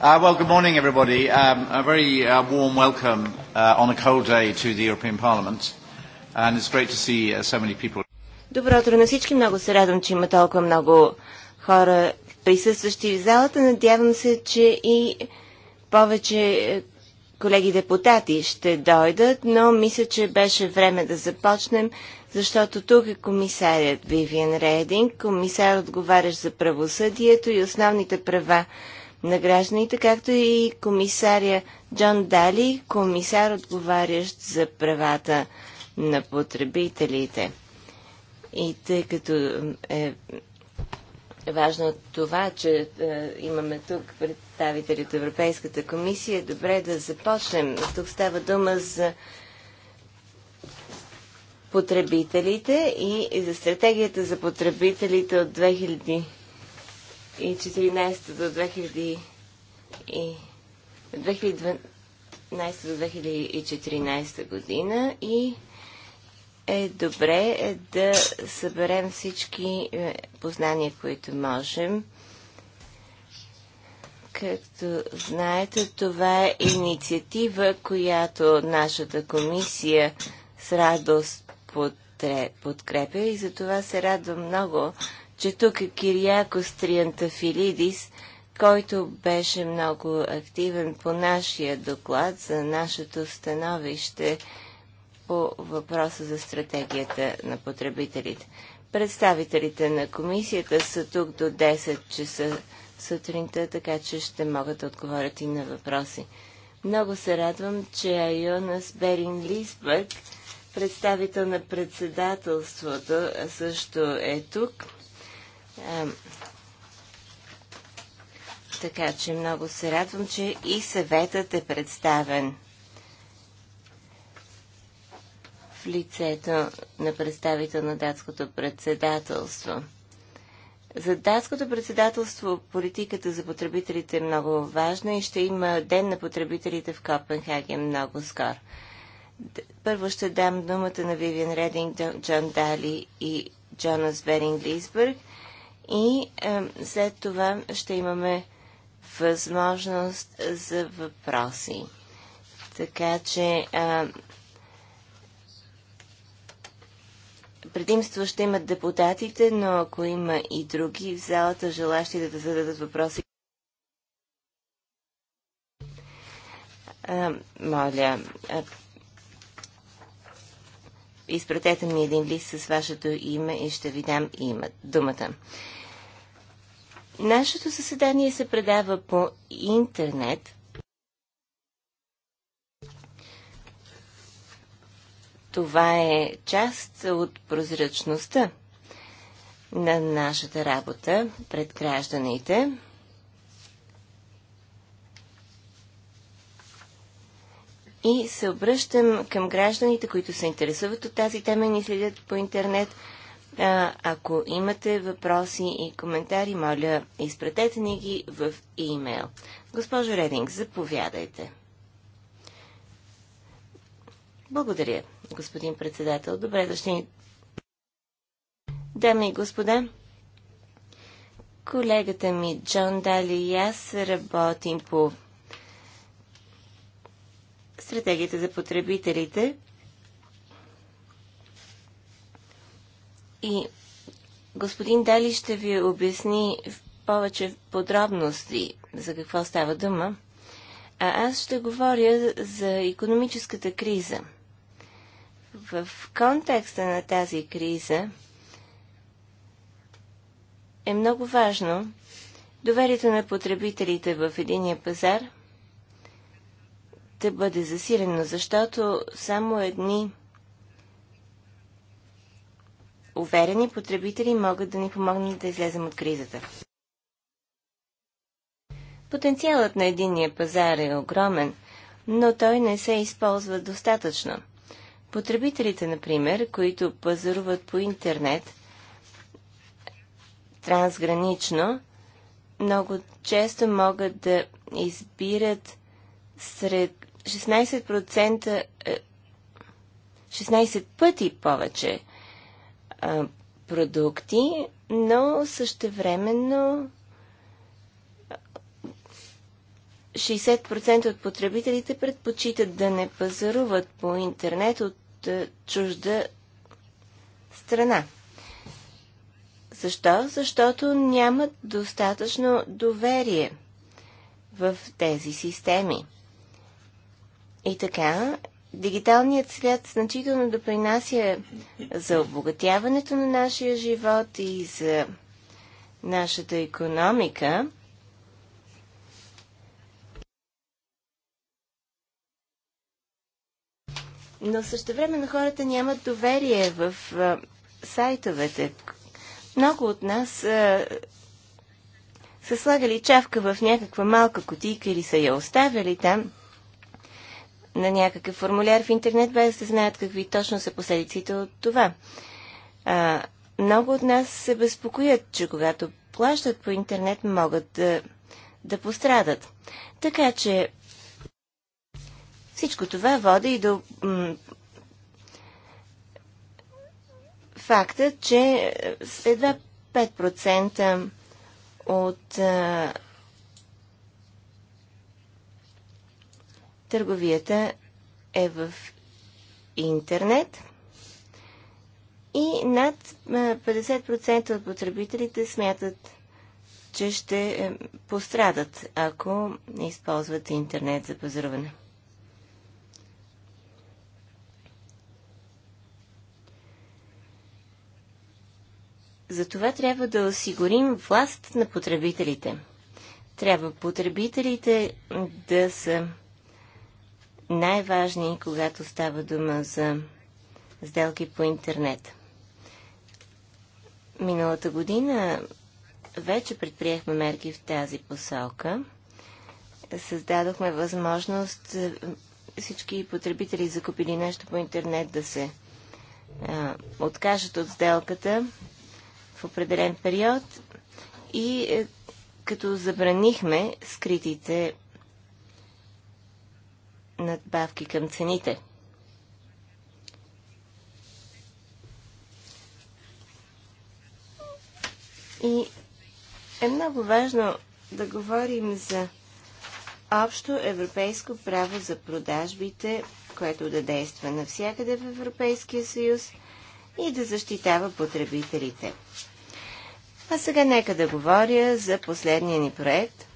Uh, well, good morning, everybody. Um, a very uh, warm welcome uh, on a cold day to the European Parliament. And it's great to see uh, so many people. Добро утро на всички. Много се радвам, че има толкова много хора присъстващи в залата. Надявам се, че и повече е, колеги депутати ще дойдат, но мисля, че беше време да започнем, защото тук е комисарят Вивиан Рейдинг, комисар отговарящ за правосъдието и основните права на гражданите, както и комисаря Джон Дали, комисар отговарящ за правата на потребителите. И тъй като е важно това, че е, имаме тук представители от Европейската комисия, добре да започнем. Тук става дума за потребителите и за стратегията за потребителите от 2014 до 2000 и 2012 до 2014 година и е добре е да съберем всички е, познания, които можем. Както знаете, това е инициатива, която нашата комисия с радост подкрепя и за това се радвам много, че тук е Кириакос Триантафилидис, който беше много активен по нашия доклад за нашето становище по въпроса за стратегията на потребителите. Представителите на комисията са тук до 10 часа сутринта, така че ще могат да отговорят и на въпроси. Много се радвам, че Айонас Берин Лисбърг, представител на председателството, също е тук така че много се радвам, че и съветът е представен в лицето на представител на датското председателство. За датското председателство политиката за потребителите е много важна и ще има Ден на потребителите в Копенхаген много скоро. Първо ще дам думата на Вивиан Рединг, Джон Дали и Джонас Беринг Лисбърг, и е, след това ще имаме възможност за въпроси. Така че е, предимство ще имат депутатите, но ако има и други в залата, желащи да зададат въпроси, а, моля, а, изпратете ми един лист с вашето име и ще ви дам има, думата. Нашето съседание се предава по интернет. Това е част от прозрачността на нашата работа пред гражданите. И се обръщам към гражданите, които се интересуват от тази тема и ни следят по интернет – а, ако имате въпроси и коментари, моля, изпратете ни ги в имейл. Госпожо Рединг, заповядайте. Благодаря, господин председател. Добре дошли. Дами и господа, колегата ми Джон Дали и аз работим по стратегията за потребителите – И господин Дали ще ви обясни в повече подробности за какво става дума. А аз ще говоря за економическата криза. В контекста на тази криза е много важно доверието на потребителите в единия пазар да бъде засилено, защото само едни уверени потребители могат да ни помогнат да излезем от кризата. Потенциалът на единния пазар е огромен, но той не се използва достатъчно. Потребителите, например, които пазаруват по интернет трансгранично, много често могат да избират сред 16%, 16 е, пъти повече а, продукти, но същевременно 60% от потребителите предпочитат да не пазаруват по интернет от а, чужда страна. Защо? Защото нямат достатъчно доверие в тези системи. И така Дигиталният свят значително допринася за обогатяването на нашия живот и за нашата економика. Но също време на хората нямат доверие в а, сайтовете. Много от нас а, са слагали чавка в някаква малка котика или са я оставили там – на някакъв формуляр в интернет, без да знаят какви точно са последиците от това. А, много от нас се безпокоят, че когато плащат по интернет, могат да, да пострадат. Така че всичко това води и до факта, че едва 5% от а, Търговията е в интернет и над 50% от потребителите смятат, че ще е, пострадат, ако използват интернет за пазаруване. Затова трябва да осигурим власт на потребителите. Трябва потребителите да са най-важни, когато става дума за сделки по интернет. Миналата година вече предприехме мерки в тази посока. Създадохме възможност е, всички потребители, закупили нещо по интернет, да се а, е, откажат от сделката в определен период и е, като забранихме скритите надбавки към цените. И е много важно да говорим за общо европейско право за продажбите, което да действа навсякъде в Европейския съюз и да защитава потребителите. А сега нека да говоря за последния ни проект,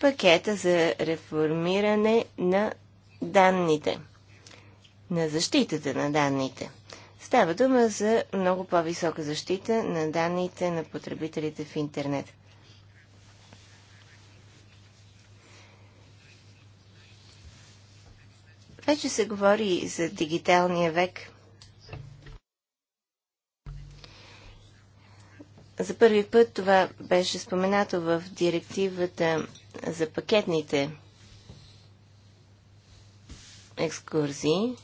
пакета за реформиране на данните, на защитата на данните. Става дума за много по-висока защита на данните на потребителите в интернет. Вече се говори за дигиталния век. За първи път това беше споменато в директивата за пакетните екскурзии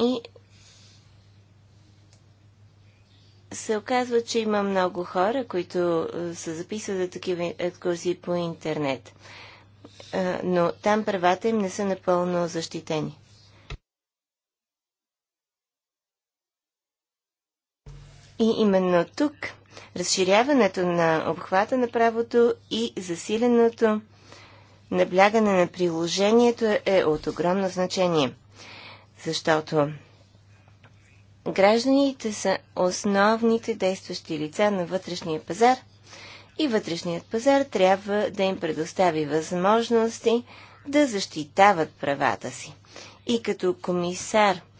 и се оказва, че има много хора, които е, се записват за такива екскурзии по интернет. Е, но там правата им не са напълно защитени. И именно тук разширяването на обхвата на правото и засиленото наблягане на приложението е от огромно значение, защото гражданите са основните действащи лица на вътрешния пазар и вътрешният пазар трябва да им предостави възможности да защитават правата си. И като комисар –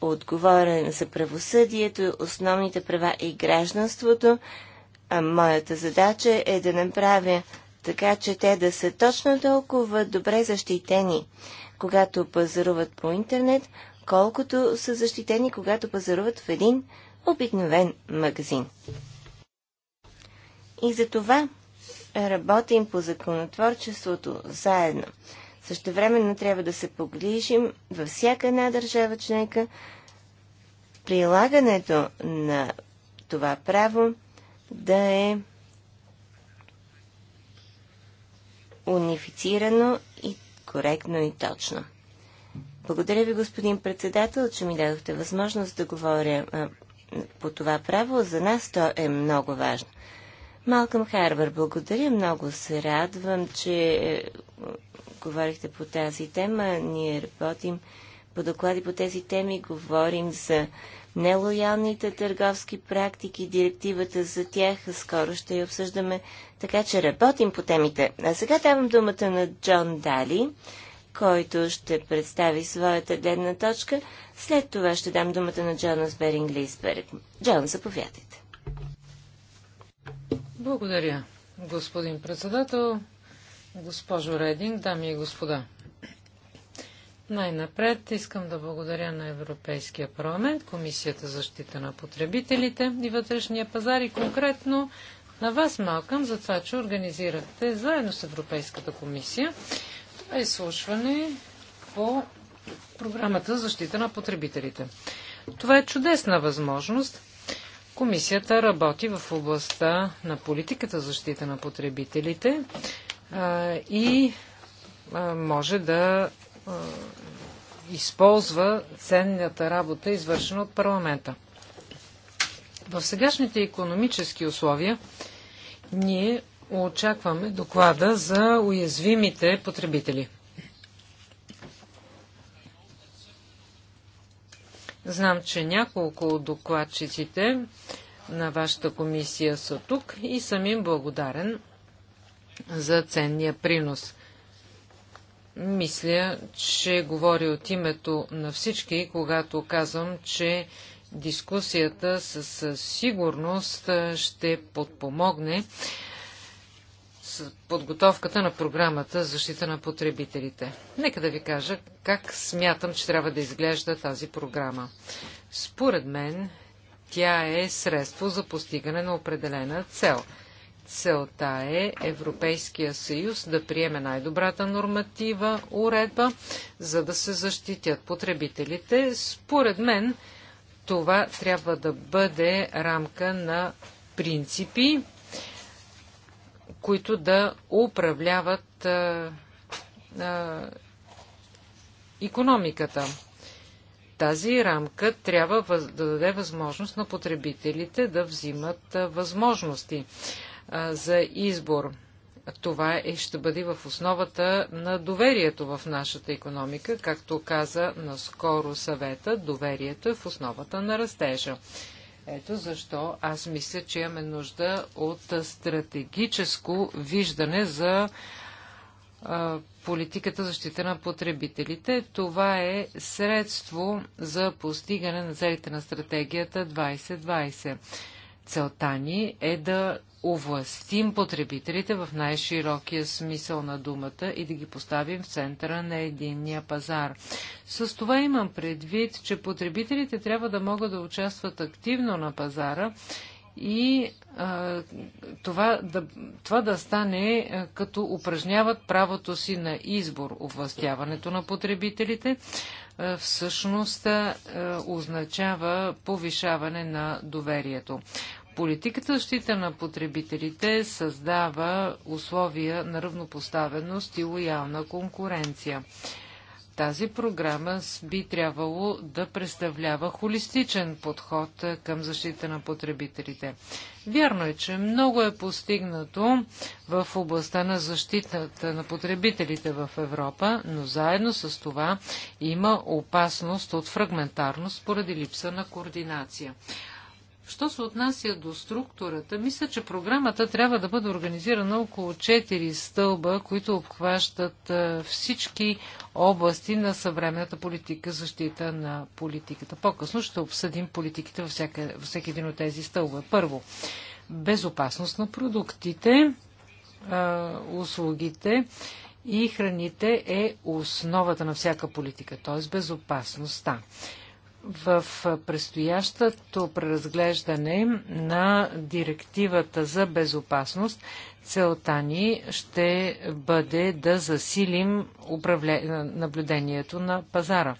отговорен за правосъдието, основните права и гражданството, а моята задача е да направя така, че те да са точно толкова добре защитени, когато пазаруват по интернет, колкото са защитени, когато пазаруват в един обикновен магазин. И за това работим по законотворчеството заедно. Също времено трябва да се погрижим във всяка една държава членка прилагането на това право да е унифицирано и коректно и точно. Благодаря ви, господин председател, че ми дадохте възможност да говоря а, по това право. За нас то е много важно. Малкам Харбър, благодаря. Много се радвам, че е, говорихте по тази тема. Ние работим по доклади по тези теми. Говорим за нелоялните търговски практики, директивата за тях. Скоро ще я обсъждаме. Така че работим по темите. А сега давам думата на Джон Дали, който ще представи своята гледна точка. След това ще дам думата на Джонас Беринг Лисберг. Джон, заповядайте. Благодаря, господин председател, госпожо Рединг, дами и господа. Най-напред искам да благодаря на Европейския парламент, Комисията за защита на потребителите и вътрешния пазар и конкретно на вас, Малкам, за това, че организирахте заедно с Европейската комисия това изслушване по програмата за защита на потребителите. Това е чудесна възможност Комисията работи в областта на политиката защита на потребителите а, и а, може да а, използва ценната работа, извършена от парламента. В сегашните економически условия ние очакваме доклада за уязвимите потребители. Знам, че няколко от докладчиците на вашата комисия са тук и съм им благодарен за ценния принос. Мисля, че говори от името на всички, когато казвам, че дискусията със сигурност ще подпомогне подготовката на програмата защита на потребителите. Нека да ви кажа как смятам, че трябва да изглежда тази програма. Според мен, тя е средство за постигане на определена цел. Целта е Европейския съюз да приеме най-добрата норматива уредба, за да се защитят потребителите. Според мен, това трябва да бъде рамка на принципи, които да управляват а, а, економиката. Тази рамка трябва въз, да даде възможност на потребителите да взимат а, възможности а, за избор. Това е, ще бъде в основата на доверието в нашата економика, както каза наскоро съвета, доверието е в основата на растежа. Ето защо аз мисля, че имаме нужда от стратегическо виждане за политиката защита на потребителите. Това е средство за постигане на целите на стратегията 2020. Целта ни е да овластим потребителите в най-широкия смисъл на думата и да ги поставим в центъра на единния пазар. С това имам предвид, че потребителите трябва да могат да участват активно на пазара и а, това, да, това да стане а, като упражняват правото си на избор. Овластяването на потребителите всъщност означава повишаване на доверието. Политиката защита на потребителите създава условия на равнопоставеност и лоялна конкуренция. Тази програма би трябвало да представлява холистичен подход към защита на потребителите. Вярно е, че много е постигнато в областта на защитата на потребителите в Европа, но заедно с това има опасност от фрагментарност поради липса на координация. Що се отнася до структурата, мисля, че програмата трябва да бъде организирана около 4 стълба, които обхващат е, всички области на съвременната политика, защита на политиката. По-късно ще обсъдим политиките във, всеки, във всеки един от тези стълба. Първо, безопасност на продуктите, е, услугите и храните е основата на всяка политика, т.е. безопасността в предстоящото преразглеждане на директивата за безопасност целта ни ще бъде да засилим управле... наблюдението на пазара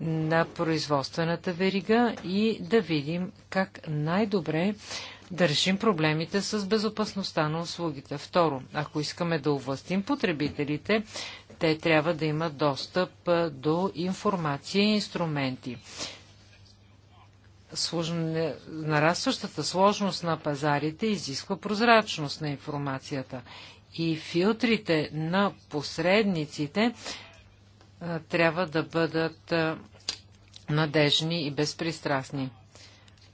на производствената верига и да видим как най-добре да решим проблемите с безопасността на услугите. Второ, ако искаме да увластим потребителите, те трябва да имат достъп до информация и инструменти нарастващата сложност на пазарите изисква прозрачност на информацията и филтрите на посредниците трябва да бъдат надежни и безпристрастни.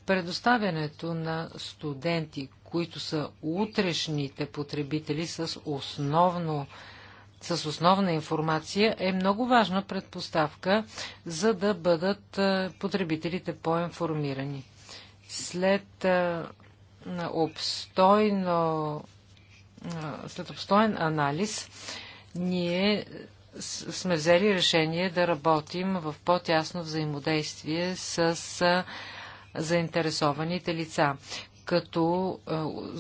Предоставянето на студенти, които са утрешните потребители с основно с основна информация е много важна предпоставка, за да бъдат е, потребителите по-информирани. След е, обстойно е, след обстоен анализ, ние сме взели решение да работим в по-тясно взаимодействие с заинтересованите лица, като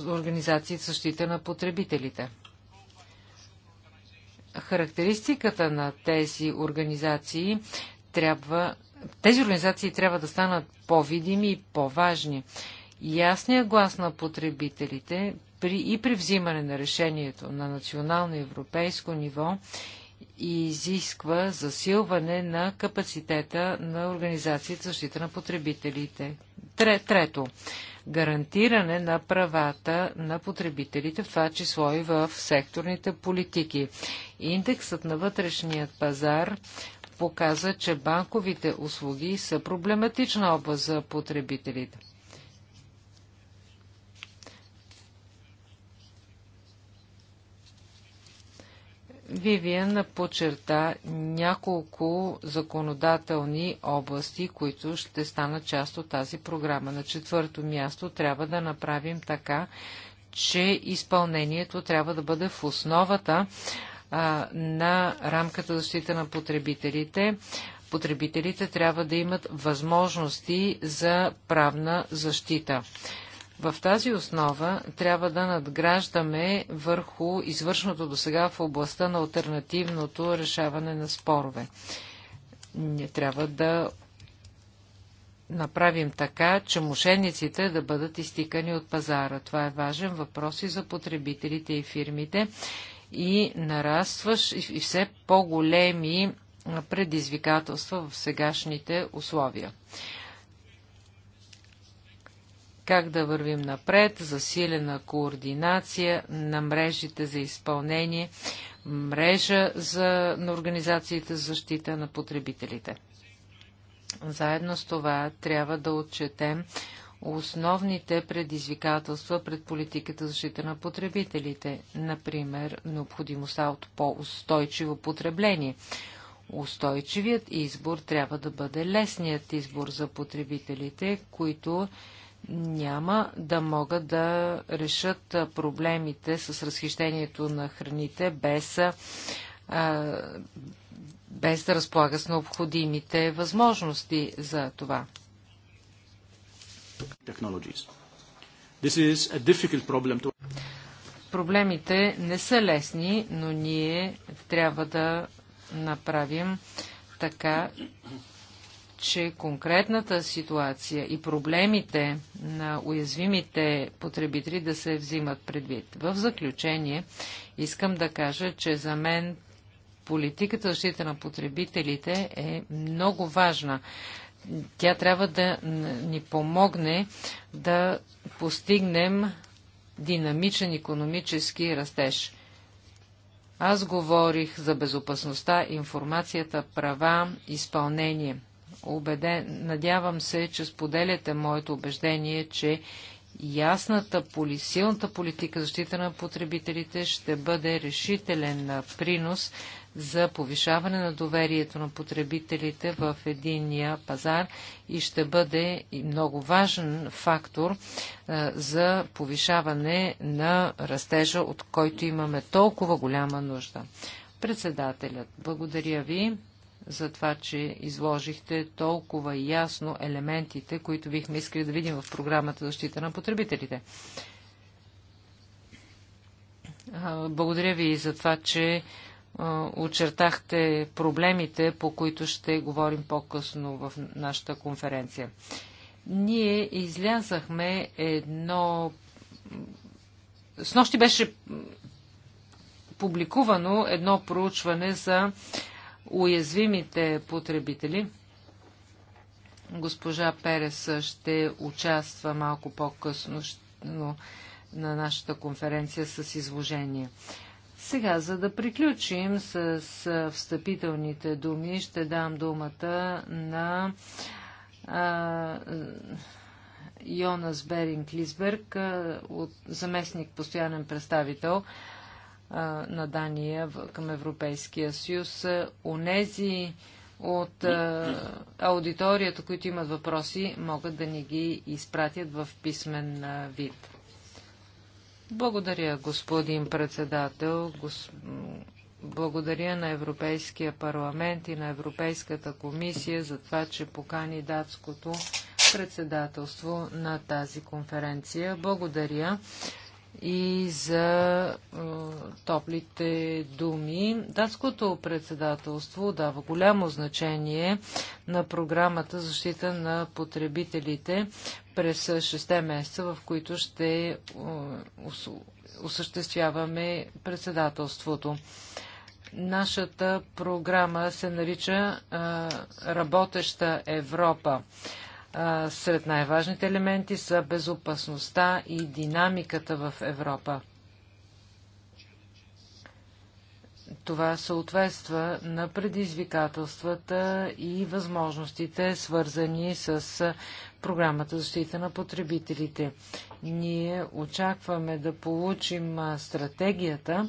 организации в защита на потребителите характеристиката на тези организации трябва, тези организации трябва да станат по-видими и по-важни. Ясният глас на потребителите при, и при взимане на решението на национално и европейско ниво изисква засилване на капацитета на Организацията за защита на потребителите. Трето, гарантиране на правата на потребителите, в това число и в секторните политики. Индексът на вътрешният пазар показа, че банковите услуги са проблематична област за потребителите. Вивиан подчерта няколко законодателни области, които ще станат част от тази програма. На четвърто място трябва да направим така, че изпълнението трябва да бъде в основата а, на рамката за защита на потребителите. Потребителите трябва да имат възможности за правна защита. В тази основа трябва да надграждаме върху извършното до сега в областта на альтернативното решаване на спорове. Не трябва да направим така, че мошениците да бъдат изтикани от пазара. Това е важен въпрос и за потребителите и фирмите и нарастваш и все по-големи предизвикателства в сегашните условия как да вървим напред, засилена координация на мрежите за изпълнение, мрежа за, на организациите за защита на потребителите. Заедно с това трябва да отчетем основните предизвикателства пред политиката за защита на потребителите, например необходимостта от по-устойчиво потребление. Устойчивият избор трябва да бъде лесният избор за потребителите, които няма да могат да решат проблемите с разхищението на храните без, а, без да разполага с необходимите възможности за това. To... Проблемите не са лесни, но ние трябва да направим така, че конкретната ситуация и проблемите на уязвимите потребители да се взимат предвид. В заключение искам да кажа, че за мен политиката защита на потребителите е много важна. Тя трябва да ни помогне да постигнем динамичен економически растеж. Аз говорих за безопасността, информацията, права, изпълнение – убеден, надявам се, че споделяте моето убеждение, че ясната, силната политика защита на потребителите ще бъде решителен принос за повишаване на доверието на потребителите в единния пазар и ще бъде много важен фактор а, за повишаване на растежа, от който имаме толкова голяма нужда. Председателят, благодаря ви за това, че изложихте толкова ясно елементите, които бихме искали да видим в програмата защита на потребителите. Благодаря ви за това, че очертахте проблемите, по които ще говорим по-късно в нашата конференция. Ние излязахме едно... С нощи беше публикувано едно проучване за уязвимите потребители. Госпожа Перес ще участва малко по-късно на нашата конференция с изложение. Сега, за да приключим с встъпителните думи, ще дам думата на а, Йонас Беринг Лисберг, заместник постоянен представител на Дания към Европейския съюз. Онези от аудиторията, които имат въпроси, могат да ни ги изпратят в писмен вид. Благодаря, господин председател. Благодаря на Европейския парламент и на Европейската комисия за това, че покани датското председателство на тази конференция. Благодаря и за е, топлите думи. Датското председателство дава голямо значение на програмата защита на потребителите през 6 месеца, в които ще е, осъществяваме председателството. Нашата програма се нарича е, Работеща Европа. Сред най-важните елементи са безопасността и динамиката в Европа. Това съответства на предизвикателствата и възможностите, свързани с програмата защита на потребителите. Ние очакваме да получим стратегията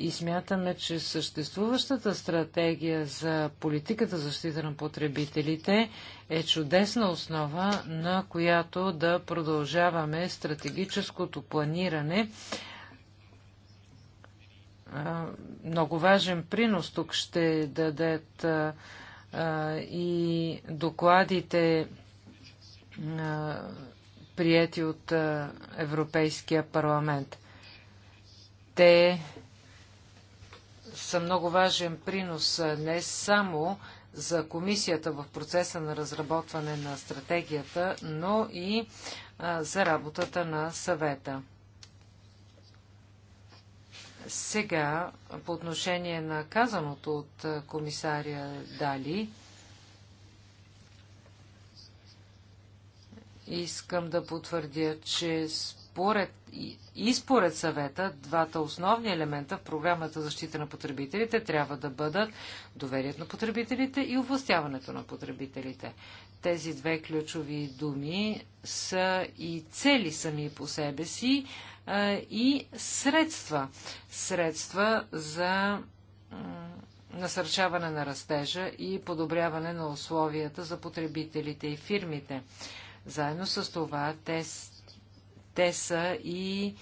и смятаме, че съществуващата стратегия за политиката за защита на потребителите е чудесна основа, на която да продължаваме стратегическото планиране. Много важен принос тук ще дадат и докладите прияти от Европейския парламент. Те са много важен принос не само за комисията в процеса на разработване на стратегията, но и за работата на съвета. Сега, по отношение на казаното от комисаря Дали, искам да потвърдя, че според и според съвета, двата основни елемента в програмата защита на потребителите трябва да бъдат доверието на потребителите и областяването на потребителите. Тези две ключови думи са и цели сами по себе си и средства. Средства за насърчаване на растежа и подобряване на условията за потребителите и фирмите. Заедно с това те те са и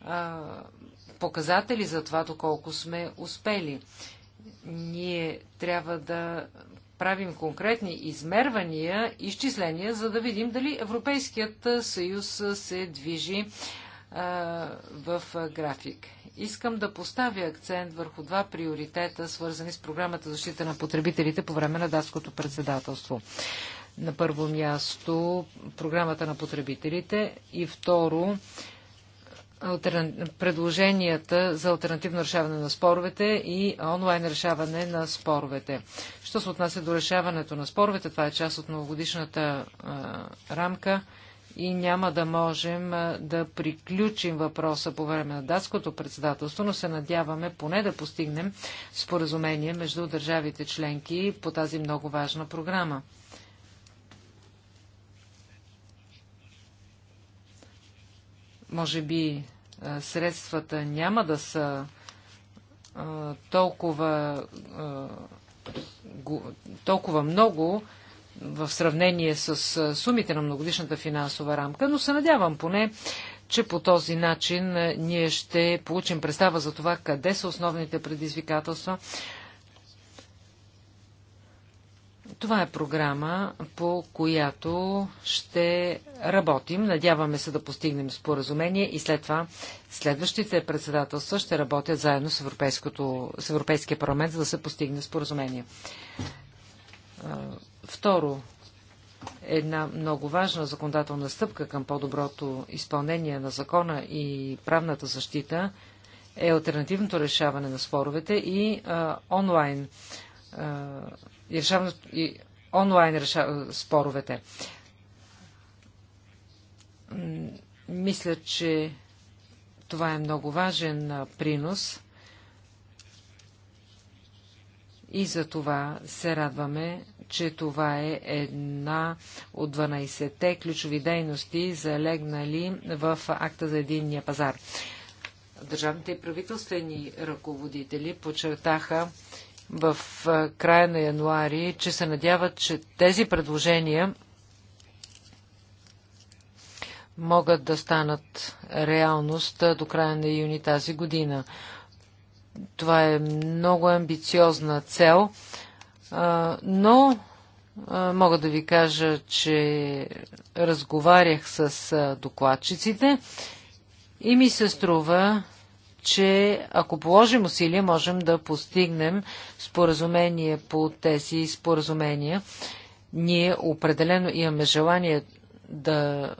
а, показатели за това, доколко сме успели. Ние трябва да правим конкретни измервания, изчисления, за да видим дали Европейският съюз се движи в график. Искам да поставя акцент върху два приоритета, свързани с програмата защита на потребителите по време на датското председателство. На първо място програмата на потребителите и второ предложенията за альтернативно решаване на споровете и онлайн решаване на споровете. Що се отнася до решаването на споровете, това е част от новогодишната а, рамка и няма да можем да приключим въпроса по време на датското председателство, но се надяваме поне да постигнем споразумение между държавите членки по тази много важна програма. Може би е, средствата няма да са е, толкова, е, толкова много в сравнение с сумите на многодишната финансова рамка, но се надявам поне, че по този начин ние ще получим представа за това къде са основните предизвикателства, това е програма, по която ще работим. Надяваме се да постигнем споразумение и след това следващите председателства ще работят заедно с, с Европейския парламент, за да се постигне споразумение. Второ, една много важна законодателна стъпка към по-доброто изпълнение на закона и правната защита е альтернативното решаване на споровете и а, онлайн а, и, решаването, и онлайн реша, споровете. Мисля, че това е много важен принос и за това се радваме, че това е една от 12-те ключови дейности, залегнали в акта за единния пазар. Държавните и правителствени ръководители подчертаха в края на януари, че се надяват, че тези предложения могат да станат реалност до края на юни тази година. Това е много амбициозна цел, но мога да ви кажа, че разговарях с докладчиците и ми се струва, че ако положим усилия, можем да постигнем споразумение по тези споразумения. Ние определено имаме желание да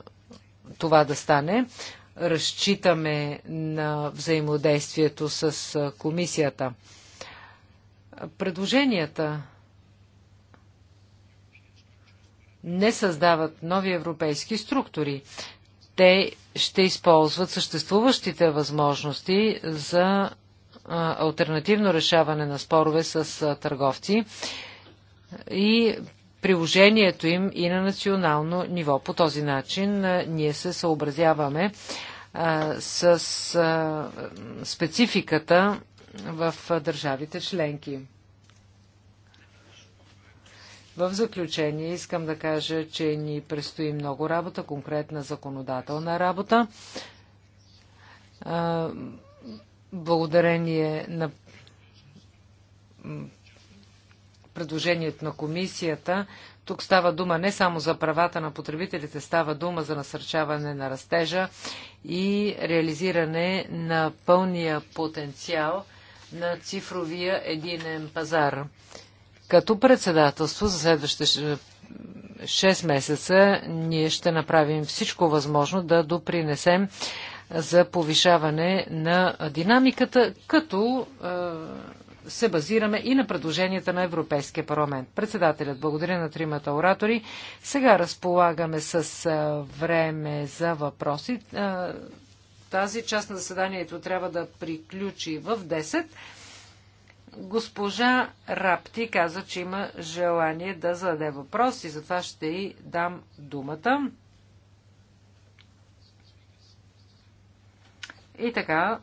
това да стане. Разчитаме на взаимодействието с комисията. Предложенията не създават нови европейски структури те ще използват съществуващите възможности за альтернативно решаване на спорове с търговци и приложението им и на национално ниво. По този начин ние се съобразяваме с спецификата в държавите членки. В заключение искам да кажа, че ни предстои много работа, конкретна законодателна работа. Благодарение на предложението на комисията, тук става дума не само за правата на потребителите, става дума за насърчаване на растежа и реализиране на пълния потенциал на цифровия единен пазар. Като председателство за следващите 6 месеца ние ще направим всичко възможно да допринесем за повишаване на динамиката, като е, се базираме и на предложенията на Европейския парламент. Председателят благодаря на тримата оратори. Сега разполагаме с време за въпроси. Е, тази част на заседанието трябва да приключи в 10. Госпожа Рапти каза, че има желание да зададе въпрос и затова ще й дам думата. И така,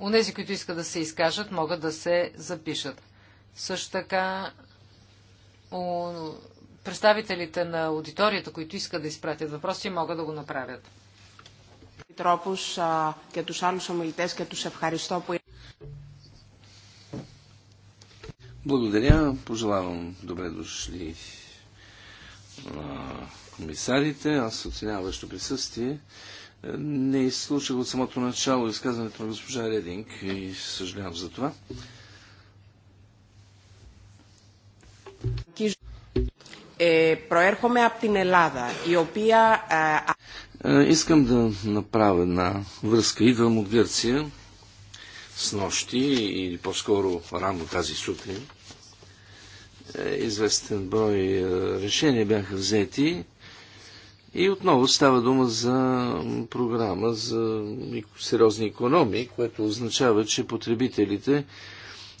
онези, които искат да се изкажат, могат да се запишат. Също така, у, представителите на аудиторията, които искат да изпратят въпроси, могат да го направят. Благодаря. Пожелавам добре дошли комисарите. Аз оценявам вашето присъствие. Е, не изслушах от самото начало изказването на госпожа Рединг и съжалявам за това. Е, проерхоме аптин Елада, и опия... Е, искам да направя една връзка. Идвам от Гърция с нощи или по-скоро рано тази сутрин известен брой е, решения бяха взети. И отново става дума за програма за сериозни економии, което означава, че потребителите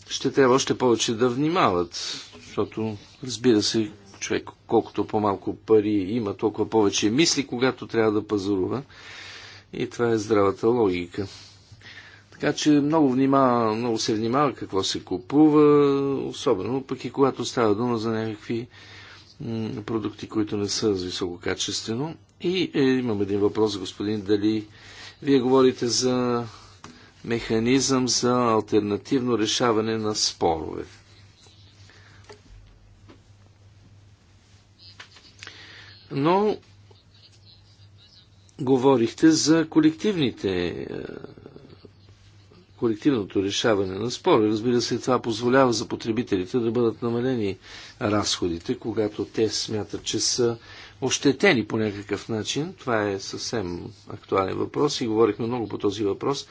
ще трябва още повече да внимават, защото, разбира се, човек колкото по-малко пари има, толкова повече мисли, когато трябва да пазарува. И това е здравата логика. Така че много, внимава, много се внимава какво се купува, особено пък и когато става дума за някакви продукти, които не са с високо качествено. И е, имам един въпрос, господин, дали вие говорите за механизъм за альтернативно решаване на спорове. Но говорихте за колективните е, колективното решаване на спора. Разбира се, това позволява за потребителите да бъдат намалени разходите, когато те смятат, че са ощетени по някакъв начин. Това е съвсем актуален въпрос и говорихме много по този въпрос.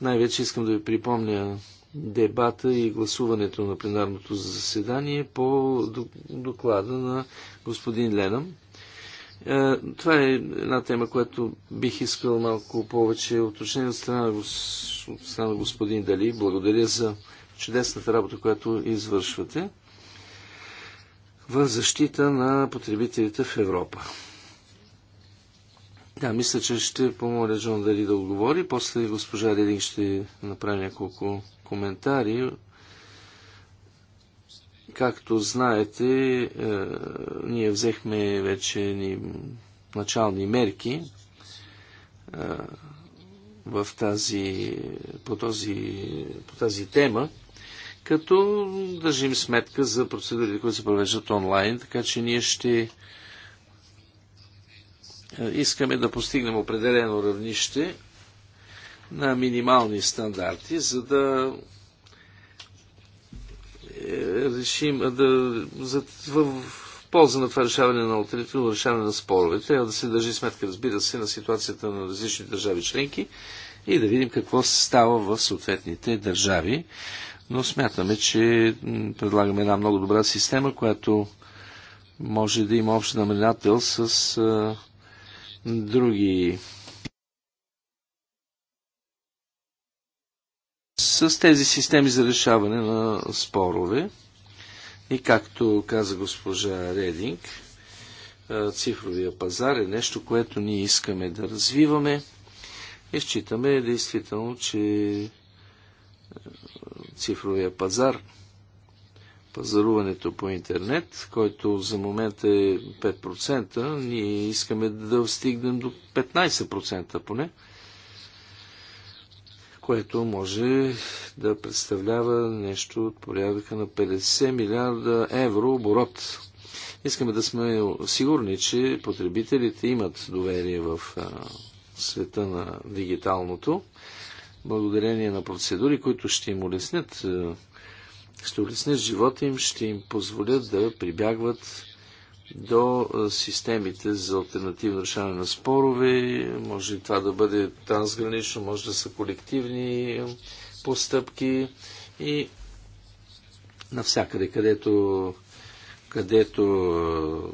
Най-вече искам да ви припомня дебата и гласуването на пленарното заседание по доклада на господин Ленам е, това е една тема, която бих искал малко повече уточнение от страна на, господин Дали. Благодаря за чудесната работа, която извършвате в защита на потребителите в Европа. Да, мисля, че ще помоля Джон Дали да отговори. После госпожа Рединг ще направи няколко коментари Както знаете, е, ние взехме вече ни начални мерки е, в тази, по, този, по тази тема, като държим сметка за процедурите, които се провеждат онлайн, така че ние ще е, искаме да постигнем определено равнище на минимални стандарти, за да решим, да, за, в, в полза на това решаване на альтернативно решаване на спорове. Трябва да се държи сметка, разбира се, на ситуацията на различни държави членки и да видим какво се става в съответните държави. Но смятаме, че предлагаме една много добра система, която може да има общ наменател с а, други с тези системи за решаване на спорове. И както каза госпожа Рединг, цифровия пазар е нещо, което ние искаме да развиваме и считаме действително, че цифровия пазар, пазаруването по интернет, който за момента е 5%, ние искаме да стигнем до 15% поне – което може да представлява нещо от порядъка на 50 милиарда евро оборот. Искаме да сме сигурни, че потребителите имат доверие в света на дигиталното, благодарение на процедури, които ще им улеснят, ще улеснят живота им, ще им позволят да прибягват до системите за альтернативно решаване на спорове. Може и това да бъде трансгранично, може да са колективни постъпки и навсякъде, където, където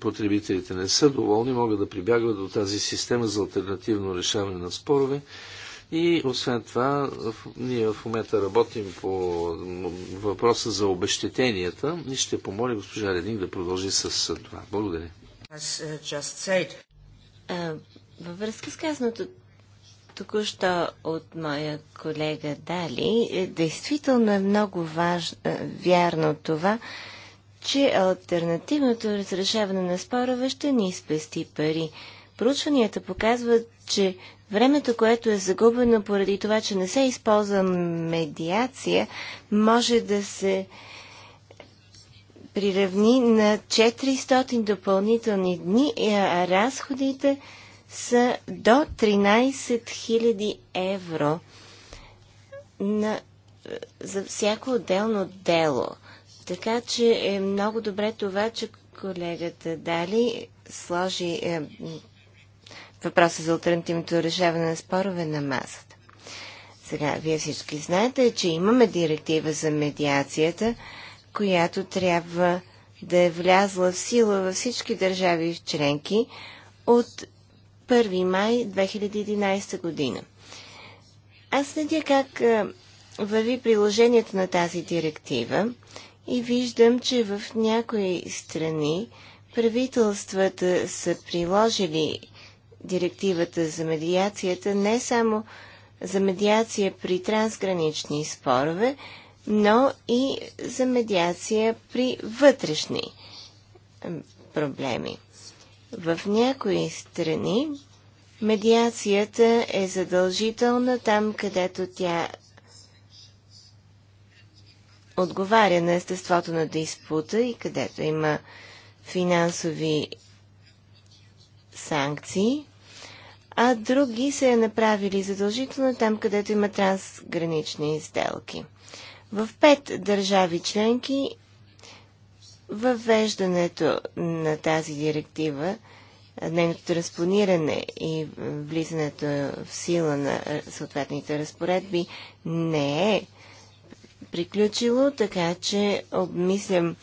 потребителите не са доволни, могат да прибягват до тази система за альтернативно решаване на спорове и освен това, ние в момента работим по въпроса за обещетенията и ще помоля госпожа Рединг да продължи с това. Благодаря. Uh, във връзка с казаното току-що от моя колега Дали, е действително е много важно, е, вярно това, че альтернативното разрешаване на спорове ще ни спести пари. Проучванията показват, че Времето, което е загубено поради това, че не се използва медиация, може да се приравни на 400 допълнителни дни, а разходите са до 13 000 евро на, за всяко отделно дело. Така че е много добре това, че колегата Дали сложи е, въпроса за альтернативното решаване на спорове на масата. Сега, вие всички знаете, че имаме директива за медиацията, която трябва да е влязла в сила във всички държави в членки от 1 май 2011 година. Аз следя как върви приложението на тази директива и виждам, че в някои страни правителствата са приложили директивата за медиацията не само за медиация при трансгранични спорове, но и за медиация при вътрешни проблеми. В някои страни медиацията е задължителна там, където тя отговаря на естеството на диспута и където има финансови санкции, а други са я направили задължително там, където има трансгранични сделки. В пет държави членки въвеждането на тази директива, нейното транспониране и влизането в сила на е, съответните разпоредби не е приключило, така че обмислям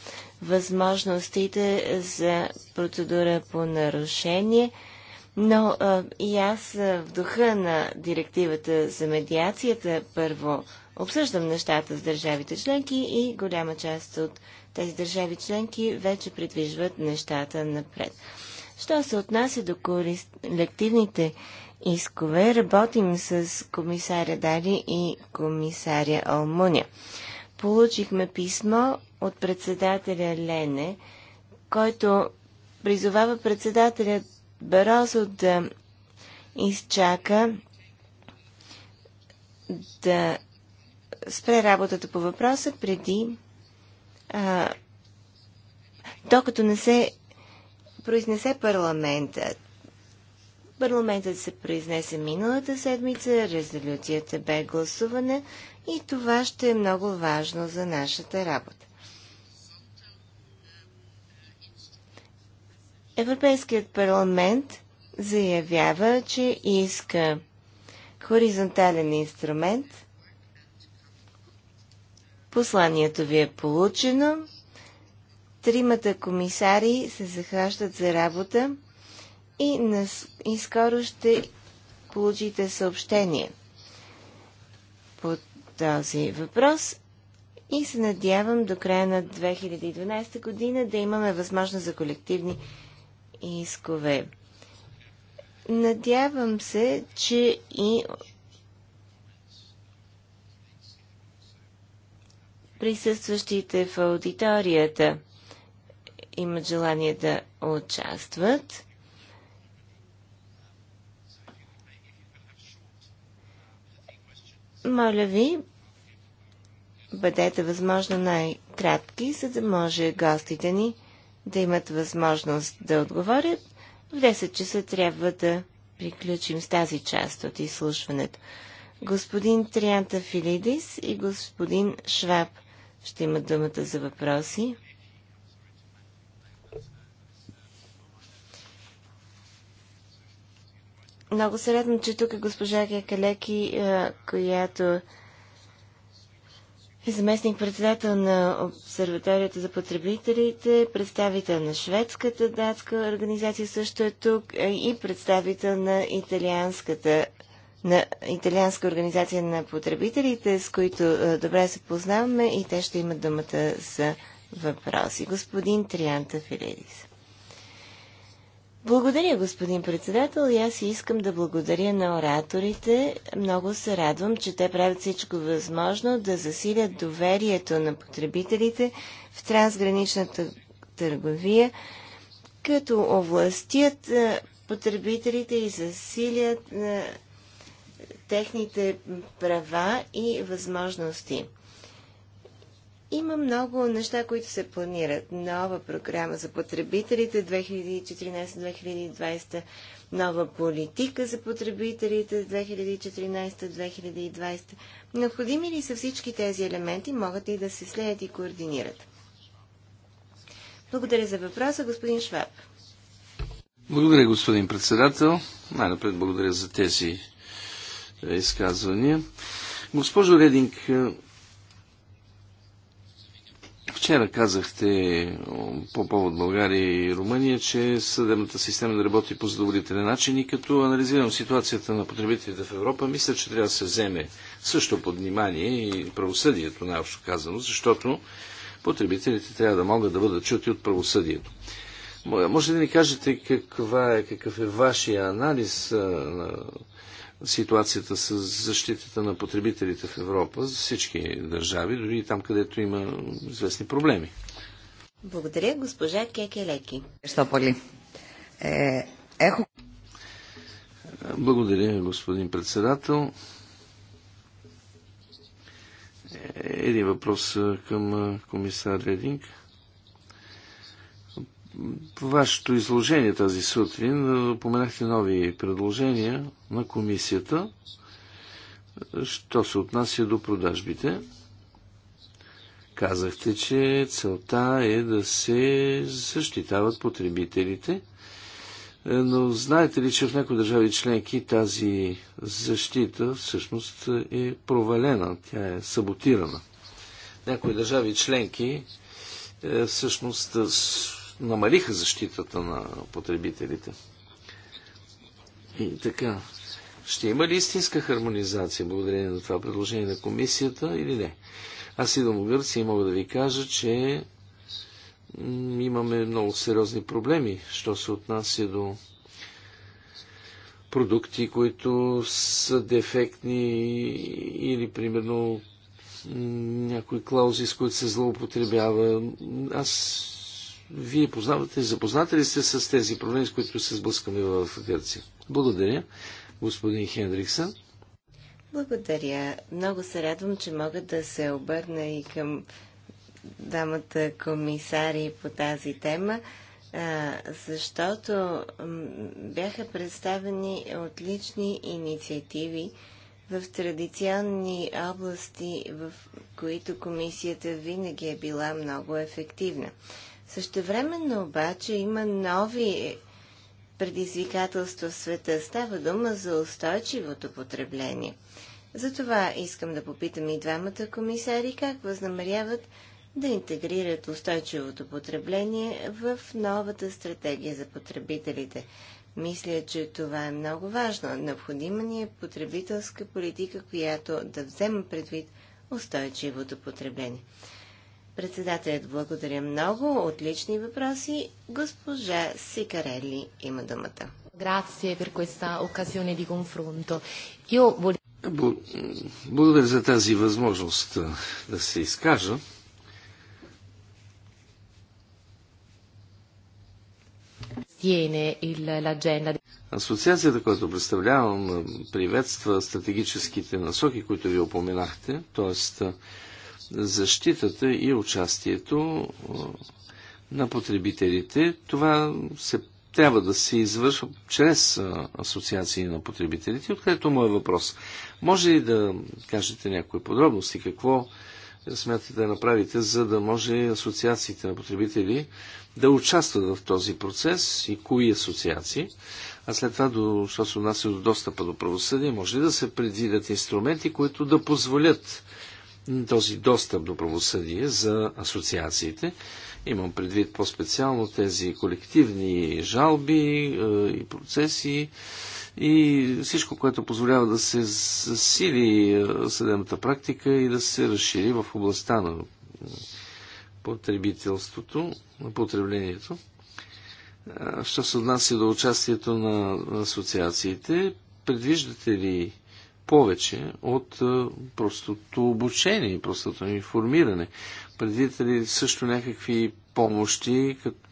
възможностите за процедура по нарушение. Но а, и аз а, в духа на директивата за медиацията първо обсъждам нещата с държавите членки и голяма част от тези държави членки вече придвижват нещата напред. Що се отнася до колективните искове, работим с комисаря Дали и комисаря Алмуня. Получихме писмо от председателя Лене, който призовава председателя Барозо да изчака да спре работата по въпроса преди а, докато не се произнесе парламента, Парламентът се произнесе миналата седмица, резолюцията бе гласувана, и това ще е много важно за нашата работа. Европейският парламент заявява, че иска хоризонтален инструмент. Посланието ви е получено. Тримата комисари се захващат за работа и, и скоро ще получите съобщение – този въпрос и се надявам до края на 2012 година да имаме възможност за колективни искове. Надявам се, че и присъстващите в аудиторията имат желание да участват. Моля ви, бъдете възможно най-кратки, за да може гостите ни да имат възможност да отговорят. В 10 часа трябва да приключим с тази част от изслушването. Господин Трианта Филидис и господин Шваб ще имат думата за въпроси. Много се радвам, че тук е госпожа Гекалеки, е, която е заместник председател на обсерваторията за потребителите, представител на шведската датска организация също е тук е, и представител на италианската на Италианска организация на потребителите, с които е, добре се познаваме и те ще имат думата за въпроси. Господин Трианта Филедис. Благодаря, господин председател. И аз искам да благодаря на ораторите. Много се радвам, че те правят всичко възможно да засилят доверието на потребителите в трансграничната търговия, като овластят потребителите и засилят техните права и възможности. Има много неща, които се планират. Нова програма за потребителите 2014-2020, нова политика за потребителите 2014-2020. Необходими ли са всички тези елементи, могат и да се следят и координират? Благодаря за въпроса, господин Шваб. Благодаря, господин председател. Най-напред благодаря за тези е, изказвания. Госпожо Рединг, е, Вчера казахте по повод България и Румъния, че съдебната система да работи по задоволителен начин и като анализирам ситуацията на потребителите в Европа, мисля, че трябва да се вземе също под внимание и правосъдието, най-общо казано, защото потребителите трябва да могат да бъдат чути от правосъдието. Може да ни кажете каква е, какъв е вашия анализ на ситуацията с защитата на потребителите в Европа за всички държави, дори и там, където има известни проблеми. Благодаря, госпожа Кекелеки. Е, ехо. Благодаря, господин председател. Е, един въпрос е, към комисар Рединг вашето изложение тази сутрин поменахте нови предложения на комисията, що се отнася до продажбите. Казахте, че целта е да се защитават потребителите, е, но знаете ли, че в някои държави членки тази защита всъщност е провалена, тя е саботирана. Някои държави членки е, всъщност намалиха защитата на потребителите. И така, ще има ли истинска хармонизация благодарение на това предложение на комисията или не? Аз идвам в Гърция и мога да ви кажа, че имаме много сериозни проблеми, що се отнася до продукти, които са дефектни или примерно някои клаузи, с които се злоупотребява. Аз вие познавате, запознате ли сте с тези проблеми, с които се сблъскаме в Гърция? Благодаря, господин Хендриксън. Благодаря. Много се радвам, че мога да се обърна и към дамата комисари по тази тема, защото бяха представени отлични инициативи в традиционни области, в които комисията винаги е била много ефективна. Същевременно обаче има нови предизвикателства в света. Става дума за устойчивото потребление. Затова искам да попитам и двамата комисари как възнамеряват да интегрират устойчивото потребление в новата стратегия за потребителите. Мисля, че това е много важно. Необходима ни е потребителска политика, която да взема предвид устойчивото потребление. Председателят благодаря много. Отлични въпроси. Госпожа Сикарели има думата. Благодаря за тази възможност да се изкажа. Асоциацията, която представлявам, приветства стратегическите насоки, които ви опоменахте, т.е защитата и участието на потребителите. Това се трябва да се извършва чрез асоциации на потребителите, откъдето му е въпрос. Може ли да кажете някои подробности? Какво смятате да направите, за да може асоциациите на потребители да участват в този процес и кои асоциации? А след това, до, що се отнася до достъпа до правосъдие, може ли да се предвидят инструменти, които да позволят този достъп до правосъдие за асоциациите. Имам предвид по-специално тези колективни жалби е, и процеси и всичко, което позволява да се засили е, съдебната практика и да се разшири в областта на потребителството, на потреблението. Е, що се отнася до участието на асоциациите, предвиждате ли повече от простото обучение, простото информиране. Предвидите ли също някакви помощи, като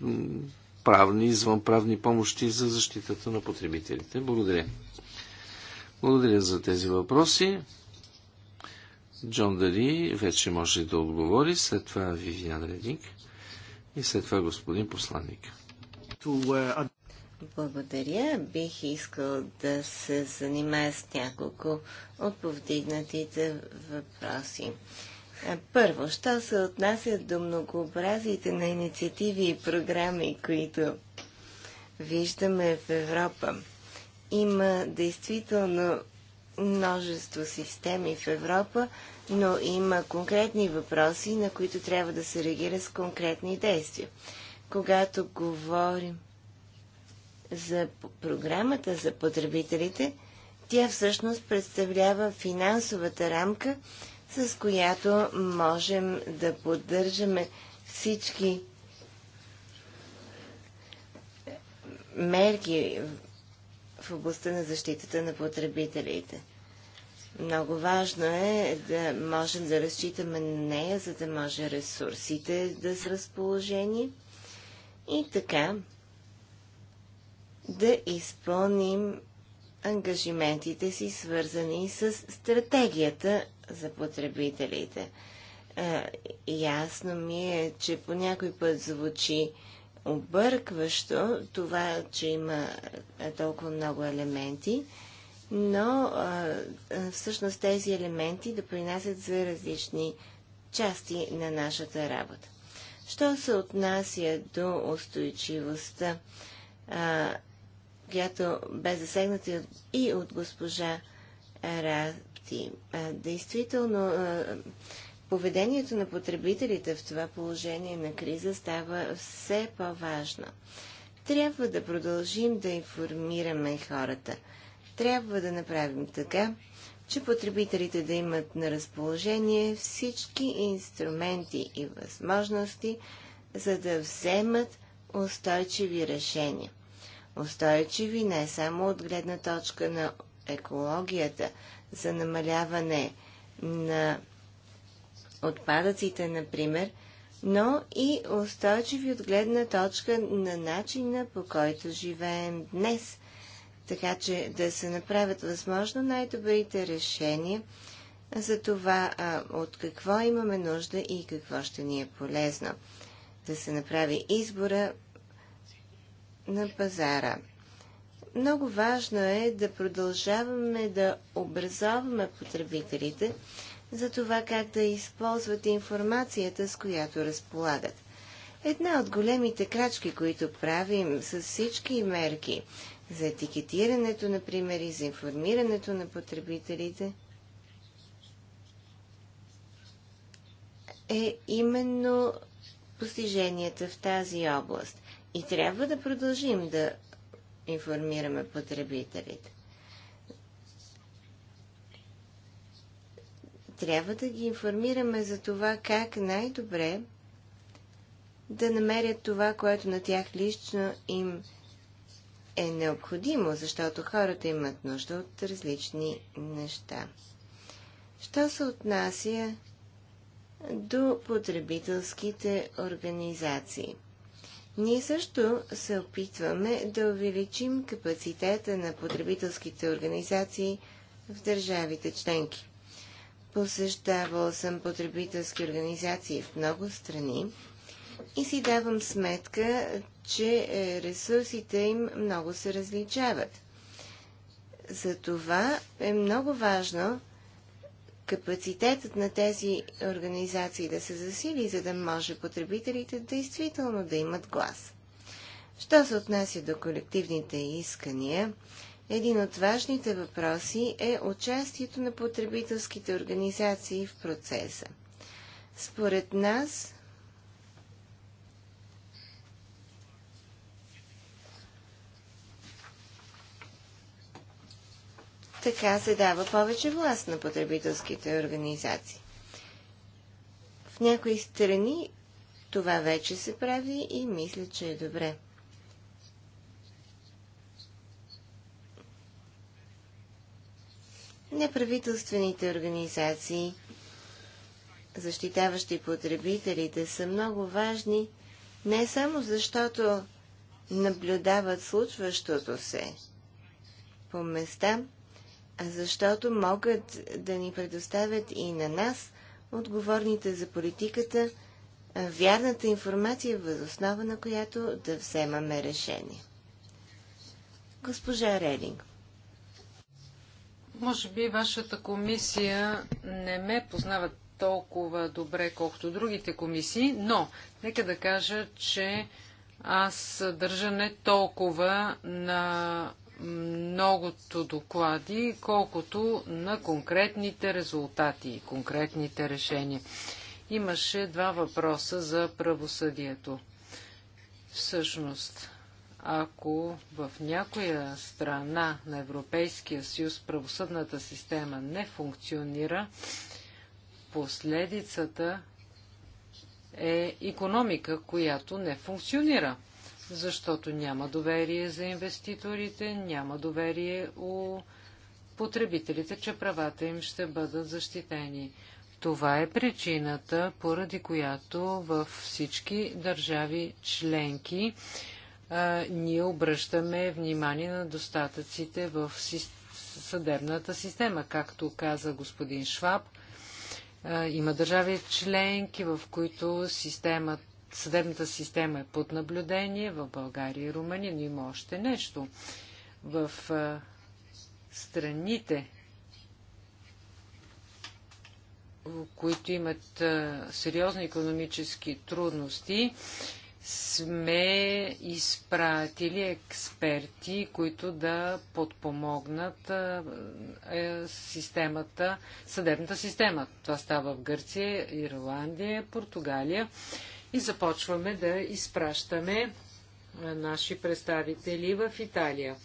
правни, извънправни помощи за защитата на потребителите? Благодаря. Благодаря за тези въпроси. Джон Дали вече може да отговори, след това Вивиан Редник и след това господин посланник. Uh, благодаря. Бих искал да се занимая с няколко от повдигнатите въпроси. Първо, що се отнася до многообразите на инициативи и програми, които виждаме в Европа. Има действително множество системи в Европа, но има конкретни въпроси, на които трябва да се реагира с конкретни действия. Когато говорим за програмата за потребителите, тя всъщност представлява финансовата рамка, с която можем да поддържаме всички мерки в областта на защитата на потребителите. Много важно е да можем да разчитаме на нея, за да може ресурсите да са разположени. И така, да изпълним ангажиментите си, свързани с стратегията за потребителите. А, ясно ми е, че по някой път звучи объркващо това, че има толкова много елементи, но а, всъщност тези елементи допринасят за различни части на нашата работа. Що се отнася до устойчивостта? А, която бе засегната и от, и от госпожа Рапти. Действително, поведението на потребителите в това положение на криза става все по-важно. Трябва да продължим да информираме хората. Трябва да направим така, че потребителите да имат на разположение всички инструменти и възможности, за да вземат устойчиви решения устойчиви не само от гледна точка на екологията, за намаляване на отпадъците, например, но и устойчиви от гледна точка на начина по който живеем днес. Така че да се направят възможно най-добрите решения за това а, от какво имаме нужда и какво ще ни е полезно. Да се направи избора на пазара. Много важно е да продължаваме да образоваме потребителите за това как да използват информацията, с която разполагат. Една от големите крачки, които правим с всички мерки за етикетирането, например, и за информирането на потребителите, е именно постиженията в тази област. И трябва да продължим да информираме потребителите. Трябва да ги информираме за това как най-добре да намерят това, което на тях лично им е необходимо, защото хората имат нужда от различни неща. Що се отнася до потребителските организации – ние също се опитваме да увеличим капацитета на потребителските организации в държавите членки. Посещавал съм потребителски организации в много страни и си давам сметка, че е, ресурсите им много се различават. Затова е много важно капацитетът на тези организации да се засили, за да може потребителите действително да имат глас. Що се отнася до колективните искания, един от важните въпроси е участието на потребителските организации в процеса. Според нас, Така се дава повече власт на потребителските организации. В някои страни това вече се прави и мисля, че е добре. Неправителствените организации, защитаващи потребителите, са много важни не само защото наблюдават случващото се по места, защото могат да ни предоставят и на нас, отговорните за политиката, вярната информация, възоснова на която да вземаме решение. Госпожа Рединг. Може би вашата комисия не ме познава толкова добре, колкото другите комисии, но нека да кажа, че аз държа не толкова на многото доклади, колкото на конкретните резултати и конкретните решения. Имаше два въпроса за правосъдието. Всъщност, ако в някоя страна на Европейския съюз правосъдната система не функционира, последицата е економика, която не функционира защото няма доверие за инвеститорите, няма доверие у потребителите, че правата им ще бъдат защитени. Това е причината, поради която във всички държави членки а, ние обръщаме внимание на достатъците в съдебната система. Както каза господин Шваб, а, има държави членки, в които системата съдебната система е под наблюдение в България и Румъния, но има още нещо. В страните, които имат сериозни економически трудности, сме изпратили експерти, които да подпомогнат е, системата, съдебната система. Това става в Гърция, Ирландия, Португалия и започваме да изпращаме наши представители в Италия.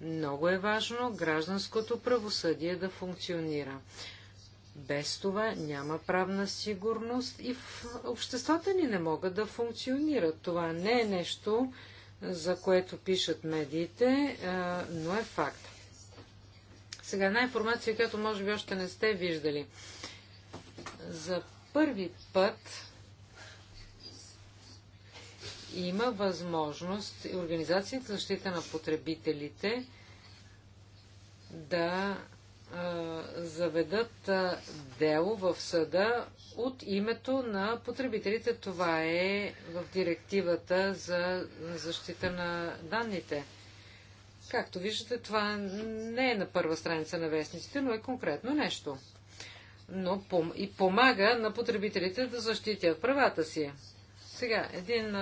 Много е важно гражданското правосъдие да функционира. Без това няма правна сигурност и в обществата ни не могат да функционират. Това не е нещо, за което пишат медиите, но е факт. Сега една информация, която може би още не сте виждали. За първи път има възможност организацията за защита на потребителите да заведат дело в съда от името на потребителите. Това е в директивата за защита на данните. Както виждате, това не е на първа страница на вестниците, но е конкретно нещо. Но пом и помага на потребителите да защитят правата си. Сега, един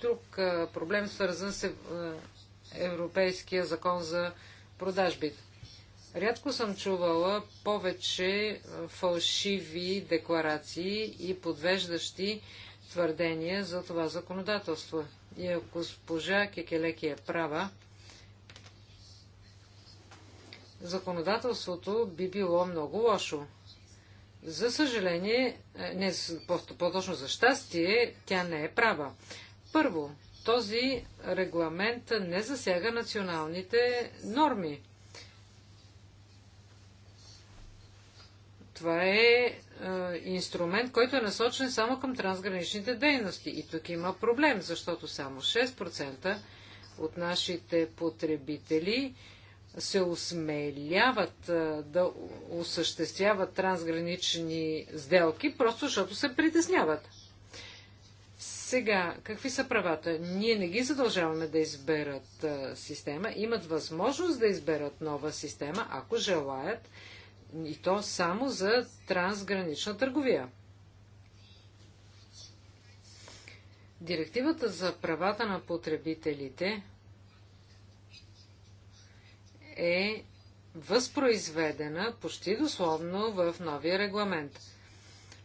друг проблем, свързан с Европейския закон за продажбите. Рядко съм чувала повече фалшиви декларации и подвеждащи твърдения за това законодателство. И ако госпожа Кекелеки е права, законодателството би било много лошо. За съжаление, не, по-точно за щастие, тя не е права. Първо, този регламент не засяга националните норми. Това е, е инструмент, който е насочен само към трансграничните дейности. И тук има проблем, защото само 6% от нашите потребители се осмеляват е, да осъществяват трансгранични сделки, просто защото се притесняват. Сега, какви са правата? Ние не ги задължаваме да изберат а, система. Имат възможност да изберат нова система, ако желаят, и то само за трансгранична търговия. Директивата за правата на потребителите е възпроизведена почти дословно в новия регламент –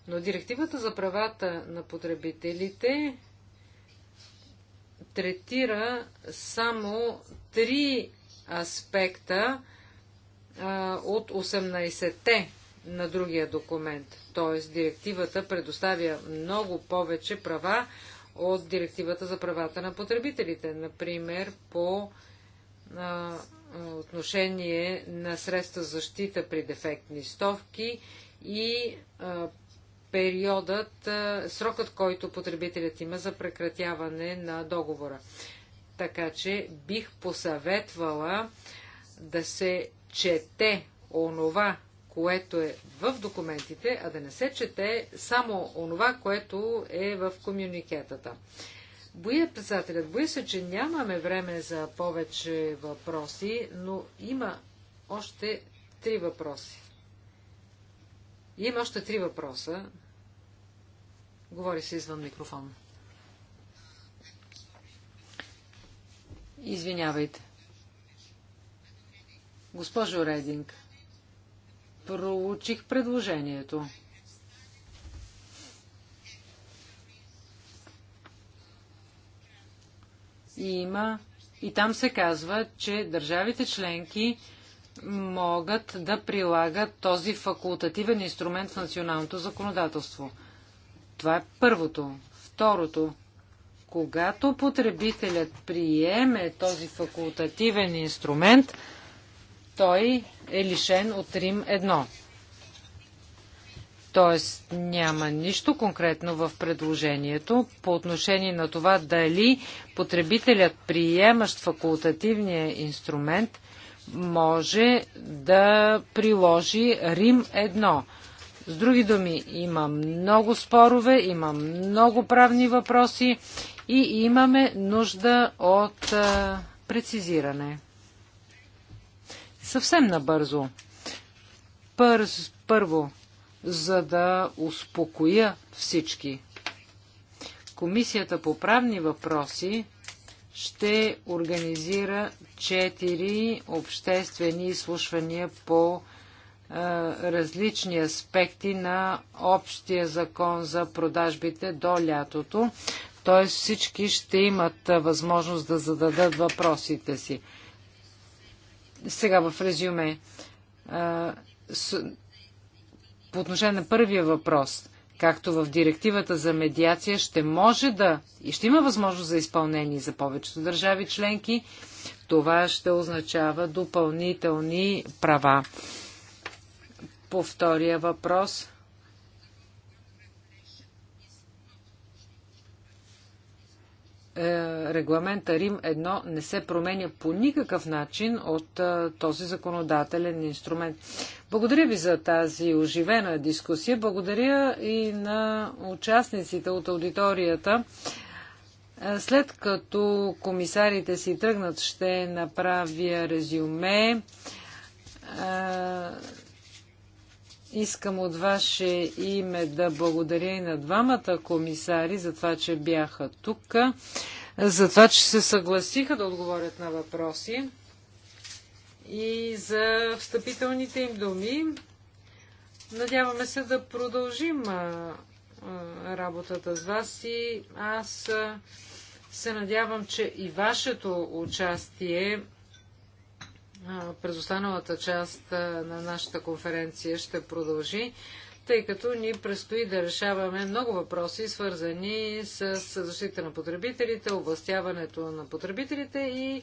но директивата за правата на потребителите третира само три аспекта а, от 18-те на другия документ. Т.е. директивата предоставя много повече права от директивата за правата на потребителите. Например, по а, отношение на средства защита при дефектни стовки и а, периодът, срокът, който потребителят има за прекратяване на договора. Така че бих посъветвала да се чете онова, което е в документите, а да не се чете само онова, което е в комюникетата. Боя писателят, боя се, че нямаме време за повече въпроси, но има още три въпроси. Има още три въпроса, Говори се извън микрофон. Извинявайте. Госпожо Рединг, проучих предложението. И има и там се казва, че държавите членки могат да прилагат този факултативен инструмент в националното законодателство. Това е първото. Второто, когато потребителят приеме този факултативен инструмент, той е лишен от Рим 1. Тоест няма нищо конкретно в предложението по отношение на това дали потребителят приемащ факултативния инструмент може да приложи Рим с други думи, има много спорове, има много правни въпроси и имаме нужда от а, прецизиране. Съвсем набързо. Пър, първо, за да успокоя всички. Комисията по правни въпроси ще организира четири обществени изслушвания по различни аспекти на общия закон за продажбите до лятото. Т.е. всички ще имат възможност да зададат въпросите си. Сега в резюме. По отношение на първия въпрос, както в директивата за медиация, ще може да и ще има възможност за изпълнение за повечето държави членки, това ще означава допълнителни права по втория въпрос. Е, регламента Рим 1 не се променя по никакъв начин от е, този законодателен инструмент. Благодаря ви за тази оживена дискусия. Благодаря и на участниците от аудиторията. Е, след като комисарите си тръгнат, ще направя резюме. Искам от ваше име да благодаря и на двамата комисари за това, че бяха тук, за това, че се съгласиха да отговорят на въпроси и за встъпителните им думи. Надяваме се да продължим работата с вас и аз се надявам, че и вашето участие през останалата част на нашата конференция ще продължи, тъй като ни предстои да решаваме много въпроси, свързани с защита на потребителите, областяването на потребителите и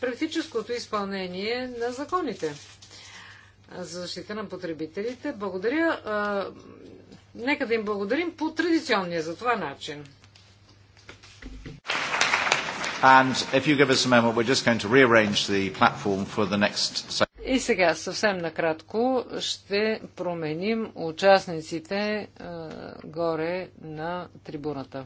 практическото изпълнение на законите за защита на потребителите. Благодаря. нека да им благодарим по традиционния за това начин. And if you give us a moment, we're just going to rearrange the platform for the next И сега съвсем накратко ще променим участниците а, горе на трибуната.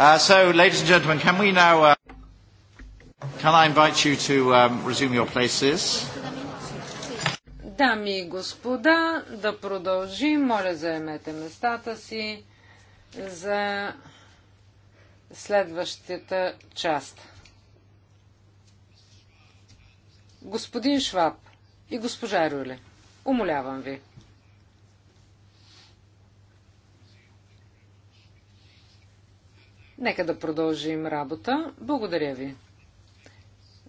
Uh, so, ladies and gentlemen, can we now, uh, can I invite you to um, resume your places? Дами и господа, да продължим. Моля, заемете местата си за следващата част. Господин Шваб и госпожа Руле, умолявам ви. Нека да продължим работа. Благодаря ви.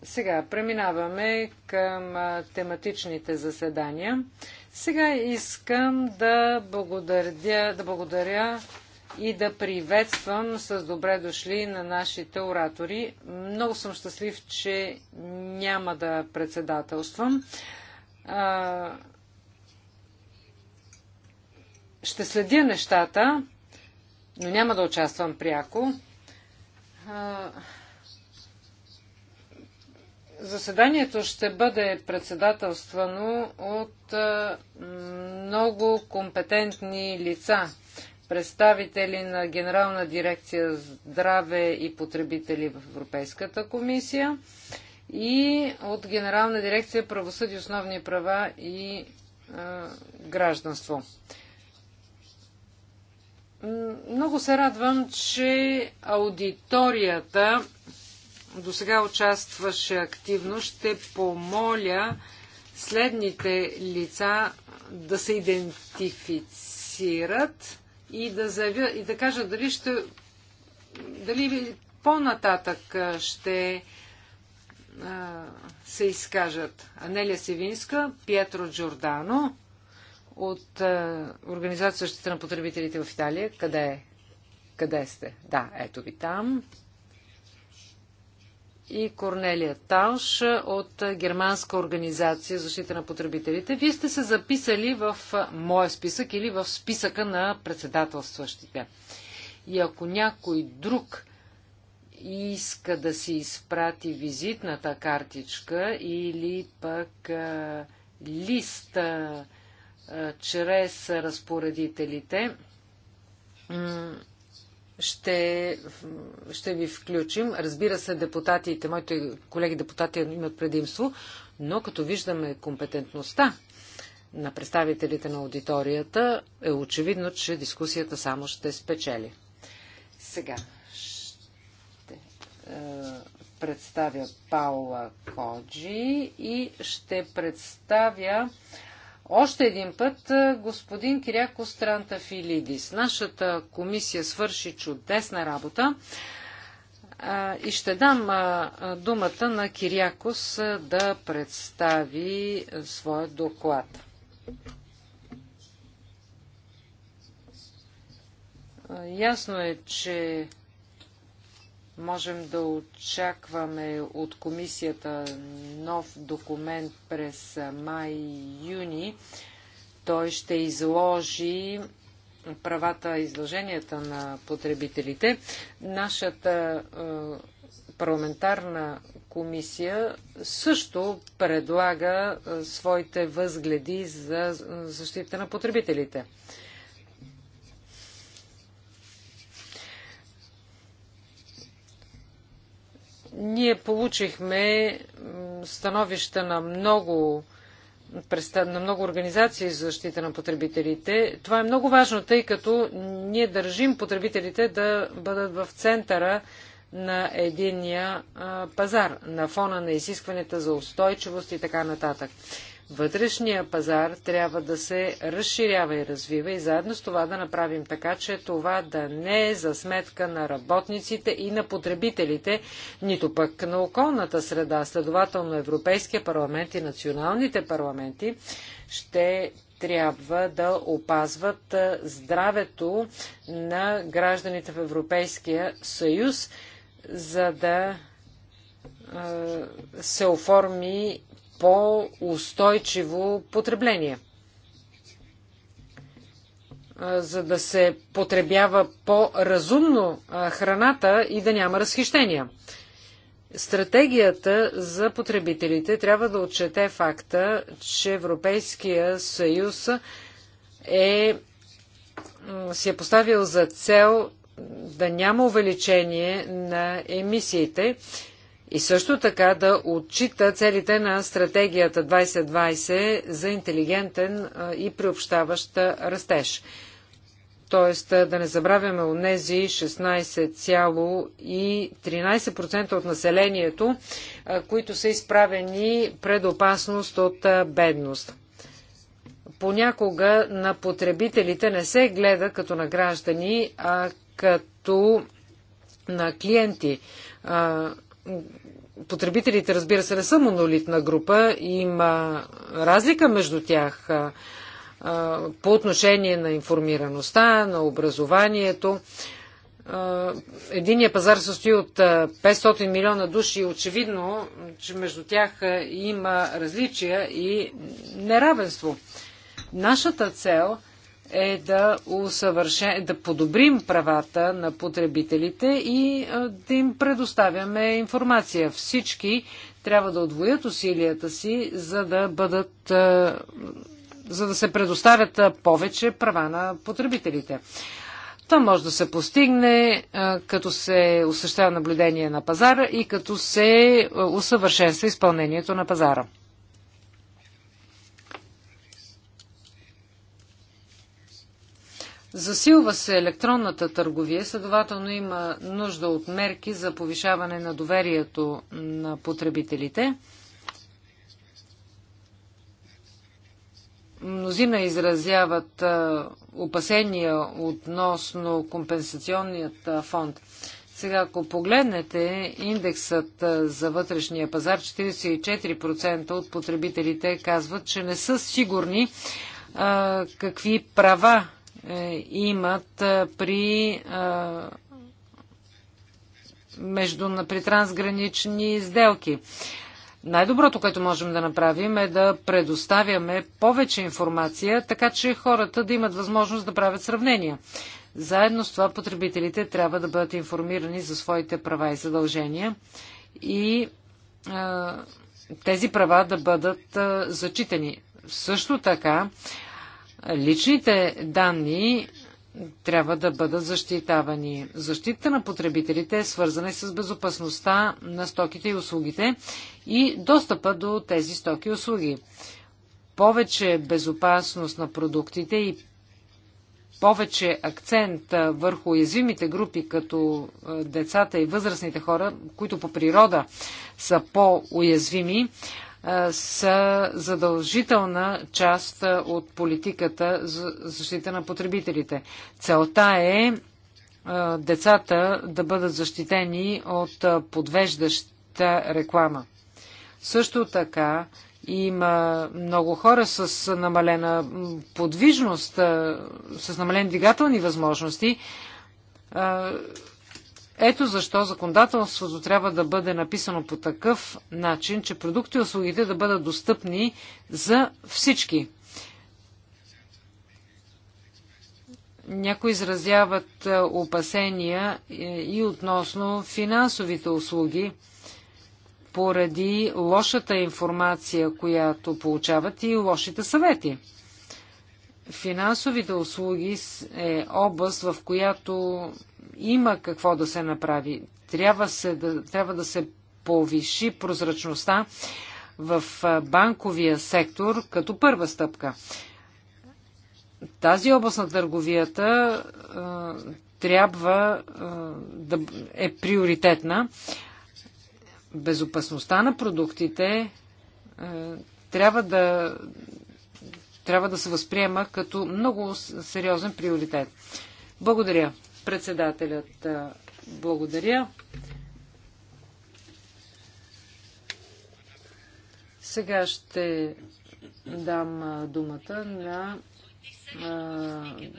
Сега преминаваме към тематичните заседания. Сега искам да благодаря, да благодаря и да приветствам с добре дошли на нашите оратори. Много съм щастлив, че няма да председателствам. Ще следя нещата но няма да участвам пряко. Заседанието ще бъде председателствано от много компетентни лица, представители на Генерална дирекция здраве и потребители в Европейската комисия и от Генерална дирекция правосъди, основни права и гражданство. Много се радвам, че аудиторията до сега участваше активно. Ще помоля следните лица да се идентифицират и да, заявя, и да кажат дали, ще, дали по-нататък ще а, се изкажат. Анелия Севинска, Пьетро Джордано, от е, Организация защита на потребителите в Италия. Къде е? Къде сте? Да, ето ви там. И Корнелия Талш от Германска организация защита на потребителите. Вие сте се записали в моя списък или в списъка на председателстващите. И ако някой друг иска да си изпрати визитната картичка или пък е, листа, чрез разпоредителите ще, ще ви включим. Разбира се, депутатите, моите колеги депутати имат предимство, но като виждаме компетентността на представителите на аудиторията, е очевидно, че дискусията само ще спечели. Сега ще е, представя Паула Коджи и ще представя е, още един път е, господин Киряко Странта Филидис. Нашата комисия свърши чудесна работа е, и ще дам е, думата на Кирякос да представи своя доклад. Ясно е, че Можем да очакваме от комисията нов документ през май и юни. Той ще изложи правата и изложенията на потребителите. Нашата е, парламентарна комисия също предлага е, своите възгледи за защита на потребителите. Ние получихме становища на много на много организации за защита на потребителите. Това е много важно, тъй като ние държим потребителите да бъдат в центъра на единия пазар, на фона на изискванията за устойчивост и така нататък. Вътрешния пазар трябва да се разширява и развива и заедно с това да направим така, че това да не е за сметка на работниците и на потребителите, нито пък на околната среда. Следователно Европейския парламент и националните парламенти ще трябва да опазват здравето на гражданите в Европейския съюз, за да се оформи по-устойчиво потребление. За да се потребява по-разумно храната и да няма разхищения. Стратегията за потребителите трябва да отчете факта, че Европейския съюз е, си е поставил за цел да няма увеличение на емисиите и също така да отчита целите на стратегията 2020 за интелигентен и приобщаващ растеж. Тоест да не забравяме от тези 16,13% от населението, които са изправени пред опасност от бедност понякога на потребителите не се гледа като на граждани, а като на клиенти потребителите, разбира се, не са монолитна група. Има разлика между тях по отношение на информираността, на образованието. Единият пазар състои от 500 милиона души и очевидно, че между тях има различия и неравенство. Нашата цел – е да, усъвършен... да подобрим правата на потребителите и да им предоставяме информация. Всички трябва да отвоят усилията си, за да бъдат за да се предоставят повече права на потребителите. Това може да се постигне, като се осъществява наблюдение на пазара и като се усъвършенства изпълнението на пазара. Засилва се електронната търговия, следователно има нужда от мерки за повишаване на доверието на потребителите. Мнозина изразяват опасения относно компенсационният фонд. Сега, ако погледнете индексът за вътрешния пазар, 44% от потребителите казват, че не са сигурни а, какви права е, имат е, при, е, между, при трансгранични сделки. Най-доброто, което можем да направим е да предоставяме повече информация, така че хората да имат възможност да правят сравнения. Заедно с това потребителите трябва да бъдат информирани за своите права и задължения и а, тези права да бъдат а, зачитани. Също така, Личните данни трябва да бъдат защитавани. Защита на потребителите е свързана с безопасността на стоките и услугите и достъпа до тези стоки и услуги. Повече безопасност на продуктите и повече акцент върху уязвимите групи, като децата и възрастните хора, които по природа са по-уязвими, са задължителна част от политиката за защита на потребителите. Целта е децата да бъдат защитени от подвеждаща реклама. Също така има много хора с намалена подвижност, с намален двигателни възможности, ето защо законодателството трябва да бъде написано по такъв начин, че продукти и услугите да бъдат достъпни за всички. Някои изразяват е, опасения е, и относно финансовите услуги поради лошата информация, която получават и лошите съвети. Финансовите услуги е област, в която има какво да се направи. Трябва, се да, трябва да се повиши прозрачността в банковия сектор като първа стъпка. Тази област на търговията а, трябва а, да е приоритетна. Безопасността на продуктите а, трябва да трябва да се възприема като много сериозен приоритет. Благодаря. Председателят, благодаря. Сега ще дам думата на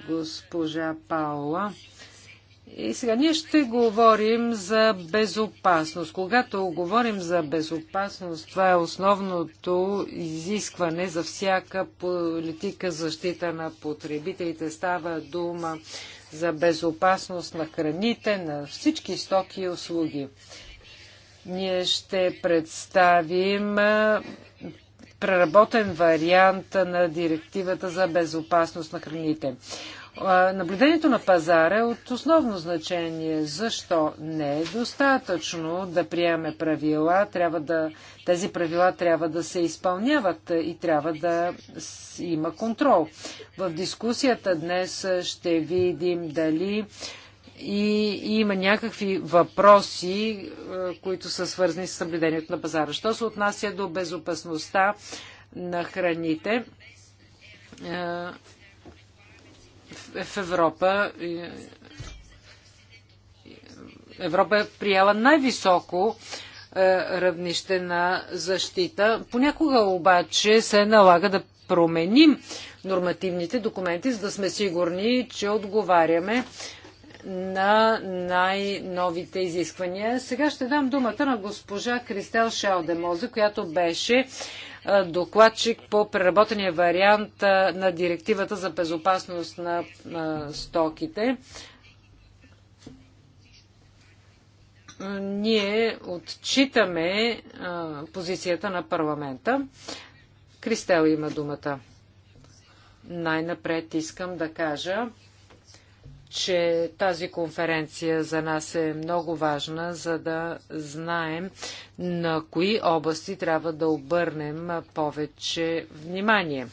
госпожа Паула. И сега ние ще говорим за безопасност. Когато говорим за безопасност, това е основното изискване за всяка политика защита на потребителите. Става дума за безопасност на храните, на всички стоки и услуги. Ние ще представим преработен вариант на директивата за безопасност на храните. Наблюдението на пазара е от основно значение. Защо не е достатъчно да приеме правила? Трябва да, тези правила трябва да се изпълняват и трябва да има контрол. В дискусията днес ще видим дали и, и има някакви въпроси, които са свързани с съблюдението на пазара. Що се отнася до безопасността на храните? в Европа. Европа е приела най-високо е, равнище на защита. Понякога обаче се налага да променим нормативните документи, за да сме сигурни, че отговаряме на най-новите изисквания. Сега ще дам думата на госпожа Кристел Шалдемоза, която беше докладчик по преработения вариант на директивата за безопасност на стоките. Ние отчитаме позицията на парламента. Кристел има думата. Най-напред искам да кажа, че тази конференция за нас е много важна, за да знаем на кои области трябва да обърнем повече внимание.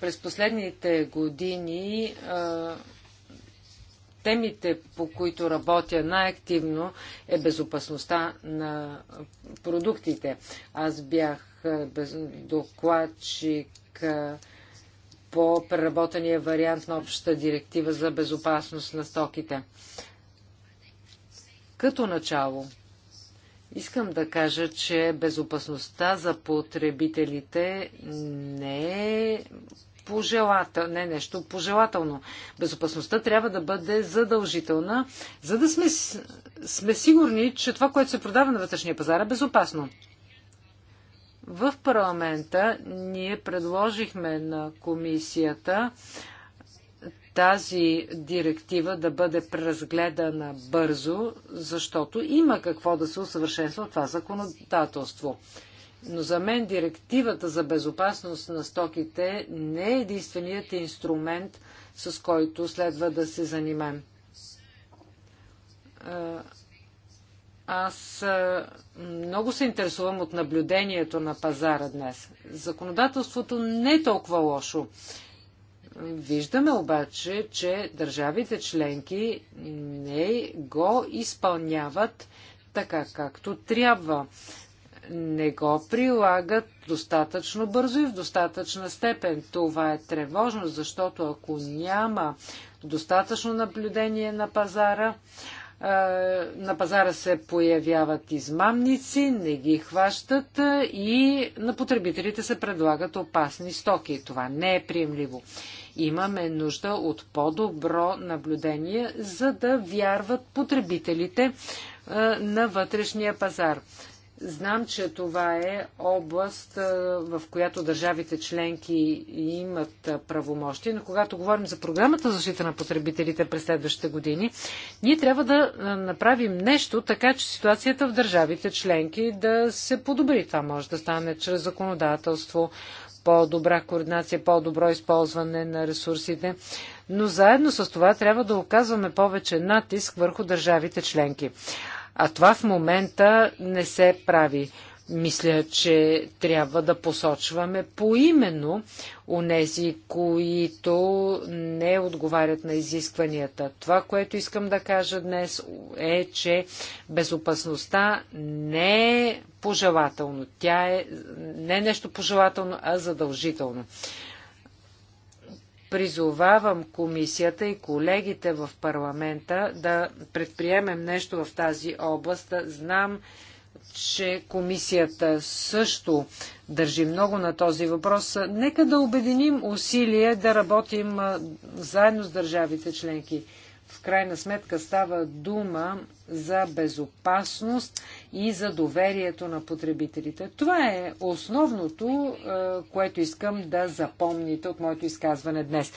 през последните години темите, по които работя най-активно, е безопасността на продуктите. Аз бях докладчик по преработения вариант на общата директива за безопасност на стоките. Като начало, искам да кажа, че безопасността за потребителите не е пожелата, не нещо пожелателно. Безопасността трябва да бъде задължителна, за да сме, сме сигурни, че това, което се продава на вътрешния пазар е безопасно. В парламента ние предложихме на комисията тази директива да бъде преразгледана бързо, защото има какво да се усъвършенства това законодателство. Но за мен директивата за безопасност на стоките не е единственият инструмент, с който следва да се занимаем. Аз много се интересувам от наблюдението на пазара днес. Законодателството не е толкова лошо. Виждаме обаче, че държавите членки не го изпълняват така, както трябва не го прилагат достатъчно бързо и в достатъчна степен. Това е тревожно, защото ако няма достатъчно наблюдение на пазара, на пазара се появяват измамници, не ги хващат и на потребителите се предлагат опасни стоки. Това не е приемливо. Имаме нужда от по-добро наблюдение, за да вярват потребителите на вътрешния пазар. Знам, че това е област, в която държавите членки имат правомощи, но когато говорим за програмата за защита на потребителите през следващите години, ние трябва да направим нещо, така че ситуацията в държавите членки да се подобри. Това може да стане чрез законодателство, по-добра координация, по-добро използване на ресурсите, но заедно с това трябва да оказваме повече натиск върху държавите членки. А това в момента не се прави. Мисля, че трябва да посочваме поименно у нези, които не отговарят на изискванията. Това, което искам да кажа днес е, че безопасността не е пожелателно. Тя е не нещо пожелателно, а задължително призовавам комисията и колегите в парламента да предприемем нещо в тази област. Знам, че комисията също държи много на този въпрос. Нека да обединим усилия да работим заедно с държавите членки. В крайна сметка става дума за безопасност и за доверието на потребителите. Това е основното, е, което искам да запомните от моето изказване днес.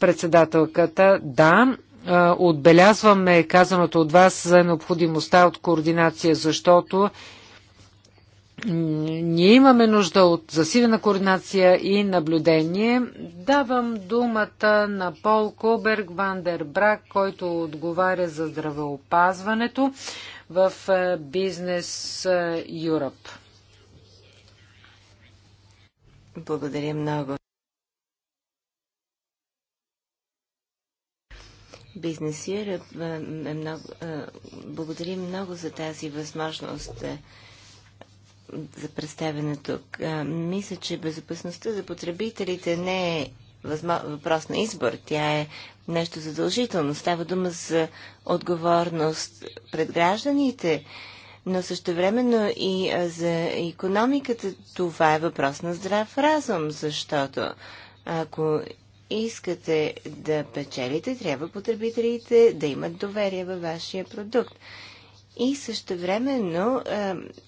Председателката, да, е, отбелязваме казаното от вас за необходимостта от координация, защото ние имаме нужда от засилена координация и наблюдение. Давам думата на Пол Коберг Вандербрак, който отговаря за здравеопазването в е, Бизнес е, Юръп. Благодаря много. Бизнес Юръп, е, Благодарим благодаря много за тази възможност за представяне тук. Мисля, че безопасността за потребителите не е въпрос на избор. Тя е нещо задължително. Става дума за отговорност пред гражданите, но също времено и за економиката това е въпрос на здрав разум, защото ако искате да печелите, трябва потребителите да имат доверие във вашия продукт и същевременно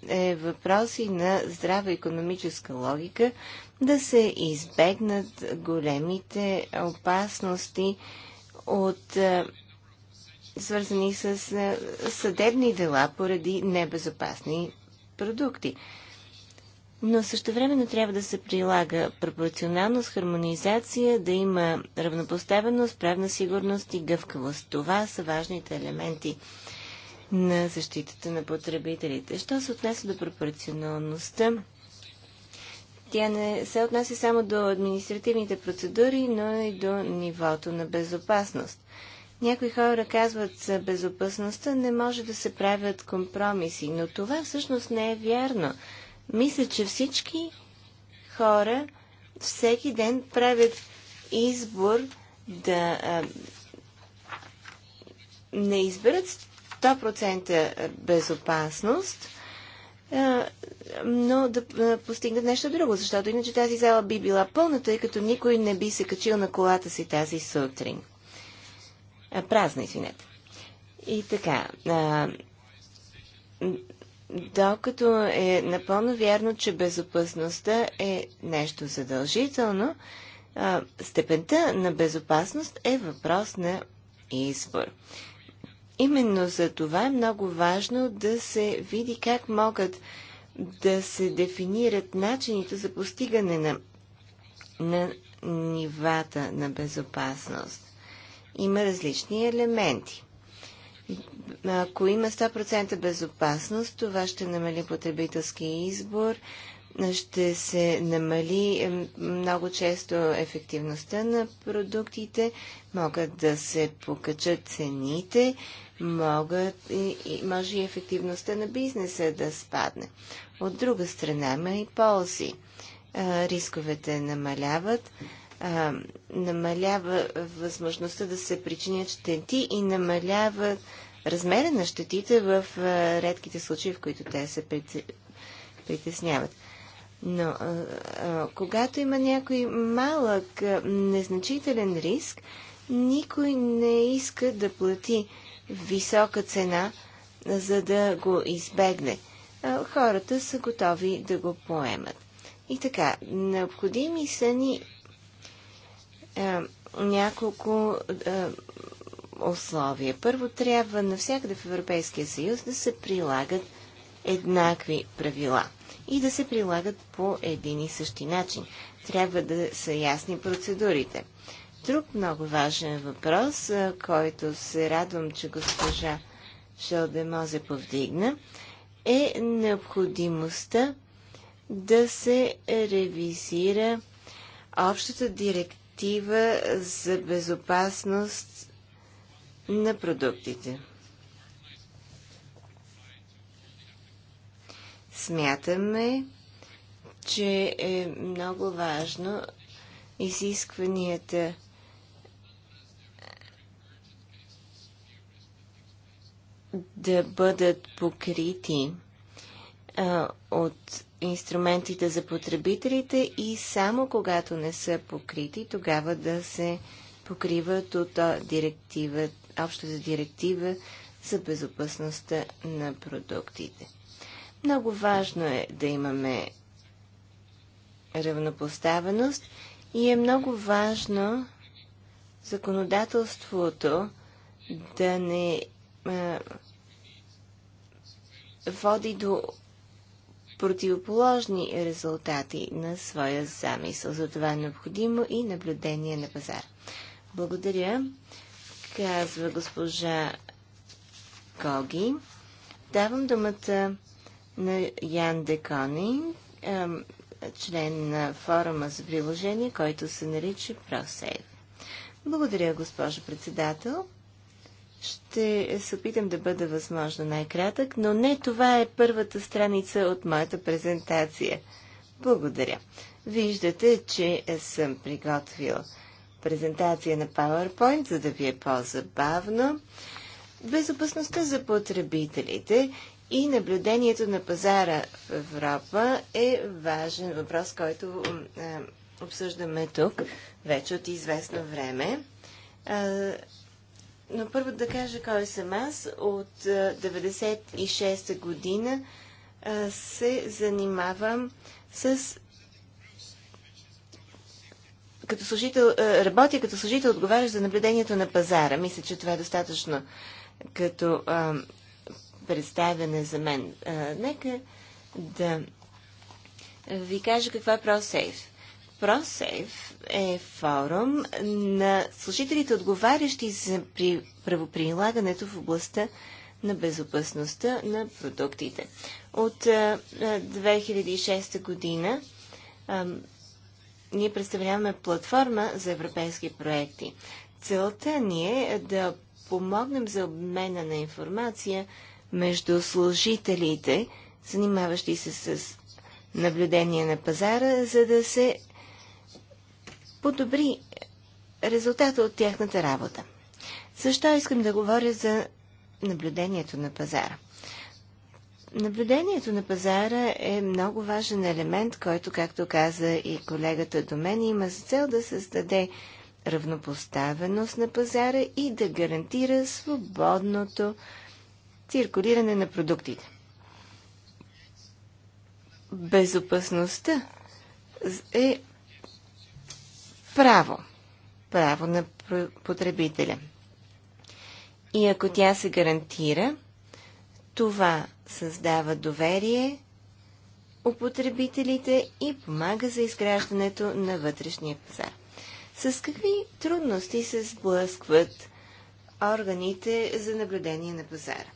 е въпроси на здрава економическа логика да се избегнат големите опасности от свързани с съдебни дела поради небезопасни продукти. Но също времено трябва да се прилага пропорционалност, хармонизация, да има равнопоставеност, правна сигурност и гъвкавост. Това са важните елементи на защитата на потребителите. Що се отнесе до пропорционалността? Тя не се отнася само до административните процедури, но и до нивото на безопасност. Някои хора казват за безопасността не може да се правят компромиси, но това всъщност не е вярно. Мисля, че всички хора всеки ден правят избор да а, не изберат 100% безопасност, но да постигнат нещо друго, защото иначе тази зала би била пълна, тъй като никой не би се качил на колата си тази сутрин. Празна, извинете. И така, докато е напълно вярно, че безопасността е нещо задължително, степента на безопасност е въпрос на избор. Именно за това е много важно да се види как могат да се дефинират начините за постигане на, на нивата на безопасност. Има различни елементи. Ако има 100% безопасност, това ще намали потребителския избор, ще се намали много често ефективността на продуктите, могат да се покачат цените, могат и, и може и ефективността на бизнеса да спадне. От друга страна има и ползи. А, рисковете намаляват, а, намалява възможността да се причинят щети и намаляват размера на щетите в а, редките случаи, в които те се притесняват. Но а, а, когато има някой малък, а, незначителен риск, никой не иска да плати висока цена, за да го избегне. Хората са готови да го поемат. И така, необходими са ни а, няколко а, условия. Първо трябва навсякъде в Европейския съюз да се прилагат еднакви правила и да се прилагат по един и същи начин. Трябва да са ясни процедурите. Друг много важен въпрос, който се радвам, че госпожа Шелдемозе повдигна, е необходимостта да се ревизира общата директива за безопасност на продуктите. Смятаме, че е много важно изискванията да бъдат покрити а, от инструментите за потребителите и само когато не са покрити, тогава да се покриват от директива, общата директива за безопасността на продуктите. Много важно е да имаме равнопоставеност и е много важно законодателството да не е, води до противоположни резултати на своя замисъл. За това е необходимо и наблюдение на пазар. Благодаря, казва госпожа Коги. Давам думата на Ян Декони, е, член на форума за приложение, който се нарича ProSave. Благодаря, госпожо председател. Ще се опитам да бъда възможно най-кратък, но не това е първата страница от моята презентация. Благодаря. Виждате, че съм приготвил презентация на PowerPoint, за да ви е по-забавно. Безопасността за потребителите и наблюдението на пазара в Европа е важен въпрос, който е, обсъждаме тук вече от известно време. Но първо да кажа кой съм аз. От 1996 година се занимавам с като служител, работя като служител, отговарящ за наблюдението на пазара. Мисля, че това е достатъчно като а, представяне за мен. А, нека да ви кажа каква е ProSafe. Просев е форум на служителите, отговарящи за при правоприлагането в областта на безопасността на продуктите. От 2006 година ние представляваме платформа за европейски проекти. Целта ни е да помогнем за обмена на информация между служителите, занимаващи се с наблюдение на пазара, за да се подобри резултата от тяхната работа. Защо искам да говоря за наблюдението на пазара? Наблюдението на пазара е много важен елемент, който, както каза и колегата до мен, има за цел да създаде равнопоставеност на пазара и да гарантира свободното циркулиране на продуктите. Безопасността е право. Право на потребителя. И ако тя се гарантира, това създава доверие у потребителите и помага за изграждането на вътрешния пазар. С какви трудности се сблъскват органите за наблюдение на пазара?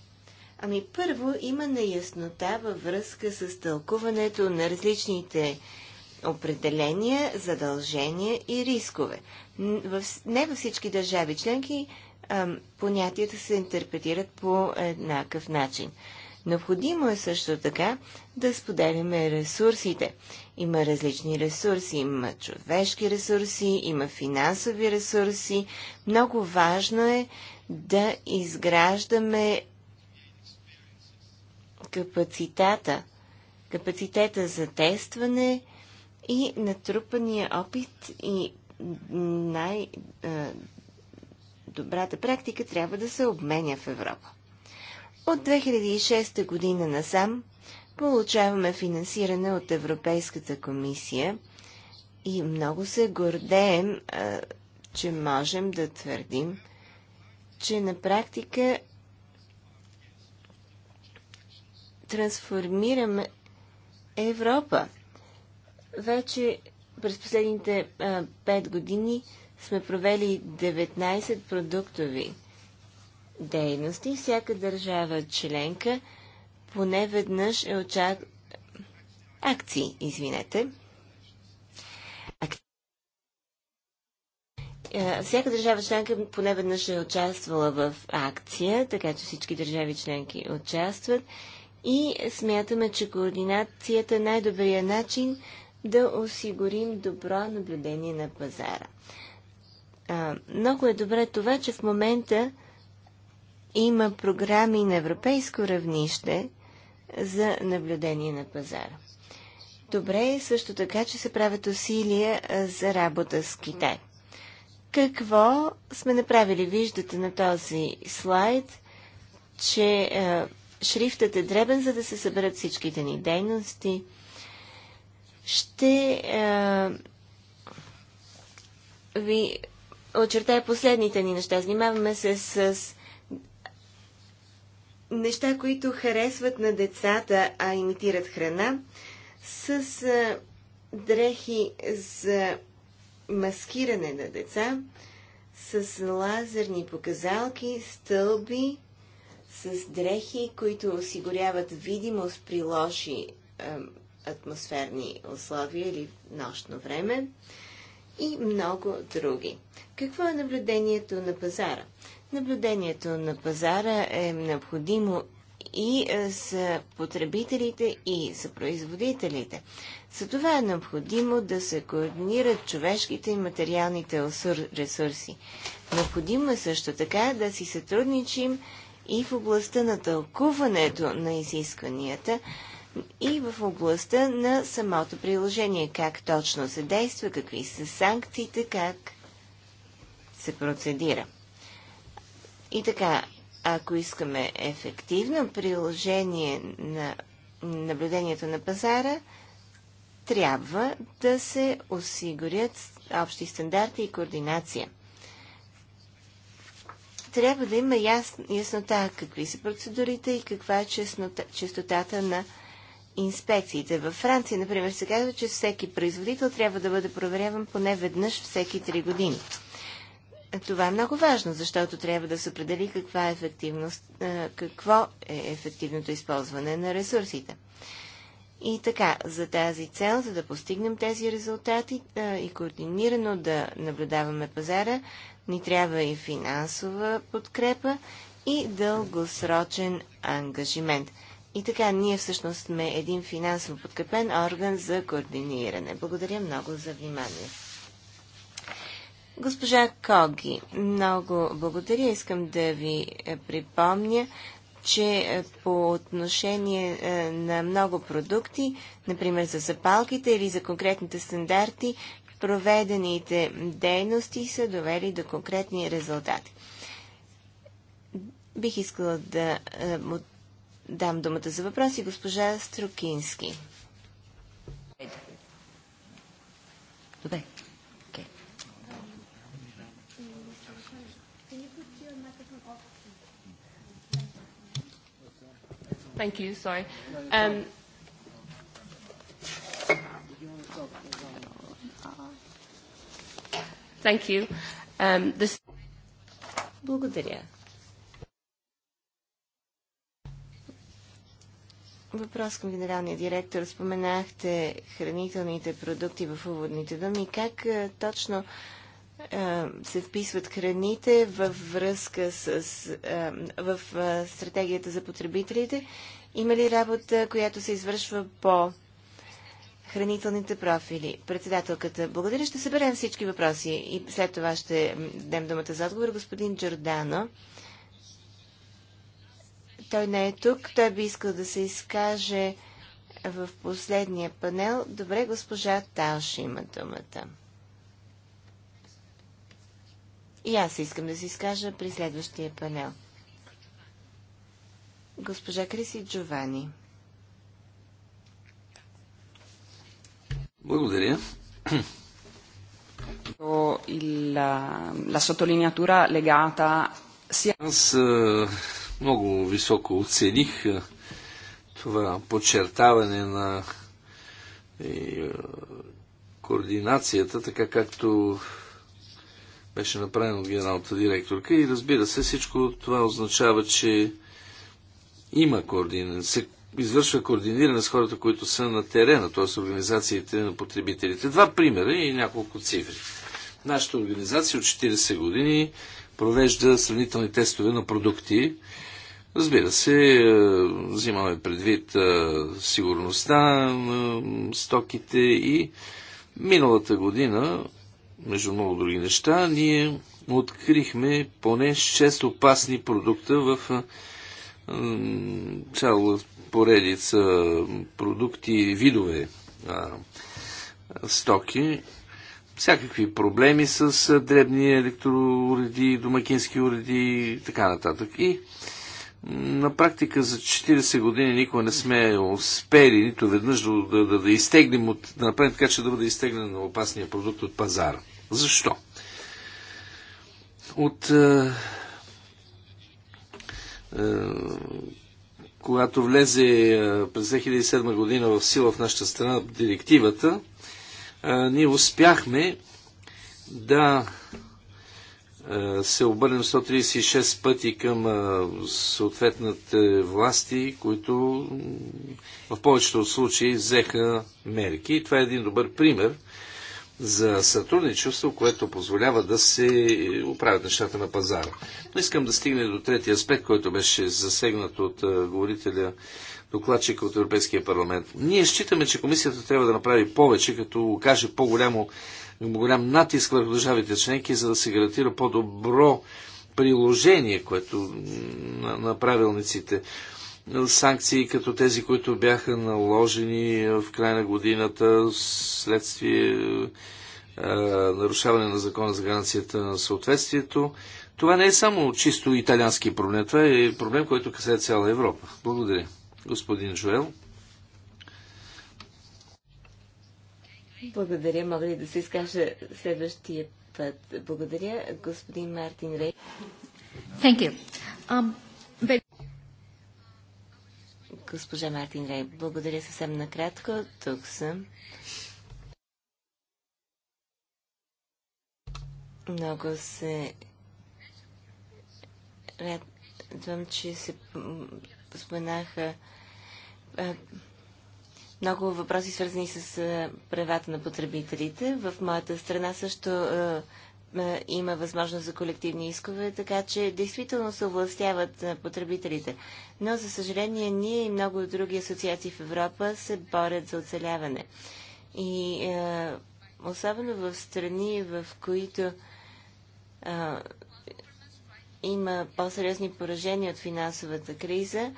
Ами първо има неяснота във връзка с тълкуването на различните определения, задължения и рискове. Не във всички държави членки понятията се интерпретират по еднакъв начин. Необходимо е също така да споделяме ресурсите. Има различни ресурси. Има човешки ресурси, има финансови ресурси. Много важно е да изграждаме капацитета, капацитета за тестване, и натрупания опит и най-добрата практика трябва да се обменя в Европа. От 2006 година насам получаваме финансиране от Европейската комисия и много се гордеем, че можем да твърдим, че на практика трансформираме Европа. Вече през последните а, 5 години сме провели 19 продуктови дейности. Всяка държава членка поне веднъж е очаква акции, извинете. всяка държава членка поне веднъж е участвала в акция, така че всички държави членки участват. И смятаме, че координацията е най-добрият начин да осигурим добро наблюдение на пазара. А, много е добре това, че в момента има програми на европейско равнище за наблюдение на пазара. Добре е също така, че се правят усилия за работа с Китай. Какво сме направили? Виждате на този слайд, че е, шрифтът е дребен, за да се съберат всичките ни дейности – ще а, е, ви очертая последните ни неща. Занимаваме се с, с неща, които харесват на децата, а имитират храна, с а, е, дрехи за маскиране на деца, с лазерни показалки, стълби, с дрехи, които осигуряват видимост при лоши а, атмосферни условия или нощно време и много други. Какво е наблюдението на пазара? Наблюдението на пазара е необходимо и е, за потребителите, и за производителите. За това е необходимо да се координират човешките и материалните ресурси. Необходимо е също така да си сътрудничим и в областта на тълкуването на изискванията, и в областта на самото приложение. Как точно се действа, какви са санкциите, как се процедира. И така, ако искаме ефективно приложение на наблюдението на пазара, трябва да се осигурят общи стандарти и координация. Трябва да има яснота какви са процедурите и каква е честотата на инспекциите. Във Франция, например, се казва, че всеки производител трябва да бъде проверяван поне веднъж всеки 3 години. Това е много важно, защото трябва да се определи каква е ефективност, е, какво е ефективното използване на ресурсите. И така, за тази цел, за да постигнем тези резултати е, и координирано да наблюдаваме пазара, ни трябва и финансова подкрепа и дългосрочен ангажимент – и така, ние всъщност сме един финансово подкрепен орган за координиране. Благодаря много за внимание. Госпожа Коги, много благодаря. Искам да ви е, припомня, че е, по отношение е, на много продукти, например за запалките или за конкретните стандарти, проведените дейности са довели до конкретни резултати. Бих искала да дам думата за въпроси госпожа Струкински. Добре. Thank you, sorry. Um, thank you. Um, this... Благодаря. въпрос към генералния директор. Споменахте хранителните продукти в уводните думи. Как е, точно е, се вписват храните във връзка с е, в стратегията за потребителите? Има ли работа, която се извършва по хранителните профили? Председателката, благодаря. Ще съберем всички въпроси и след това ще дадем думата за отговор. Господин Джордано. Той не е тук. Той би искал да се изкаже в последния панел. Добре, госпожа Талш има думата. И аз искам да се изкажа при следващия панел. Госпожа Криси Джовани. Благодаря. Il, la sottolineatura legata sia... Аз много високо оцених това подчертаване на координацията, така както беше направено от генералната директорка. И разбира се, всичко това означава, че има координация, се извършва координиране с хората, които са на терена, т.е. организациите на потребителите. Два примера и няколко цифри. Нашата организация от 40 години провежда сравнителни тестове на продукти. Разбира се, е, взимаме предвид е, сигурността на стоките и миналата година, между много други неща, ние открихме поне 6 опасни продукта в е, цяла поредица продукти, видове стоки всякакви проблеми с дребни електроуреди, домакински уреди и така нататък. И на практика за 40 години никога не сме успели нито веднъж да, да, да, да изтегнем, от, да направим така, че да бъде изтеглен на опасния продукт от пазара. Защо? От е, е, когато влезе през 2007 година в сила в нашата страна директивата, ние успяхме да се обърнем 136 пъти към съответните власти, които в повечето от случаи взеха мерки. И това е един добър пример за сътрудничество, което позволява да се оправят нещата на пазара. Но искам да стигне до третия аспект, който беше засегнат от говорителя докладчика от Европейския парламент. Ние считаме, че комисията трябва да направи повече, като окаже по-голямо голям натиск върху държавите членки, за да се гарантира по-добро приложение, което на, на правилниците санкции като тези, които бяха наложени в края на годината следствие а, нарушаване на закона за гаранцията на съответствието. Това не е само чисто италиански проблем, това е проблем, който касае цяла Европа. Благодаря. Господин Жуел. Благодаря. Мога ли да се изкажа следващия път? Благодаря, господин Мартин Рей. Thank you. Um, but... Госпожа Мартин Рей, благодаря съвсем накратко. Тук съм. Много се радвам, че се споменаха е, много въпроси, свързани с е, правата на потребителите. В моята страна също е, има възможност за колективни искове, така че действително се овластяват потребителите. Но, за съжаление, ние и много други асоциации в Европа се борят за оцеляване. И особено в страни, в които има по-сериозни поражения от финансовата криза,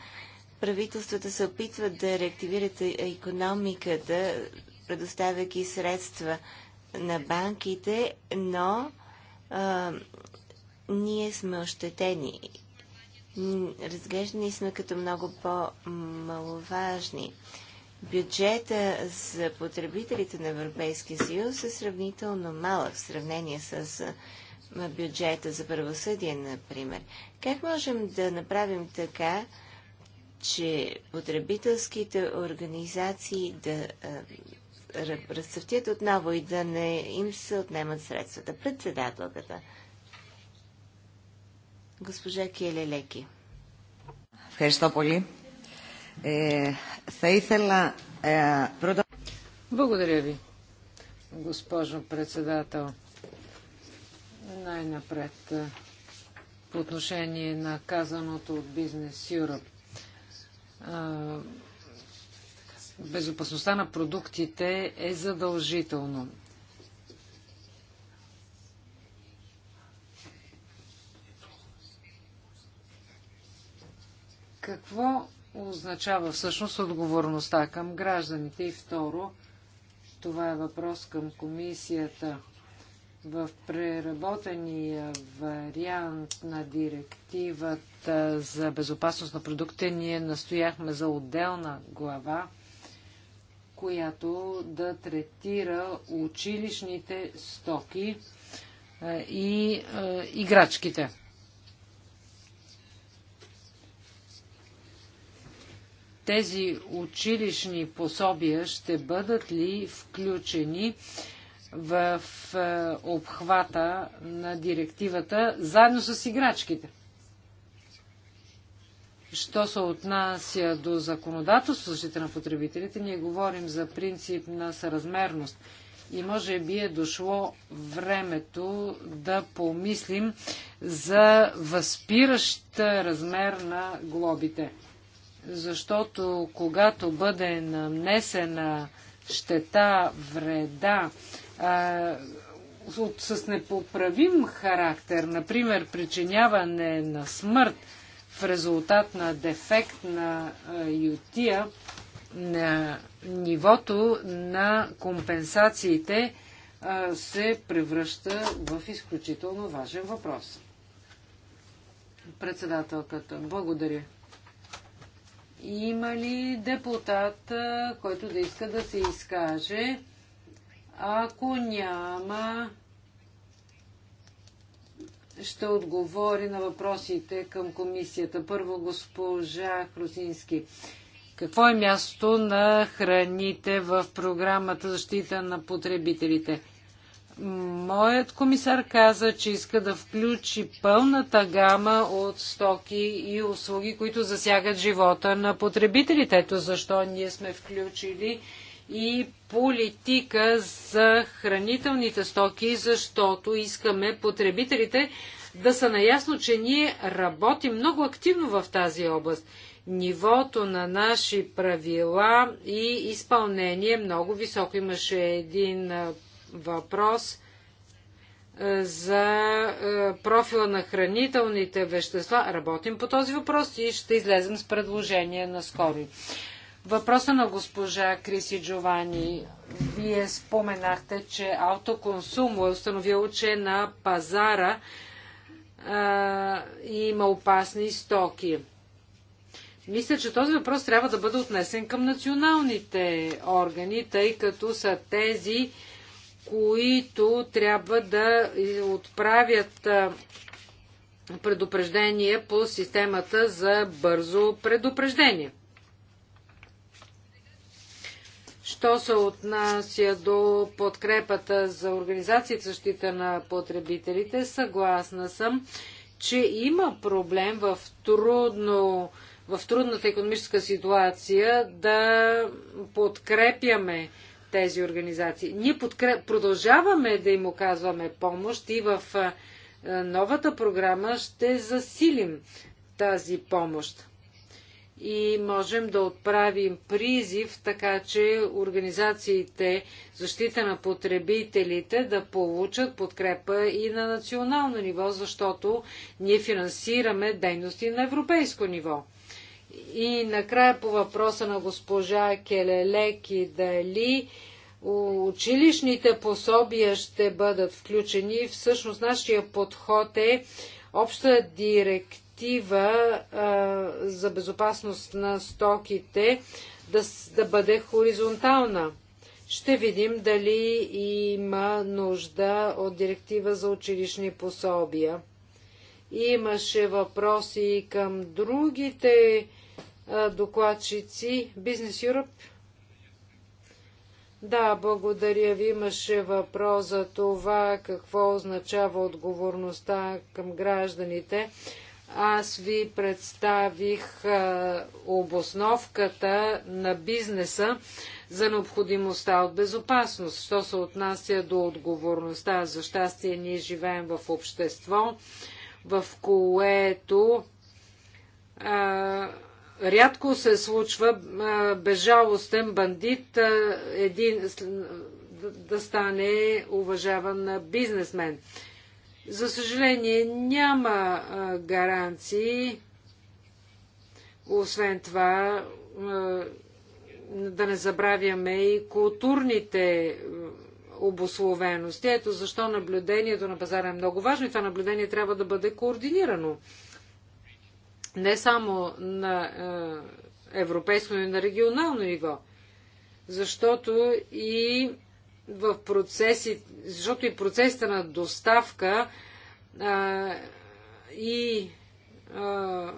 правителствата се опитват да реактивират економиката, предоставяйки средства на банките, но а, ние сме ощетени. Разглеждани сме като много по-маловажни. Бюджета за потребителите на Европейския съюз е сравнително малък в сравнение с бюджета за правосъдие, например. Как можем да направим така, че потребителските организации да разцъфтят отново и да не им се отнемат средствата. Председателката. Госпожа Келелеки. Благодаря ви, госпожо председател. Най-напред е, по отношение на казаното от Бизнес Юръп безопасността на продуктите е задължително. Какво означава всъщност отговорността към гражданите? И второ, това е въпрос към комисията в преработения вариант на директивата за безопасност на продукта ние настояхме за отделна глава, която да третира училищните стоки е, и е, играчките. Тези училищни пособия ще бъдат ли включени? в е, обхвата на директивата, заедно с играчките. Що се отнася до законодателство защита на потребителите, ние говорим за принцип на съразмерност. И може би е дошло времето да помислим за възпиращ размер на глобите. Защото когато бъде нанесена щета, вреда от, с непоправим характер, например причиняване на смърт в резултат на дефект на ютия, на нивото на компенсациите се превръща в изключително важен въпрос. Председателката, благодаря. Има ли депутат, който да иска да се изкаже? Ако няма, ще отговори на въпросите към комисията. Първо госпожа Хрусински. Какво е място на храните в програмата защита на потребителите? Моят комисар каза, че иска да включи пълната гама от стоки и услуги, които засягат живота на потребителите. Ето защо ние сме включили и политика за хранителните стоки, защото искаме потребителите да са наясно, че ние работим много активно в тази област. Нивото на наши правила и изпълнение е много високо. Имаше един въпрос за профила на хранителните вещества. Работим по този въпрос и ще излезем с предложение наскоро. Въпроса на госпожа Криси Джовани. Вие споменахте, че автоконсум е установил, че на пазара а, има опасни стоки. Мисля, че този въпрос трябва да бъде отнесен към националните органи, тъй като са тези, които трябва да отправят предупреждение по системата за бързо предупреждение. Що се отнася до подкрепата за организацията защита на потребителите, съгласна съм, че има проблем в, трудно, в трудната економическа ситуация да подкрепяме тези организации. Ние подкреп... продължаваме да им оказваме помощ и в е, новата програма ще засилим тази помощ и можем да отправим призив, така че организациите защита на потребителите да получат подкрепа и на национално ниво, защото ние финансираме дейности на европейско ниво. И накрая по въпроса на госпожа Келелеки дали училищните пособия ще бъдат включени. Всъщност нашия подход е обща директива директива а, за безопасност на стоките да, да бъде хоризонтална. Ще видим дали има нужда от директива за училищни пособия. Имаше въпроси към другите а, докладчици. Бизнес Юроп? Да, благодаря ви. Имаше въпрос за това какво означава отговорността към гражданите. Аз ви представих обосновката на бизнеса за необходимостта от безопасност. Що се отнася до отговорността, за щастие ние живеем в общество, в което а, рядко се случва а, безжалостен бандит един, да стане уважаван бизнесмен. За съжаление, няма а, гаранции. Освен това, а, да не забравяме и културните обословености. Ето защо наблюдението на пазара е много важно и това наблюдение трябва да бъде координирано. Не само на европейско, но и на регионално ниво. Защото и в процеси, защото и процесите на доставка а, и а,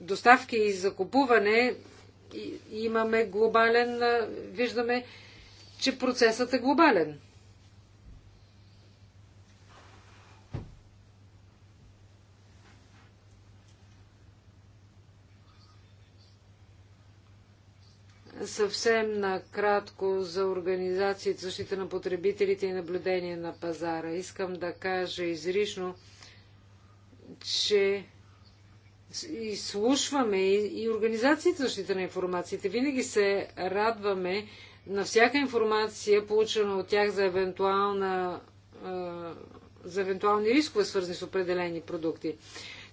доставки и закупуване и, имаме глобален, виждаме, че процесът е глобален. Съвсем накратко за организацията защита на потребителите и наблюдение на пазара. Искам да кажа изрично, че изслушваме и организацията защита на информациите. Винаги се радваме на всяка информация, получена от тях за, евентуална, за евентуални рискове, свързани с определени продукти.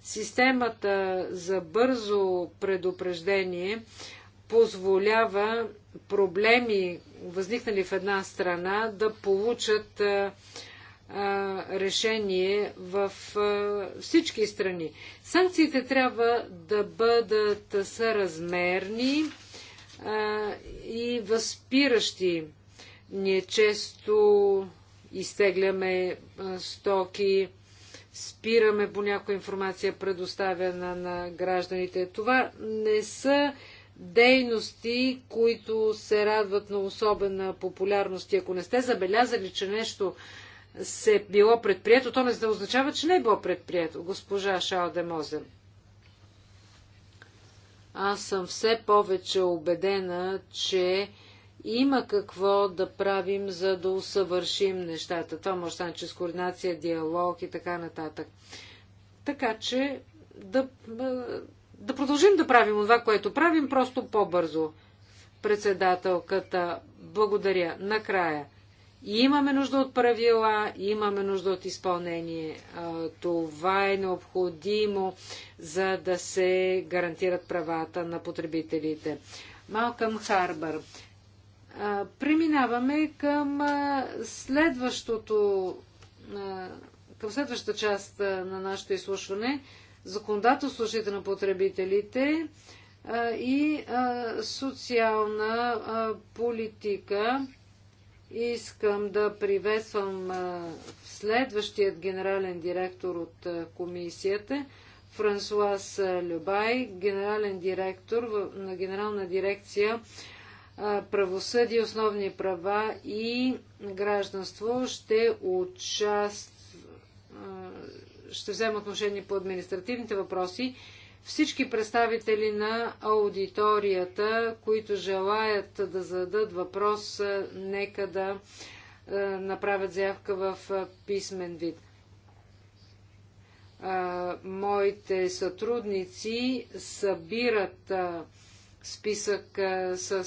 Системата за бързо предупреждение позволява проблеми, възникнали в една страна, да получат решение в всички страни. Санкциите трябва да бъдат съразмерни и възпиращи. Ние често изтегляме стоки, спираме по някоя информация, предоставяна на гражданите. Това не са дейности, които се радват на особена популярност. И ако не сте забелязали, че нещо се е било предприето, то не да означава, че не е било предприето, госпожа Шао Демозен. Аз съм все повече убедена, че има какво да правим, за да усъвършим нещата. Това може да стане чрез координация, диалог и така нататък. Така че да да продължим да правим това, което правим, просто по-бързо. Председателката, благодаря. Накрая. И имаме нужда от правила, имаме нужда от изпълнение. Това е необходимо, за да се гарантират правата на потребителите. Малкъм Харбър. Преминаваме към следващото към следващата част на нашето изслушване законодателство защита на потребителите и социална политика. Искам да приветствам следващият генерален директор от комисията, Франсуас Любай, генерален директор на генерална дирекция правосъдие, основни права и гражданство ще участва ще взема отношение по административните въпроси. Всички представители на аудиторията, които желаят да зададат въпрос, е, нека да е, направят заявка в е, писмен вид. Моите сътрудници събират списък с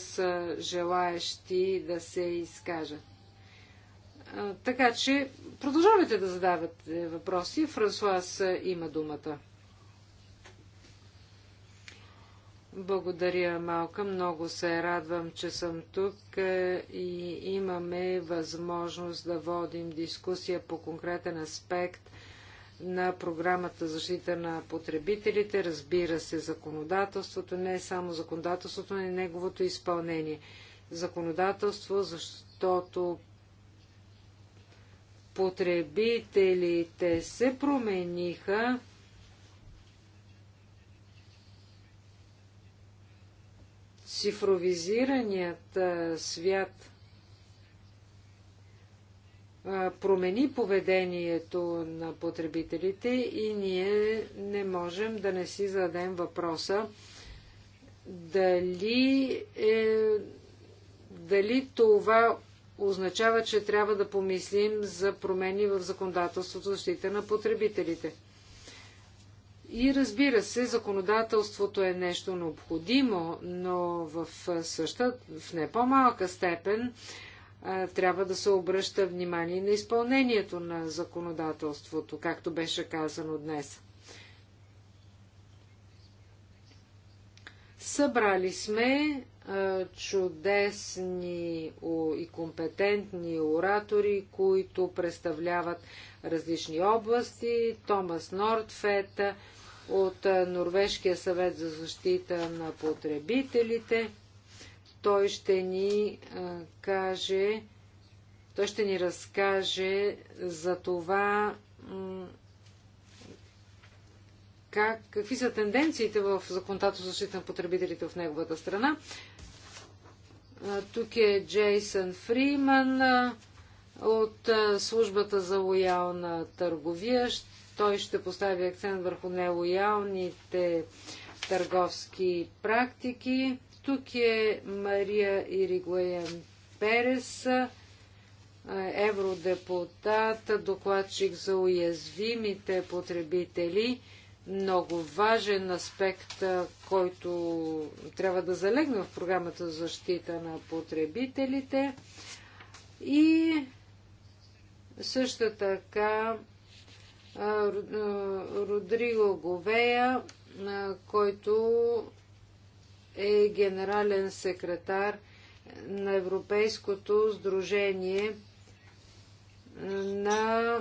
желаящи да се изкажат. Така че продължавайте да задавате въпроси. Франсуас има думата. Благодаря, Малка. Много се радвам, че съм тук и имаме възможност да водим дискусия по конкретен аспект на програмата защита на потребителите. Разбира се, законодателството, не само законодателството, но и неговото изпълнение. Законодателство, защото потребителите се промениха, цифровизираният свят промени поведението на потребителите и ние не можем да не си зададем въпроса дали, е, дали това означава, че трябва да помислим за промени в законодателството защита на потребителите. И разбира се, законодателството е нещо необходимо, но в съща, в не по-малка степен, трябва да се обръща внимание на изпълнението на законодателството, както беше казано днес. Събрали сме чудесни и компетентни оратори, които представляват различни области. Томас Нордфет от Норвежкия съвет за защита на потребителите. Той ще ни каже, той ще ни разкаже за това как, какви са тенденциите в законодателство за защита на потребителите в неговата страна. Тук е Джейсън Фриман от службата за лоялна търговия. Той ще постави акцент върху нелоялните търговски практики. Тук е Мария Иригуен Перес, евродепутат, докладчик за уязвимите потребители много важен аспект, който трябва да залегне в програмата за защита на потребителите. И също така Родриго Говея, който е генерален секретар на Европейското сдружение на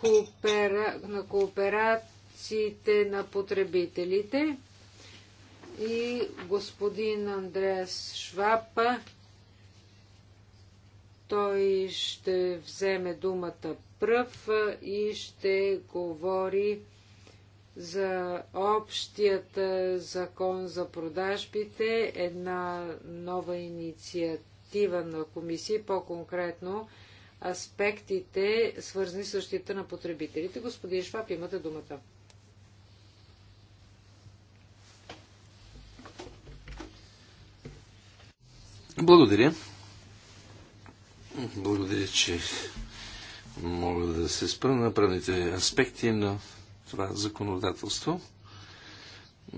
коопера... на кооперациите на потребителите и господин Андреас Швапа. Той ще вземе думата пръв и ще говори за общият закон за продажбите, една нова инициатива на комисия, по-конкретно аспектите, свързани с защита на потребителите. Господин Шваб, имате думата. Благодаря. Благодаря, че мога да се спра на правните аспекти на това законодателство.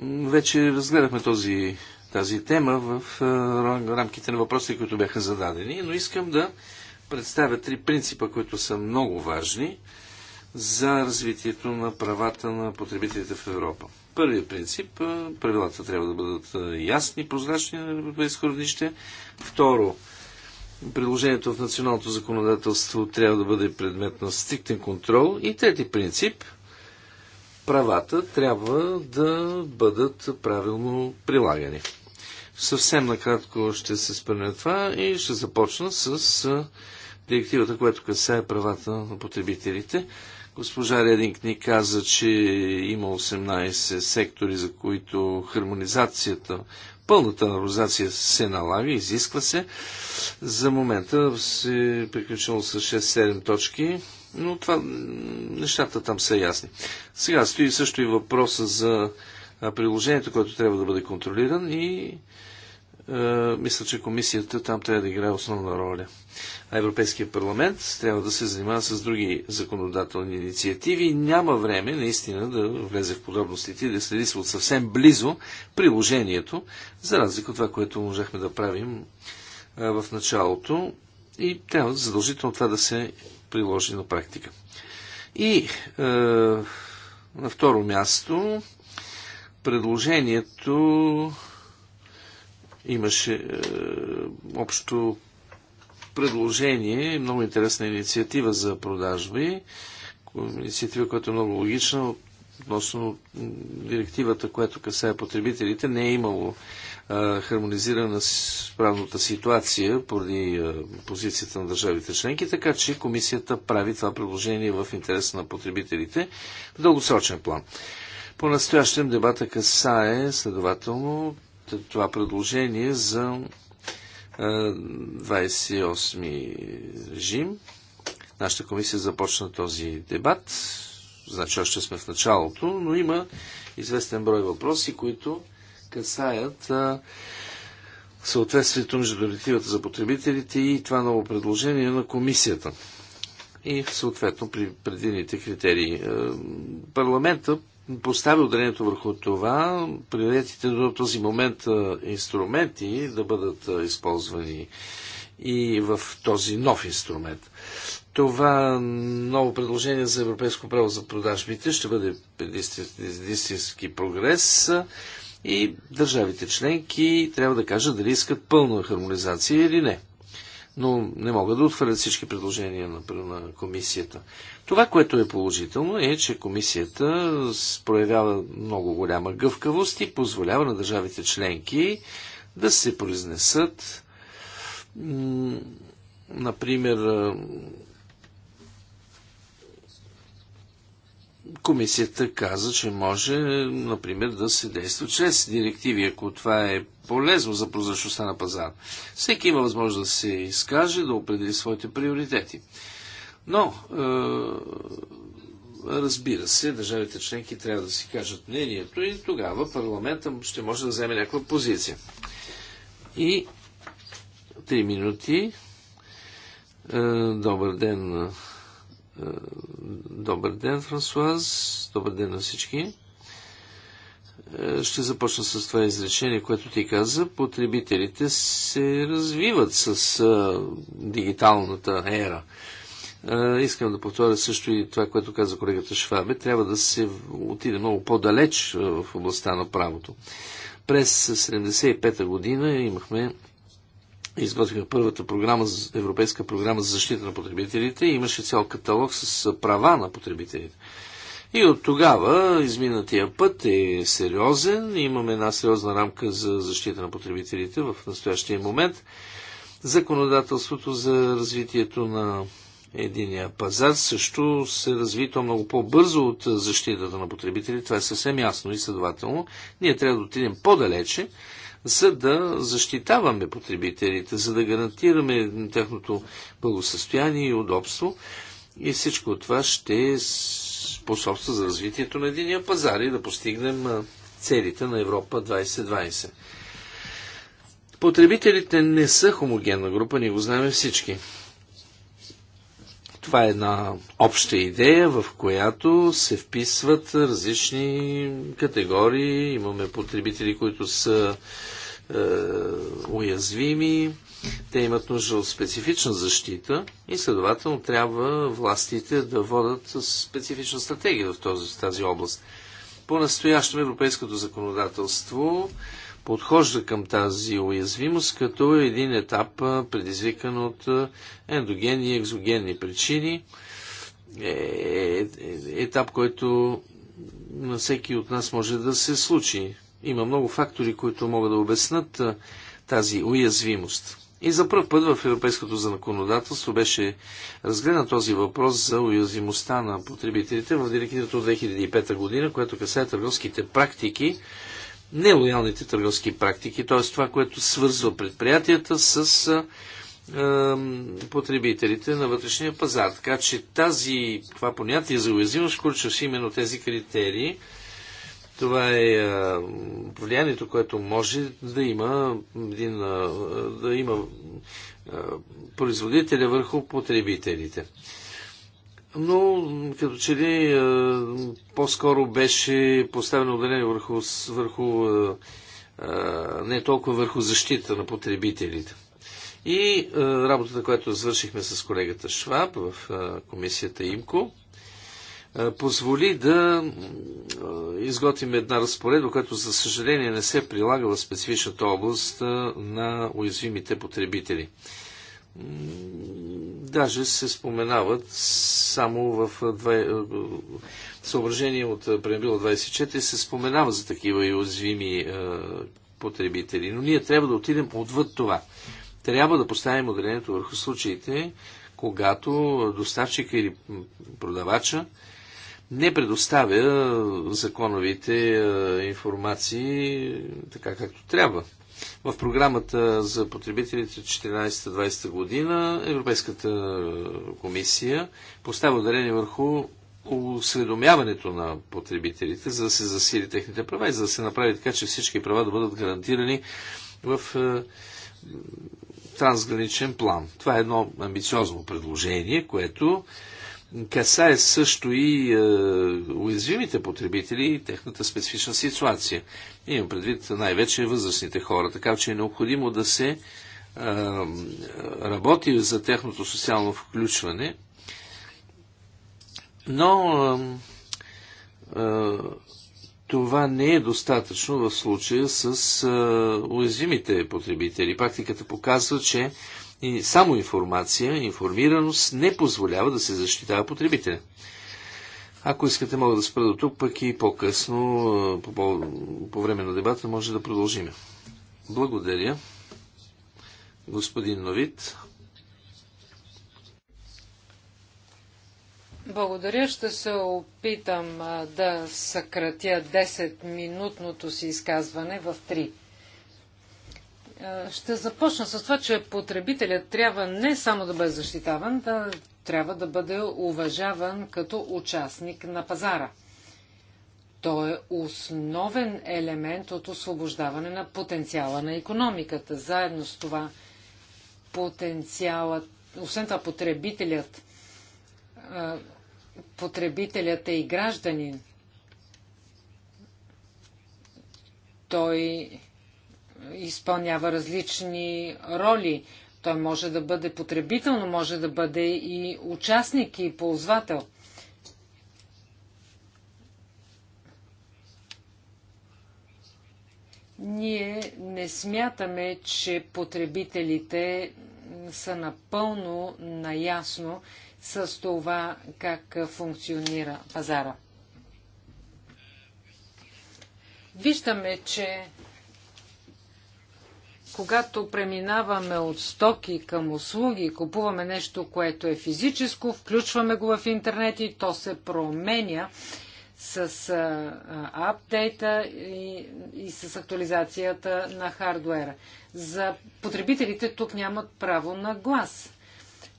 Вече разгледахме този, тази тема в рамките на въпросите, които бяха зададени, но искам да представя три принципа, които са много важни за развитието на правата на потребителите в Европа. Първият принцип правилата трябва да бъдат ясни, прозрачни на европейско равнище. Второ, приложението в националното законодателство трябва да бъде предмет на стриктен контрол. И трети принцип правата трябва да бъдат правилно прилагани. Съвсем накратко ще се спомня това и ще започна с директивата, която касае правата на потребителите. Госпожа Рединг ни каза, че има 18 сектори, за които хармонизацията, пълната хармонизация се налага, изисква се. За момента се приключило с 6-7 точки, но това, нещата там са ясни. Сега стои също и въпроса за приложението, което трябва да бъде контролиран и е, мисля, че комисията там трябва да играе основна роля. А Европейския парламент трябва да се занимава с други законодателни инициативи. Няма време наистина да влезе в подробностите и да следи от съвсем близо приложението, за разлика от това, което можехме да правим е, в началото. И трябва задължително това да се приложи на практика. И е, на второ място предложението Имаше е, общо предложение, много интересна инициатива за продажби, инициатива, която е много логична относно директивата, която касае потребителите. Не е имало е, хармонизирана с правната ситуация поради е, позицията на държавите членки, така че комисията прави това предложение в интерес на потребителите в дългосрочен план. По-настоящем дебата касае следователно това предложение за 28 режим. Нашата комисия започна този дебат. Значи още сме в началото, но има известен брой въпроси, които касаят съответствието между директивата за потребителите и това ново предложение на комисията. И съответно при предвидените критерии. Е, парламента постави ударението върху това, приоритетите до този момент инструменти да бъдат използвани и в този нов инструмент. Това ново предложение за европейско право за продажбите ще бъде истински прогрес и държавите членки трябва да кажат дали искат пълна хармонизация или не но не могат да отхвърля всички предложения на, на комисията. Това, което е положително, е, че комисията проявява много голяма гъвкавост и позволява на държавите членки да се произнесат например, комисията каза, че може, например, да се действа чрез директиви, ако това е полезно за прозрачността на пазара. Всеки има възможност да се изкаже, да определи своите приоритети. Но, е, разбира се, държавите членки трябва да си кажат мнението и тогава парламента ще може да вземе някаква позиция. И три минути. Е, добър ден е, добър ден, Франсуаз. Добър ден на всички. Е, ще започна с това изречение, което ти каза. Потребителите се развиват с е, дигиталната ера. Искам да повторя също и това, което каза колегата Швабе. Трябва да се отиде много по-далеч в областта на правото. През 1975 година имахме изготвиха първата програма, европейска програма за защита на потребителите и имаше цял каталог с права на потребителите. И от тогава изминатия път е сериозен. Имаме една сериозна рамка за защита на потребителите в настоящия момент. Законодателството за развитието на единия пазар също се развито много по-бързо от защитата на потребителите. Това е съвсем ясно и следователно. Ние трябва да отидем по-далече за да защитаваме потребителите, за да гарантираме тяхното благосъстояние и удобство. И всичко това ще способства за развитието на единия пазар и да постигнем целите на Европа 2020. Потребителите не са хомогенна група, ние го знаем всички. Това е една обща идея, в която се вписват различни категории. Имаме потребители, които са е, уязвими, те имат нужда от специфична защита и следователно трябва властите да водят специфична стратегия в този, тази област. По-настоящем европейското законодателство подхожда към тази уязвимост като един етап предизвикан от ендогенни и екзогенни причини. Е, е, е, етап, който на всеки от нас може да се случи. Има много фактори, които могат да обяснат тази уязвимост. И за първ път в европейското законодателство беше разгледан този въпрос за уязвимостта на потребителите в директивата от 2005 година, която касае търговските практики, нелоялните търговски практики, т.е. това, което свързва предприятията с потребителите на вътрешния пазар. Така че тази, това понятие за уязвимост включва си именно тези критерии. Това е е влиянието, което може да има, един, да има производителя върху потребителите но като че ли е, по-скоро беше поставено ударение върху, върху е, е, не толкова върху защита на потребителите. И работата, която завършихме с колегата Шваб в комисията ИМКО, позволи да изготвим една разпоредба, която за съжаление не се прилага в специфичната област на уязвимите потребители даже се споменават само в две, съображение от Прембила 24 се споменава за такива и уязвими потребители. Но ние трябва да отидем отвъд това. Трябва да поставим ударението върху случаите, когато доставчика или продавача не предоставя законовите информации така както трябва. В програмата за потребителите 14-20 година Европейската комисия поставя ударение върху осведомяването на потребителите, за да се засили техните права и за да се направи така, че всички права да бъдат гарантирани в е, трансграничен план. Това е едно амбициозно предложение, което касае също и е, уязвимите потребители и техната специфична ситуация. Имам предвид най-вече възрастните хора, така че е необходимо да се е, работи за техното социално включване. Но е, е, това не е достатъчно в случая с е, уязвимите потребители. Практиката показва, че и само информация, информираност не позволява да се защитава потребителя. Ако искате, мога да спра до тук, пък и по-късно, по, по, време на дебата, може да продължим. Благодаря. Господин Новит. Благодаря. Ще се опитам да съкратя 10-минутното си изказване в 3. Е, ще започна с това, че потребителят трябва не само да бъде защитаван, да трябва да бъде уважаван като участник на пазара. Той е основен елемент от освобождаване на потенциала на економиката. Заедно с това потенциалът, освен това потребителят, е, потребителят е и гражданин. Той изпълнява различни роли. Той може да бъде потребител, но може да бъде и участник и ползвател. Ние не смятаме, че потребителите са напълно наясно с това как функционира пазара. Виждаме, че когато преминаваме от стоки към услуги, купуваме нещо, което е физическо, включваме го в интернет и то се променя с а, апдейта и, и с актуализацията на хардуера. За потребителите тук нямат право на глас.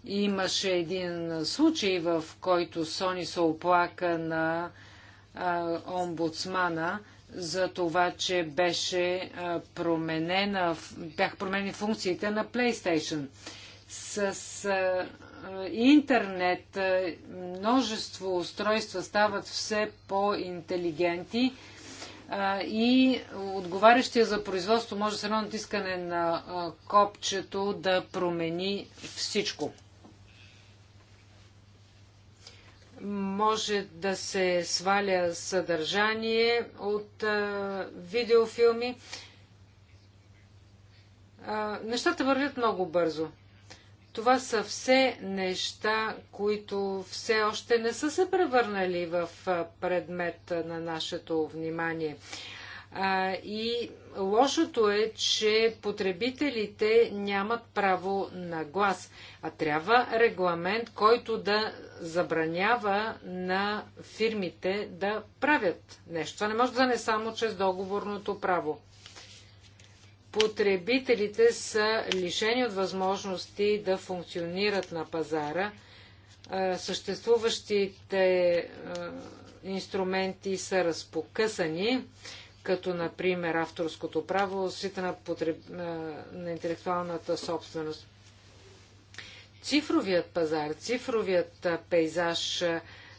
Имаше един случай, в който Сони се оплака на а, омбудсмана, за това, че беше променена, бяха променени функциите на PlayStation. С интернет множество устройства стават все по-интелигенти и отговарящия за производство може с едно натискане на копчето да промени всичко. може да се сваля съдържание от а, видеофилми. А, нещата вървят много бързо. Това са все неща, които все още не са се превърнали в предмет на нашето внимание. А, и лошото е, че потребителите нямат право на глас, а трябва регламент, който да забранява на фирмите да правят нещо. Това не може да не само чрез договорното право. Потребителите са лишени от възможности да функционират на пазара. Съществуващите инструменти са разпокъсани като например авторското право, защита на, потреб... на интелектуалната собственост. Цифровият пазар, цифровият пейзаж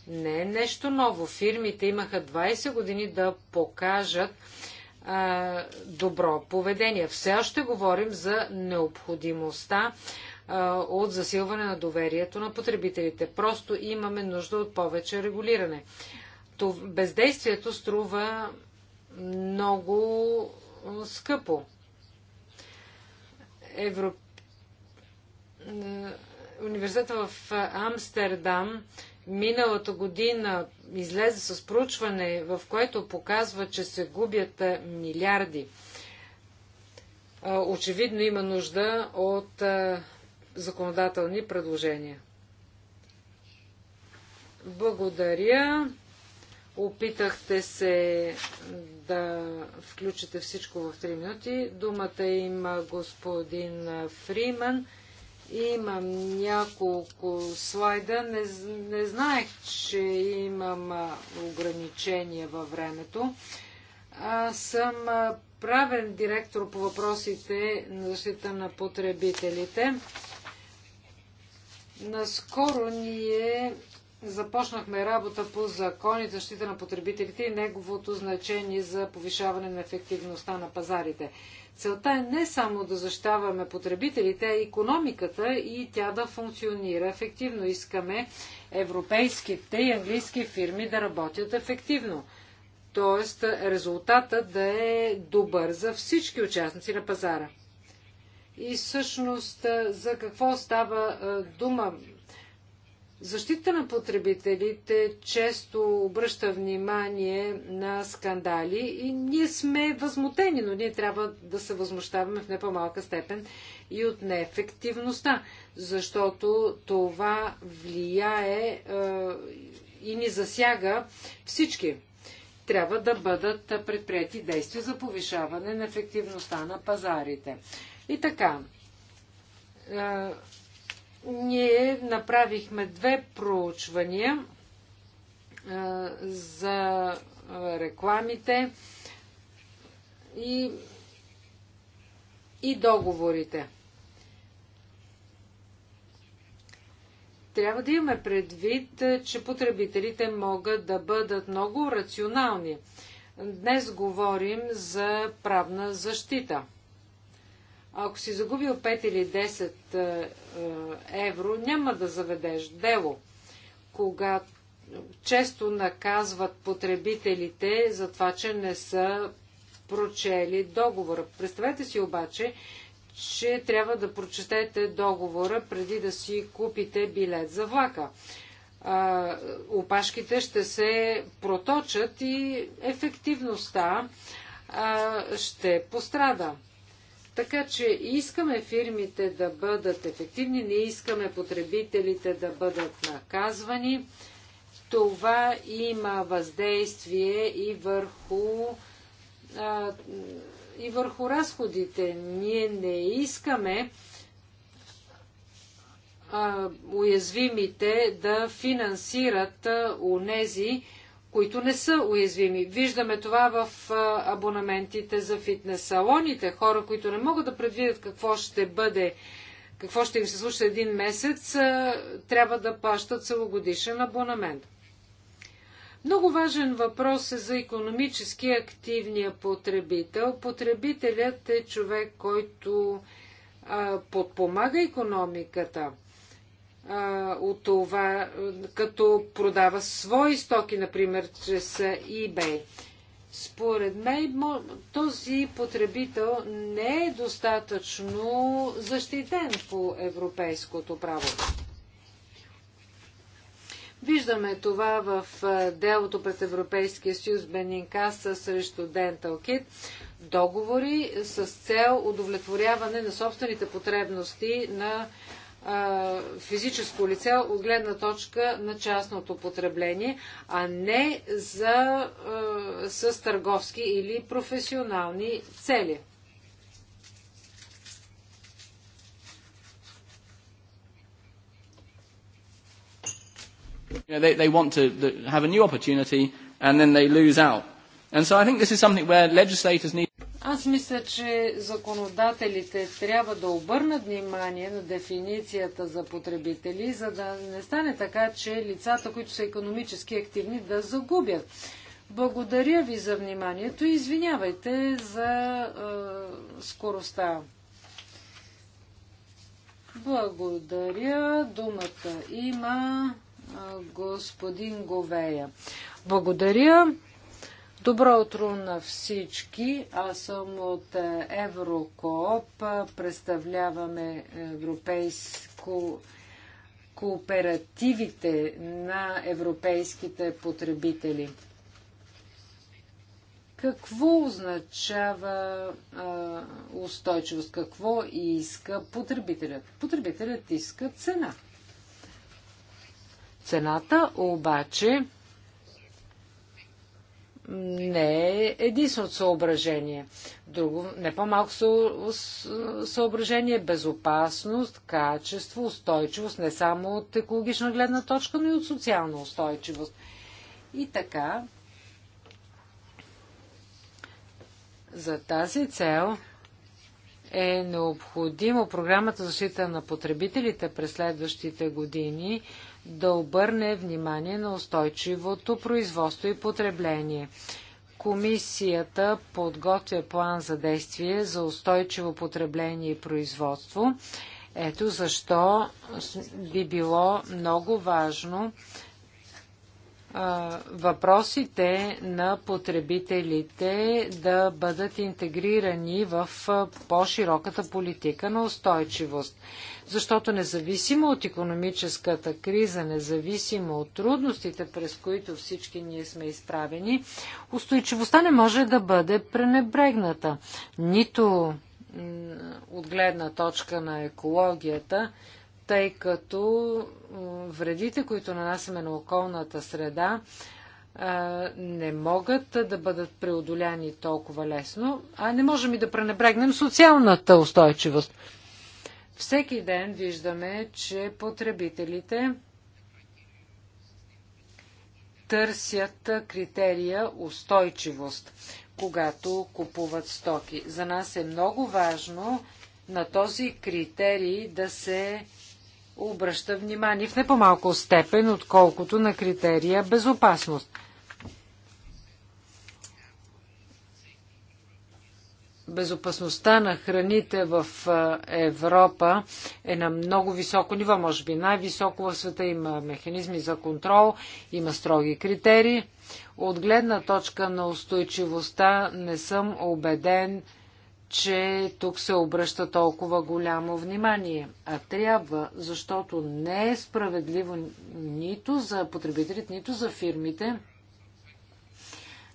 не е нещо ново. Фирмите имаха 20 години да покажат а, добро поведение. Все още говорим за необходимостта а, от засилване на доверието на потребителите. Просто имаме нужда от повече регулиране. бездействието струва много скъпо. Евро... Университета в Амстердам миналата година излезе с проучване, в което показва, че се губят милиарди. Очевидно има нужда от законодателни предложения. Благодаря. Опитахте се да включите всичко в 3 минути. Думата има господин Фриман. Имам няколко слайда. Не, не знаех, че имам ограничения във времето. Аз съм правен директор по въпросите на защита на потребителите. Наскоро ние Започнахме работа по закони защита на потребителите и неговото значение за повишаване на ефективността на пазарите. Целта е не само да защитаваме потребителите, а економиката и тя да функционира ефективно. Искаме европейските и английски фирми да работят ефективно. Тоест резултатът да е добър за всички участници на пазара. И всъщност за какво става дума? Защита на потребителите често обръща внимание на скандали и ние сме възмутени, но ние трябва да се възмущаваме в не по-малка степен и от неефективността, защото това влияе е, и ни засяга всички. Трябва да бъдат предприяти действия за повишаване на ефективността на пазарите. И така, е, ние направихме две проучвания а, за рекламите и, и договорите. Трябва да имаме предвид, че потребителите могат да бъдат много рационални. Днес говорим за правна защита. Ако си загубил 5 или 10 е, е, евро, няма да заведеш дело. Когато често наказват потребителите за това, че не са прочели договора. Представете си обаче, че трябва да прочетете договора преди да си купите билет за влака. А, опашките ще се проточат и ефективността а, ще пострада. Така че искаме фирмите да бъдат ефективни, не искаме потребителите да бъдат наказвани. Това има въздействие и върху, а, и върху разходите. Ние не искаме а, уязвимите да финансират унези, които не са уязвими. Виждаме това в абонаментите за фитнес салоните. Хора, които не могат да предвидят какво ще бъде, какво ще им се случи един месец, трябва да плащат целогодишен абонамент. Много важен въпрос е за економически активния потребител. Потребителят е човек, който а, подпомага економиката – а, от това, като продава свои стоки, например, чрез eBay. Според мен този потребител не е достатъчно защитен по европейското право. Виждаме това в делото пред Европейския съюз Бенинкаса срещу Dental Kit. Договори с цел удовлетворяване на собствените потребности на физическо лице от гледна точка на частното потребление, а не за, а, с търговски или професионални цели. You know, they, they want to have a new opportunity and then they lose out. And so I think this is something where legislators need аз мисля, че законодателите трябва да обърнат внимание на дефиницията за потребители, за да не стане така, че лицата, които са економически активни, да загубят. Благодаря ви за вниманието и извинявайте за е, скоростта. Благодаря. Думата има господин Говея. Благодаря. Добро утро на всички. Аз съм от е, Еврокооп. Представляваме европейско кооперативите на европейските потребители. Какво означава а, устойчивост? Какво иска потребителят? Потребителят иска цена. Цената обаче не е единственото съображение. Друго, не по-малко съображение е безопасност, качество, устойчивост, не само от екологична гледна точка, но и от социална устойчивост. И така, за тази цел е необходимо програмата защита на потребителите през следващите години да обърне внимание на устойчивото производство и потребление. Комисията подготвя план за действие за устойчиво потребление и производство. Ето защо би било много важно въпросите на потребителите да бъдат интегрирани в по-широката политика на устойчивост. Защото независимо от економическата криза, независимо от трудностите, през които всички ние сме изправени, устойчивостта не може да бъде пренебрегната. Нито от гледна точка на екологията, тъй като вредите, които нанасяме на околната среда, не могат да бъдат преодоляни толкова лесно, а не можем и да пренебрегнем социалната устойчивост. Всеки ден виждаме, че потребителите търсят критерия устойчивост, когато купуват стоки. За нас е много важно на този критерий да се обръща внимание в не по-малко степен, отколкото на критерия безопасност. Безопасността на храните в Европа е на много високо ниво, може би най-високо в света. Има механизми за контрол, има строги критерии. От гледна точка на устойчивостта не съм убеден, че тук се обръща толкова голямо внимание. А трябва, защото не е справедливо нито за потребителите, нито за фирмите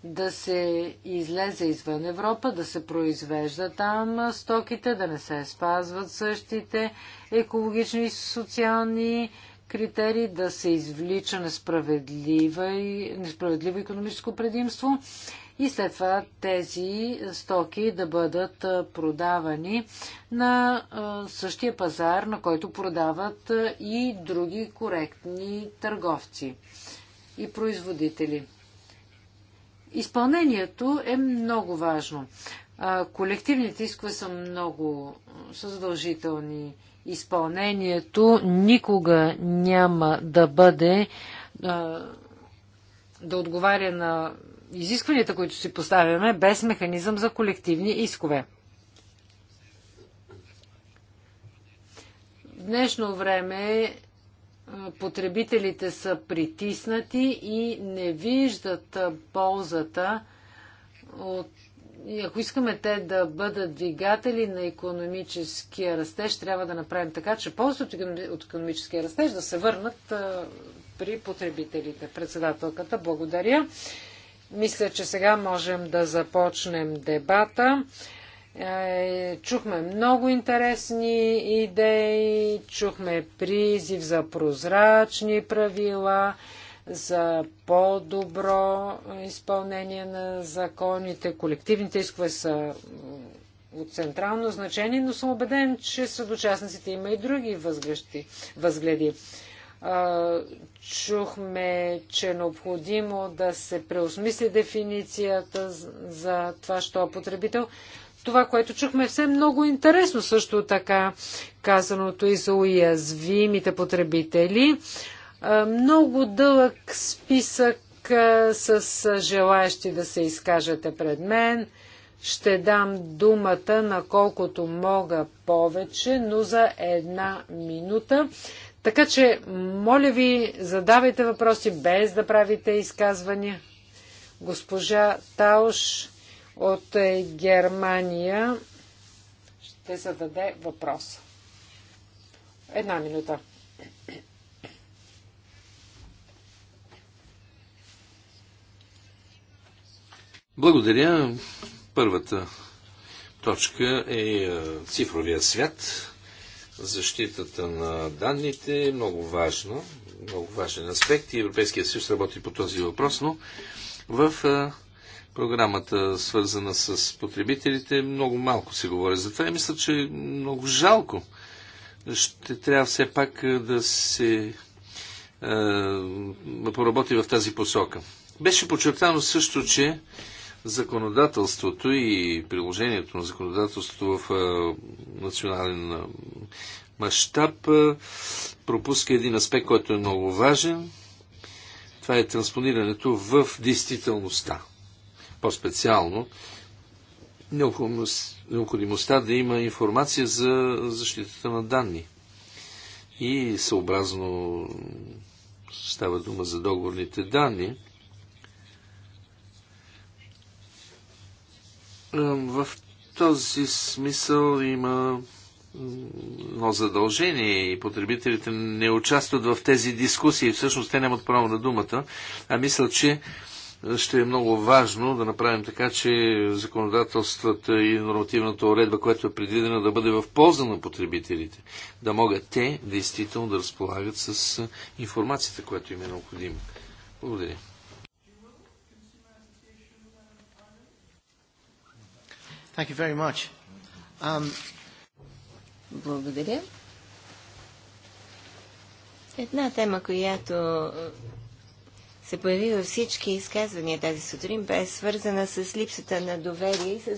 да се излезе извън Европа, да се произвежда там стоките, да не се спазват същите екологични и социални критерии, да се извлича несправедливо, и, несправедливо економическо предимство и след това тези стоки да бъдат продавани на същия пазар, на който продават и други коректни търговци и производители. Изпълнението е много важно. Колективните искове са много съдължителни. Изпълнението никога няма да бъде да отговаря на изискванията, които си поставяме, без механизъм за колективни искове. В днешно време потребителите са притиснати и не виждат ползата от ако искаме те да бъдат двигатели на економическия растеж, трябва да направим така, че ползите от економическия растеж да се върнат при потребителите. Председателката, благодаря. Мисля, че сега можем да започнем дебата. Е, чухме много интересни идеи, чухме призив за прозрачни правила, за по-добро изпълнение на законите. Колективните искове са от централно значение, но съм убеден, че съдучастниците има и други възгледи чухме, че е необходимо да се преосмисли дефиницията за това, що е потребител. Това, което чухме, е все много интересно също така казаното и за уязвимите потребители. Много дълъг списък с желаящи да се изкажете пред мен. Ще дам думата на колкото мога повече, но за една минута така че, моля ви, задавайте въпроси без да правите изказвания. Госпожа Тауш от е, Германия ще зададе въпрос. Една минута. Благодаря. Първата точка е, е цифровия свят защитата на данните е много важно, много важен аспект и Европейския съюз работи по този въпрос, но в програмата, свързана с потребителите, много малко се говори за това и мисля, че е много жалко. Ще трябва все пак да се да поработи в тази посока. Беше подчертано също, че законодателството и приложението на законодателството в национален мащаб пропуска един аспект, който е много важен. Това е транспонирането в действителността. По-специално необходимостта да има информация за защитата на данни. И съобразно става дума за договорните данни, В този смисъл има но задължение и потребителите не участват в тези дискусии. Всъщност те нямат право на думата, а мисля, че ще е много важно да направим така, че законодателствата и нормативната уредба, която е предвидена да бъде в полза на потребителите, да могат те действително да разполагат с информацията, която им е необходима. Благодаря. Thank you very much. Um... Благодаря. Една тема, която се появи във всички изказвания тази сутрин, бе свързана с липсата на доверие и с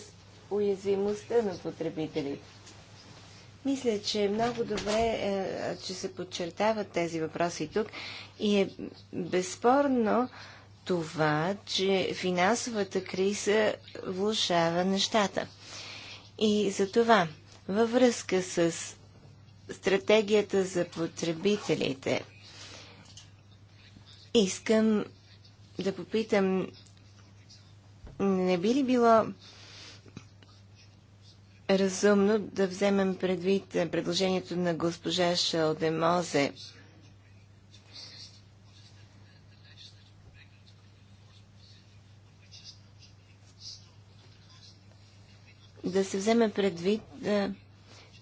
уязвимостта на потребителите. Мисля, че е много добре, е, че се подчертават тези въпроси тук и е безспорно, това, че финансовата криза влушава нещата. И за това, във връзка с стратегията за потребителите, искам да попитам, не би ли било разумно да вземем предвид предложението на госпожа Шалдемозе – да се вземе предвид,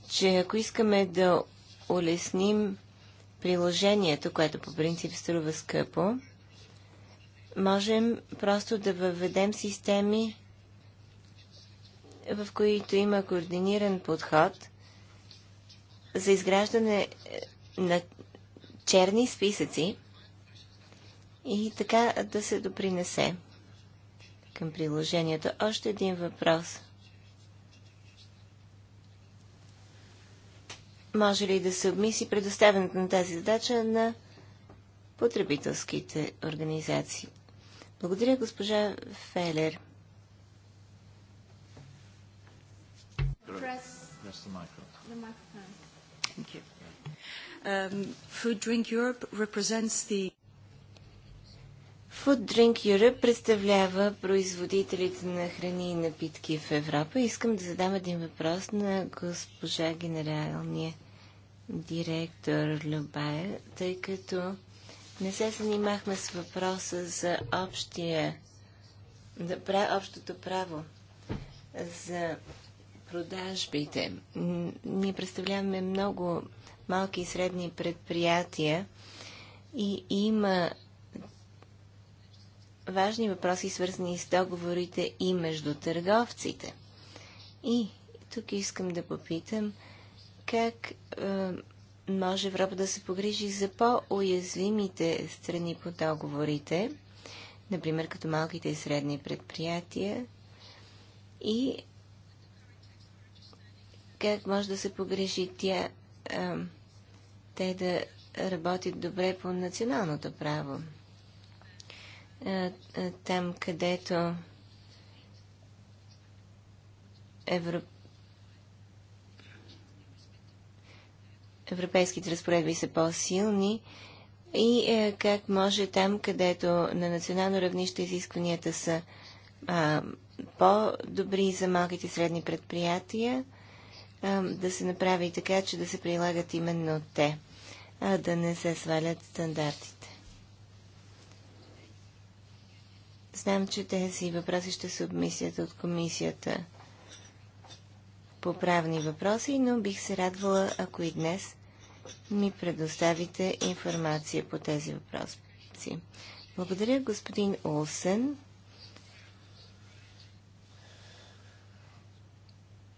че ако искаме да улесним приложението, което по принцип струва скъпо, можем просто да въведем системи, в които има координиран подход за изграждане е, на черни списъци и така да се допринесе към приложението. Още един въпрос – може ли да се обмисли предоставянето на тази задача на потребителските организации? Благодаря, госпожа Фелер. Um, Food Drink Europe represents the Food Drink Europe представлява производителите на храни и напитки в Европа. Искам да задам един въпрос на госпожа генералния директор Любая, тъй като не се занимахме с въпроса за общия, да пра, общото право за продажбите. Ние представляваме много малки и средни предприятия и има важни въпроси, свързани с договорите и между търговците. И тук искам да попитам как е, може Европа да се погрижи за по-уязвимите страни по договорите, например като малките и средни предприятия, и как може да се погрижи тя, е, те да работят добре по националното право. Е, е, там, където Европ... европейските разпоредби са по-силни и е, как може там, където на национално равнище изискванията са по-добри за малките и средни предприятия, а, да се направи така, че да се прилагат именно те, а да не се свалят стандартите. Знам, че тези въпроси ще се обмислят от комисията по правни въпроси, но бих се радвала, ако и днес ми предоставите информация по тези въпроси. Благодаря, господин Олсен.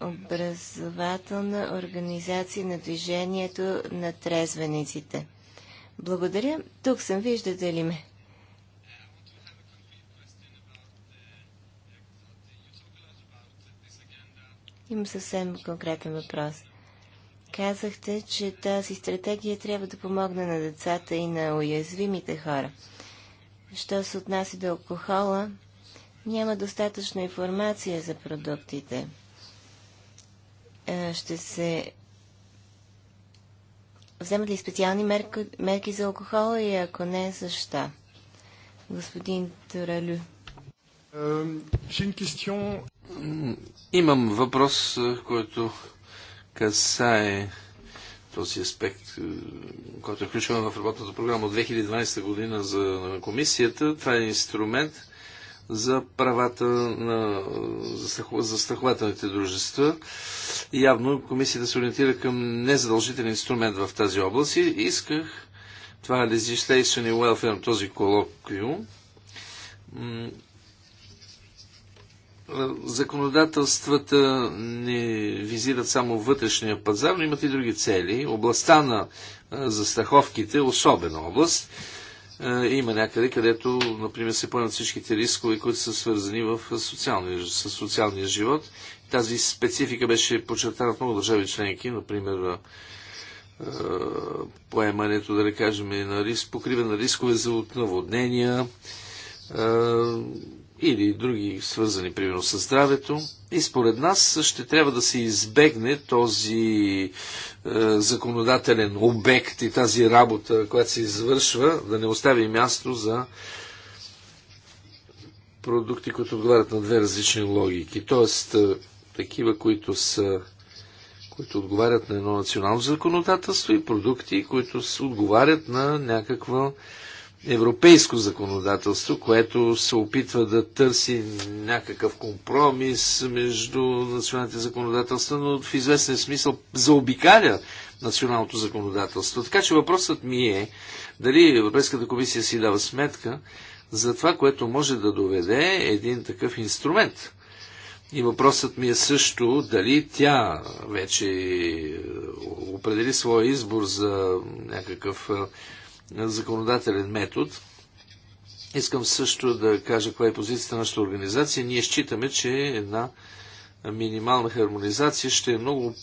Образователна организация на движението на трезвениците. Благодаря. Тук съм. Виждате ли ме? Имам съвсем конкретен въпрос. Казахте, че тази стратегия трябва да помогне на децата и на уязвимите хора. Що се отнася до алкохола, няма достатъчно информация за продуктите. Е, ще се вземат ли специални мерки, мерки за алкохола и ако не, защо? Господин Торалю. Имам въпрос, който касае този аспект, който е включен в работната програма от 2012 година за комисията. Това е инструмент за правата на застрахователните дружества. Явно комисията се ориентира към незадължителен инструмент в тази област и исках това е Legislation и Welfare, този колоквиум, законодателствата не визират само вътрешния пазар, но имат и други цели. Областта на застраховките е особена област. Има някъде, където, например, се поемат всичките рискове, които са свързани в социалния, с социалния живот. Тази специфика беше подчертана в много държави членки, например поемането, да кажем, на риск, покриване на рискове за наводнения, или други свързани, примерно, с здравето. И според нас ще трябва да се избегне този е, законодателен обект и тази работа, която се извършва, да не остави място за продукти, които отговарят на две различни логики. Тоест, е, такива, които са които отговарят на едно национално законодателство и продукти, които отговарят на някаква европейско законодателство, което се опитва да търси някакъв компромис между националните законодателства, но в известен смисъл заобикаля националното законодателство. Така че въпросът ми е дали Европейската комисия си дава сметка за това, което може да доведе един такъв инструмент. И въпросът ми е също дали тя вече определи своя избор за някакъв е, законодателен метод. Искам също да кажа коя е позицията на нашата организация. Ние считаме, че една минимална хармонизация ще е много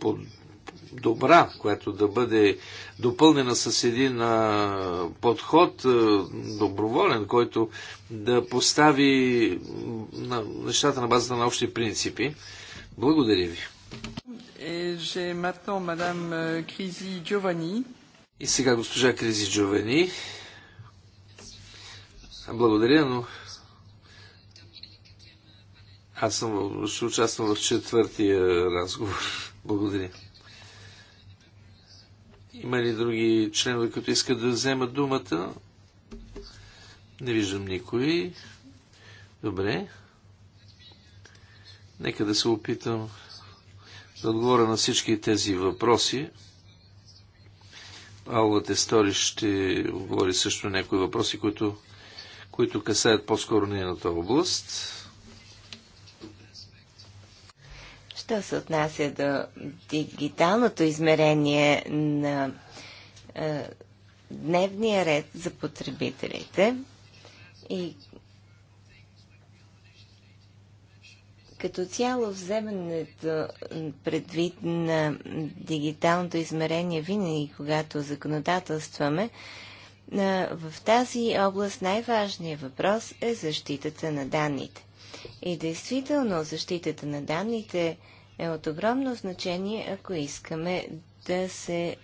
по-добра, която да бъде допълнена с един подход доброволен, който да постави нещата на базата на общи принципи. Благодаря ви. Et е, j'ai maintenant Madame Crisi Giovanni. И сега госпожа Кризи Джовени. Благодаря, но аз съм, ще участвам в четвъртия разговор. Благодаря. Има ли други членове, които искат да вземат думата? Не виждам никой. Добре. Нека да се опитам да отговоря на всички тези въпроси. Алла Тестори ще отговори също някои въпроси, които, които касаят по-скоро нейната област. Що се отнася до дигиталното измерение на е, дневния ред за потребителите и Като цяло вземането предвид на дигиталното измерение винаги, когато законодателстваме, в тази област най-важният въпрос е защитата на данните. И действително защитата на данните е от огромно значение, ако искаме да се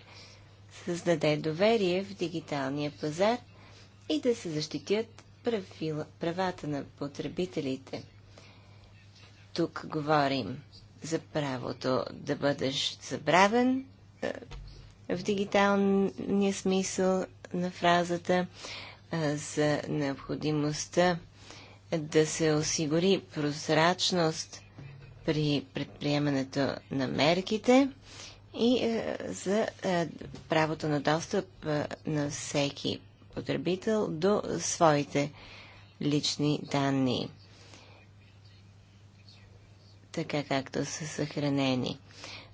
създаде доверие в дигиталния пазар и да се защитят правила, правата на потребителите. Тук говорим за правото да бъдеш забравен в дигиталния смисъл на фразата, за необходимостта да се осигури прозрачност при предприемането на мерките и за правото на достъп на всеки потребител до своите лични данни така както са съхранени.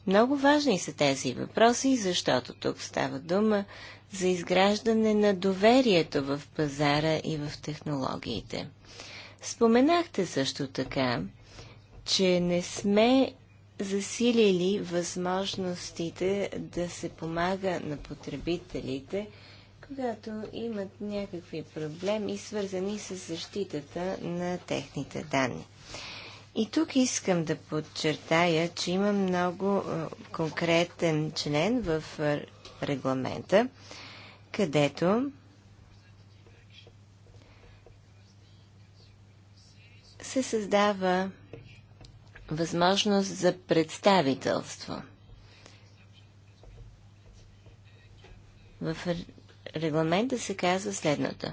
Много важни са тези въпроси, защото тук става дума за изграждане на доверието в пазара и в технологиите. Споменахте също така, че не сме засилили възможностите да се помага на потребителите, когато имат някакви проблеми, свързани с защитата на техните данни. И тук искам да подчертая, че има много е, конкретен член в е, регламента, където се създава възможност за представителство. В регламента се казва следното.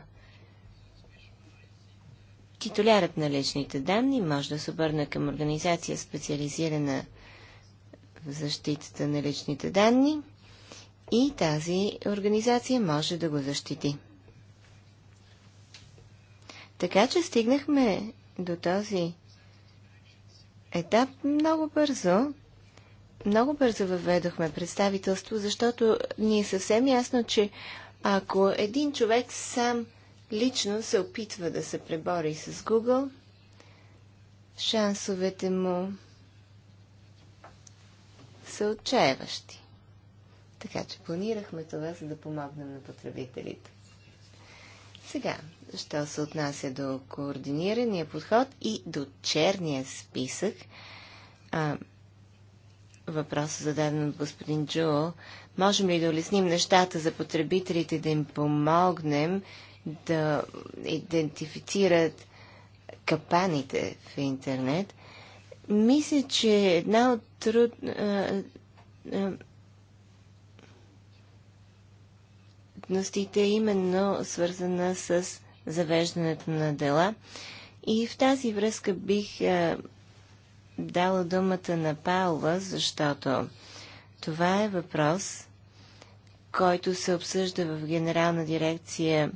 Титулярът на личните данни може да се обърне към организация специализирана в защитата на личните данни и тази организация може да го защити. Така че стигнахме до този етап много бързо. Много бързо въведохме представителство, защото ни е съвсем ясно, че ако един човек сам лично се опитва да се пребори с Google. Шансовете му са отчаяващи. Така че планирахме това, за да помогнем на потребителите. Сега, що се отнася до координирания подход и до черния списък, а, въпрос зададен от господин Джул, можем ли да улесним нещата за потребителите, да им помогнем да идентифицират капаните в интернет, мисля, че една от труд... е именно свързана с завеждането на дела. И в тази връзка бих е, дала думата на Паула, защото това е въпрос, който се обсъжда в Генерална дирекция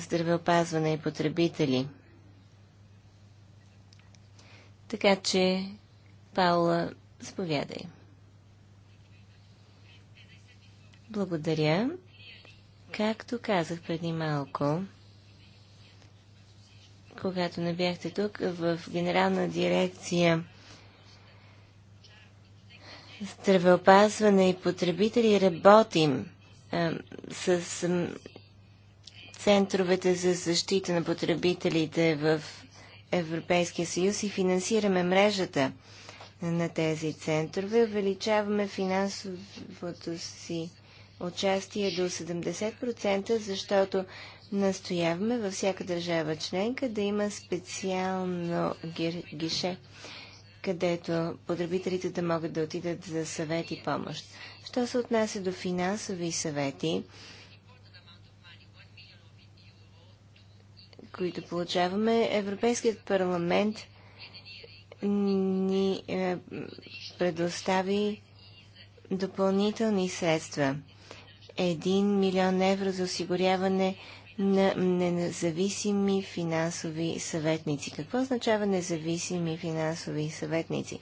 здравеопазване и потребители. Така че, Паула, заповядай. Благодаря. Както казах преди малко, когато не бяхте тук, в Генерална дирекция Здравеопазване и потребители работим а, с центровете за защита на потребителите в Европейския съюз и финансираме мрежата на тези центрове. Увеличаваме финансовото си участие до 70%, защото настояваме във всяка държава членка да има специално гише, където потребителите да могат да отидат за съвет и помощ. Що се отнася до финансови съвети, които получаваме, Европейският парламент ни е, предостави допълнителни средства. 1 милион евро за осигуряване на независими финансови съветници. Какво означава независими финансови съветници?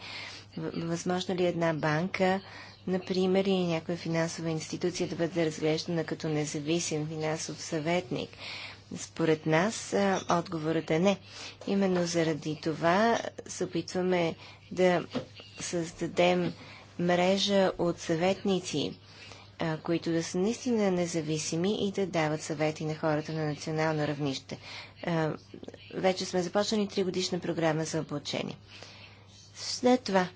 Възможно ли е една банка, например, или някоя финансова институция да бъде разглеждана като независим финансов съветник? Според нас отговорът е не. Именно заради това се опитваме да създадем мрежа от съветници, които да са наистина независими и да дават съвети на хората на национално равнище. Вече сме започнали тригодишна програма за обучение. След това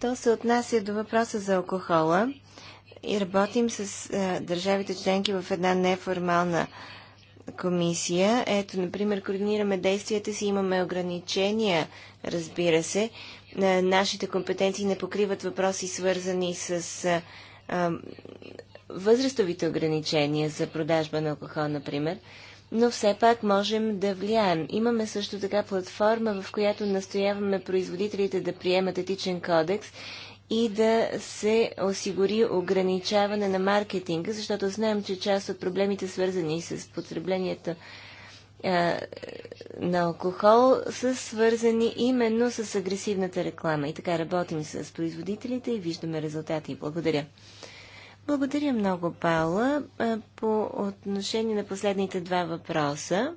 То се отнася до въпроса за алкохола и работим с а, е, държавите членки в една неформална комисия. Ето, например, координираме действията си, имаме ограничения, разбира се. А, е, нашите компетенции не покриват въпроси, свързани с а, е, а, възрастовите ограничения за продажба на алкохол, например. Но все пак можем да влияем. Имаме също така платформа, в която настояваме производителите да приемат етичен кодекс – и да се осигури ограничаване на маркетинга, защото знаем, че част от проблемите, свързани с потреблението а, на алкохол, са свързани именно с агресивната реклама. И така работим с производителите и виждаме резултати. Благодаря. Благодаря много, Паула. По отношение на последните два въпроса,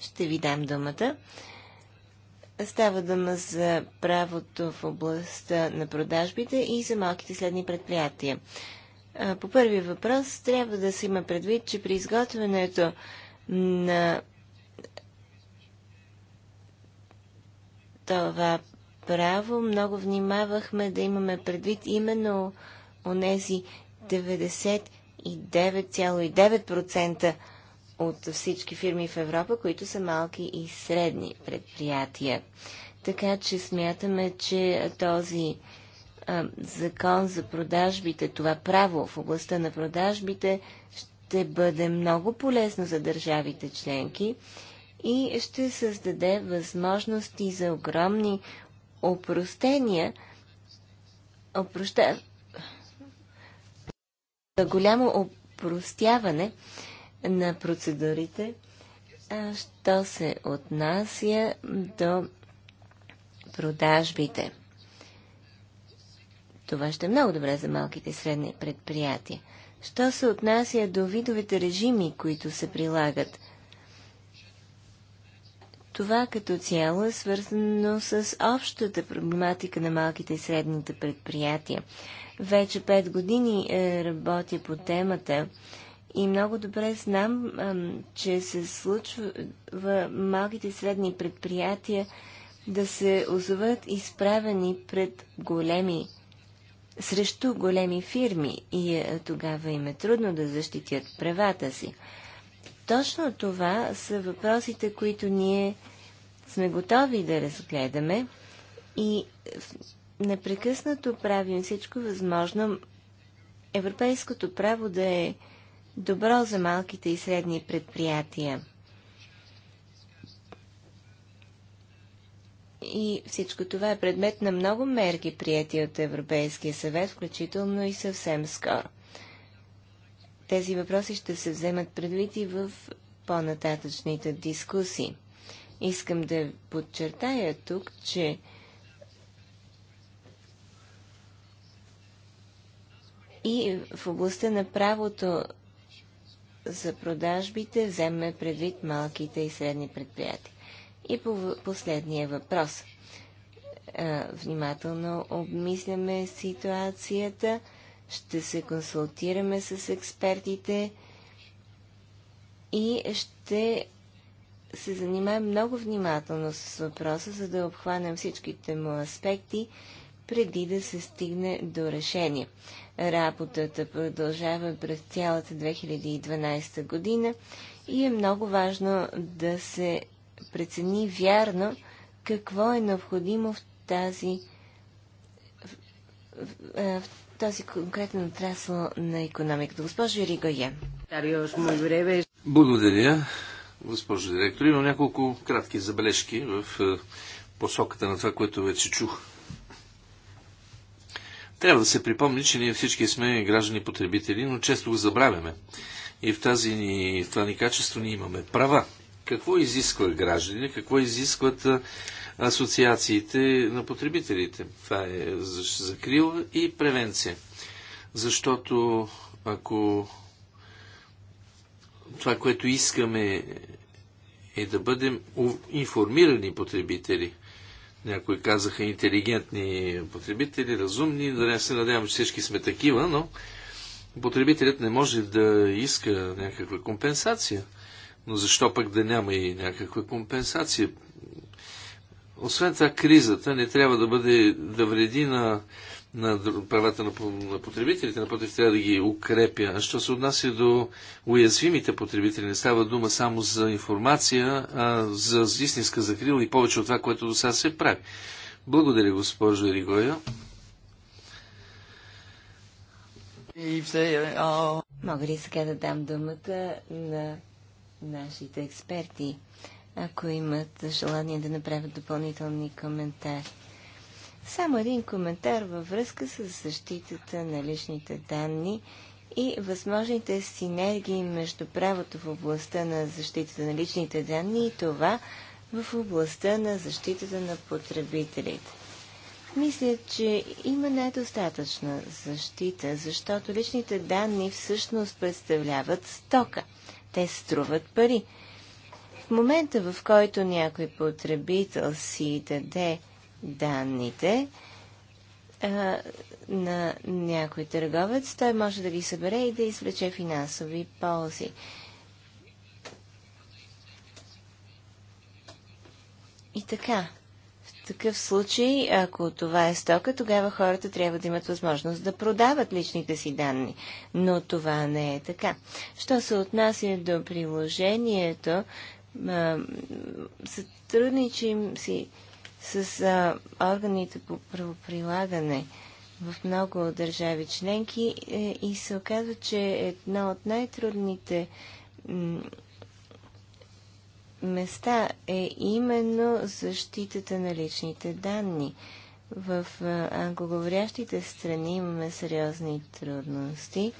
ще ви дам думата. Става дума за правото в областта на продажбите и за малките следни предприятия. По първи въпрос трябва да се има предвид, че при изготвянето на това право много внимавахме да имаме предвид именно онези 99,9% от всички фирми в Европа, които са малки и средни предприятия. Така че смятаме, че този а, закон за продажбите, това право в областта на продажбите ще бъде много полезно за държавите членки и ще създаде възможности за огромни опростения, опроща... за голямо опростяване на процедурите, що се отнася до продажбите. Това ще е много добре за малките и средни предприятия. Що се отнася до видовете режими, които се прилагат? Това като цяло е свързано с общата проблематика на малките и средните предприятия. Вече пет години е, работя по темата и много добре знам, че се случва в малките и средни предприятия да се озоват изправени пред големи, срещу големи фирми и е, тогава им е трудно да защитят правата си. Точно това са въпросите, които ние сме готови да разгледаме и е, непрекъснато правим всичко възможно европейското право да е добро за малките и средни предприятия. И всичко това е предмет на много мерки, прияти от Европейския съвет, включително и съвсем скоро. Тези въпроси ще се вземат предвид и в по-нататъчните дискусии. Искам да подчертая тук, че и в областта на правото за продажбите вземе предвид малките и средни предприятия. И по последния въпрос. Е, внимателно обмисляме ситуацията, ще се консултираме с експертите и ще се занимаем много внимателно с въпроса, за да обхванем всичките му аспекти преди да се стигне до решение. Работата продължава през цялата 2012 година и е много важно да се прецени вярно какво е необходимо в тази в, в, в този конкретен отрасъл на економиката. Госпожо Ригоя. Благодаря, госпожо директор. Имам няколко кратки забележки в посоката на това, което вече чух. Трябва да се припомни, че ние всички сме граждани потребители, но често го забравяме. И в, тази ни, в това ни качество ние имаме права. Какво изисква граждани, какво изискват асоциациите на потребителите? Това е закрила и превенция. Защото ако това, което искаме е да бъдем информирани потребители – някои казаха интелигентни потребители, разумни, да не се надявам, че всички сме такива, но потребителят не може да иска някаква компенсация. Но защо пък да няма и някаква компенсация? Освен това, кризата не трябва да бъде да вреди на на правата на, на потребителите, напротив, трябва да ги укрепя. А що се отнася до уязвимите потребители, не става дума само за информация, а за истинска закрила и повече от това, което до сега се прави. Благодаря, госпожо Ригоя. Мога ли сега да дам думата на нашите експерти, ако имат желание да направят допълнителни коментари? Само един коментар във връзка с защитата на личните данни и възможните синергии между правото в областта на защитата на личните данни и това в областта на защитата на потребителите. Мисля, че има недостатъчна защита, защото личните данни всъщност представляват стока. Те струват пари. В момента, в който някой потребител си даде данните а, на някой търговец, той може да ги събере и да извлече финансови ползи. И така, в такъв случай, ако това е стока, тогава хората трябва да имат възможност да продават личните си данни. Но това не е така. Що се отнася до приложението, сътрудничим си с а, органите по правоприлагане в много държави членки е, и се оказва, че едно от най-трудните места е именно защитата на личните данни. В англоговорящите страни имаме сериозни трудности,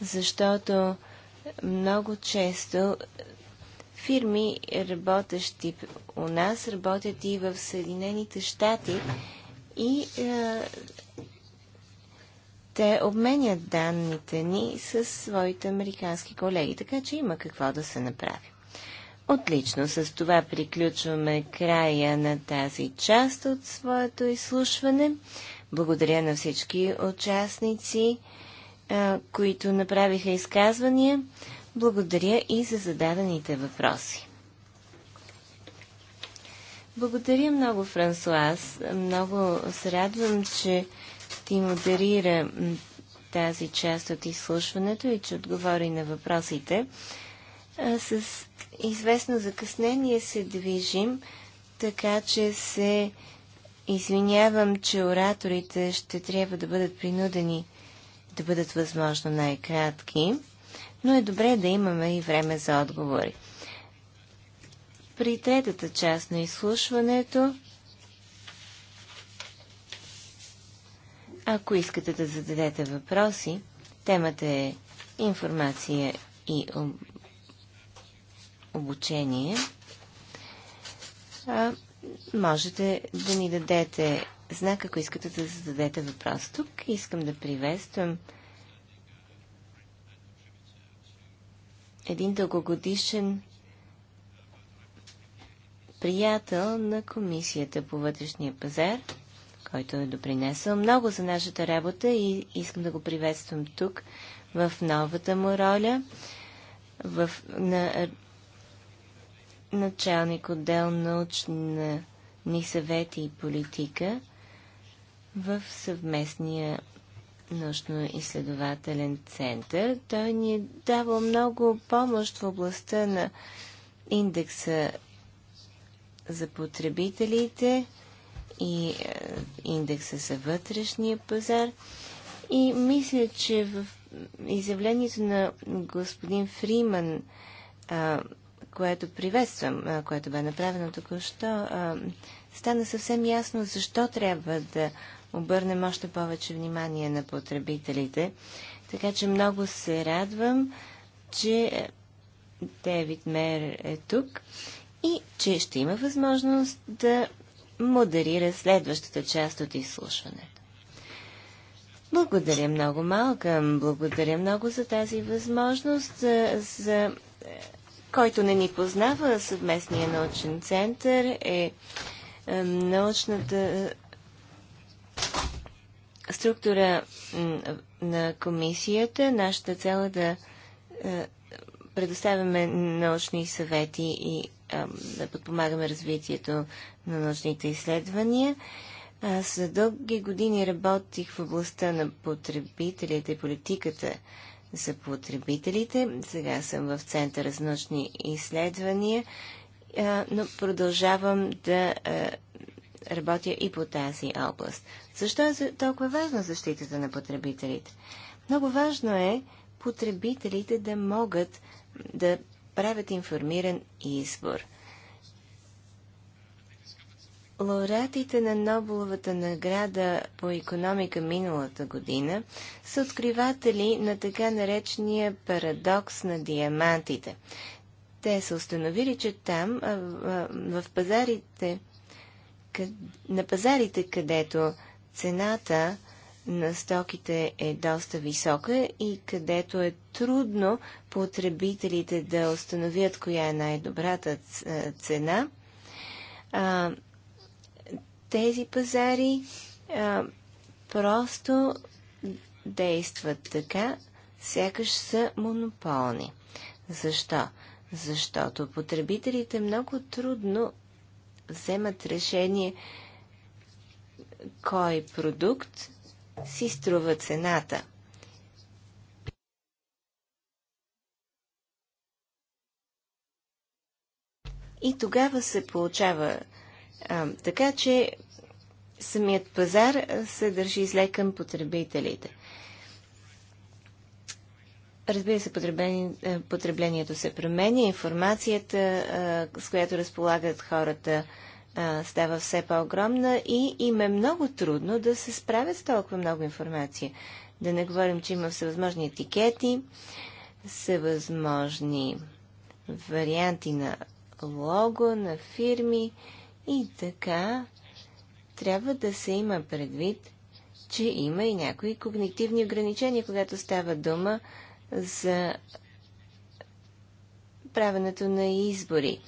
защото много често Фирми, работещи у нас, работят и в Съединените щати и е, те обменят данните ни с своите американски колеги, така че има какво да се направи. Отлично, с това приключваме края на тази част от своето изслушване. Благодаря на всички участници, е, които направиха изказвания. Благодаря и за зададените въпроси. Благодаря много, Франсуаз. Много се радвам, че ти модерира тази част от изслушването и че отговори на въпросите. С известно закъснение се движим, така че се извинявам, че ораторите ще трябва да бъдат принудени да бъдат възможно най-кратки но е добре да имаме и време за отговори. При третата част на изслушването, ако искате да зададете въпроси, темата е информация и обучение. можете да ни дадете знак, ако искате да зададете въпрос. Тук искам да приветствам един дългогодишен приятел на Комисията по вътрешния пазар, който е допринесъл много за нашата работа и искам да го приветствам тук в новата му роля в, на началник отдел научна ни съвети и политика в съвместния научно-изследователен център. Той ни е давал много помощ в областта на индекса за потребителите и е, индекса за вътрешния пазар. И мисля, че в изявлението на господин Фриман, което приветствам, което бе направено току-що, стана съвсем ясно защо трябва да обърнем още повече внимание на потребителите. Така че много се радвам, че Девид Мер е тук и че ще има възможност да модерира следващата част от изслушването. Благодаря много, малка, Благодаря много за тази възможност, за, за е, който не ни познава съвместния научен център е, е научната структура на комисията. Нашата цел е да е, предоставяме научни съвети и е, да подпомагаме развитието на научните изследвания. Аз за дълги години работих в областта на потребителите и политиката за потребителите. Сега съм в Центъра за научни изследвания, е, но продължавам да работя и по тази област. Защо е толкова важна защитата на потребителите? Много важно е потребителите да могат да правят информиран избор. Лауреатите на Нобеловата награда по економика миналата година са откриватели на така наречения парадокс на диамантите. Те са установили, че там, в пазарите, на пазарите, където цената на стоките е доста висока и където е трудно потребителите да установят коя е най-добрата цена, а, тези пазари а, просто действат така, сякаш са монополни. Защо? Защото потребителите много трудно вземат решение кой продукт си струва цената. И тогава се получава а, така, че самият пазар се държи зле към потребителите. Разбира се, потреблението се променя, информацията, а, с която разполагат хората, става все по-огромна и им е много трудно да се справят с толкова много информация. Да не говорим, че има всевъзможни етикети, всевъзможни варианти на лого, на фирми и така трябва да се има предвид, че има и някои когнитивни ограничения, когато става дума за правенето на избори.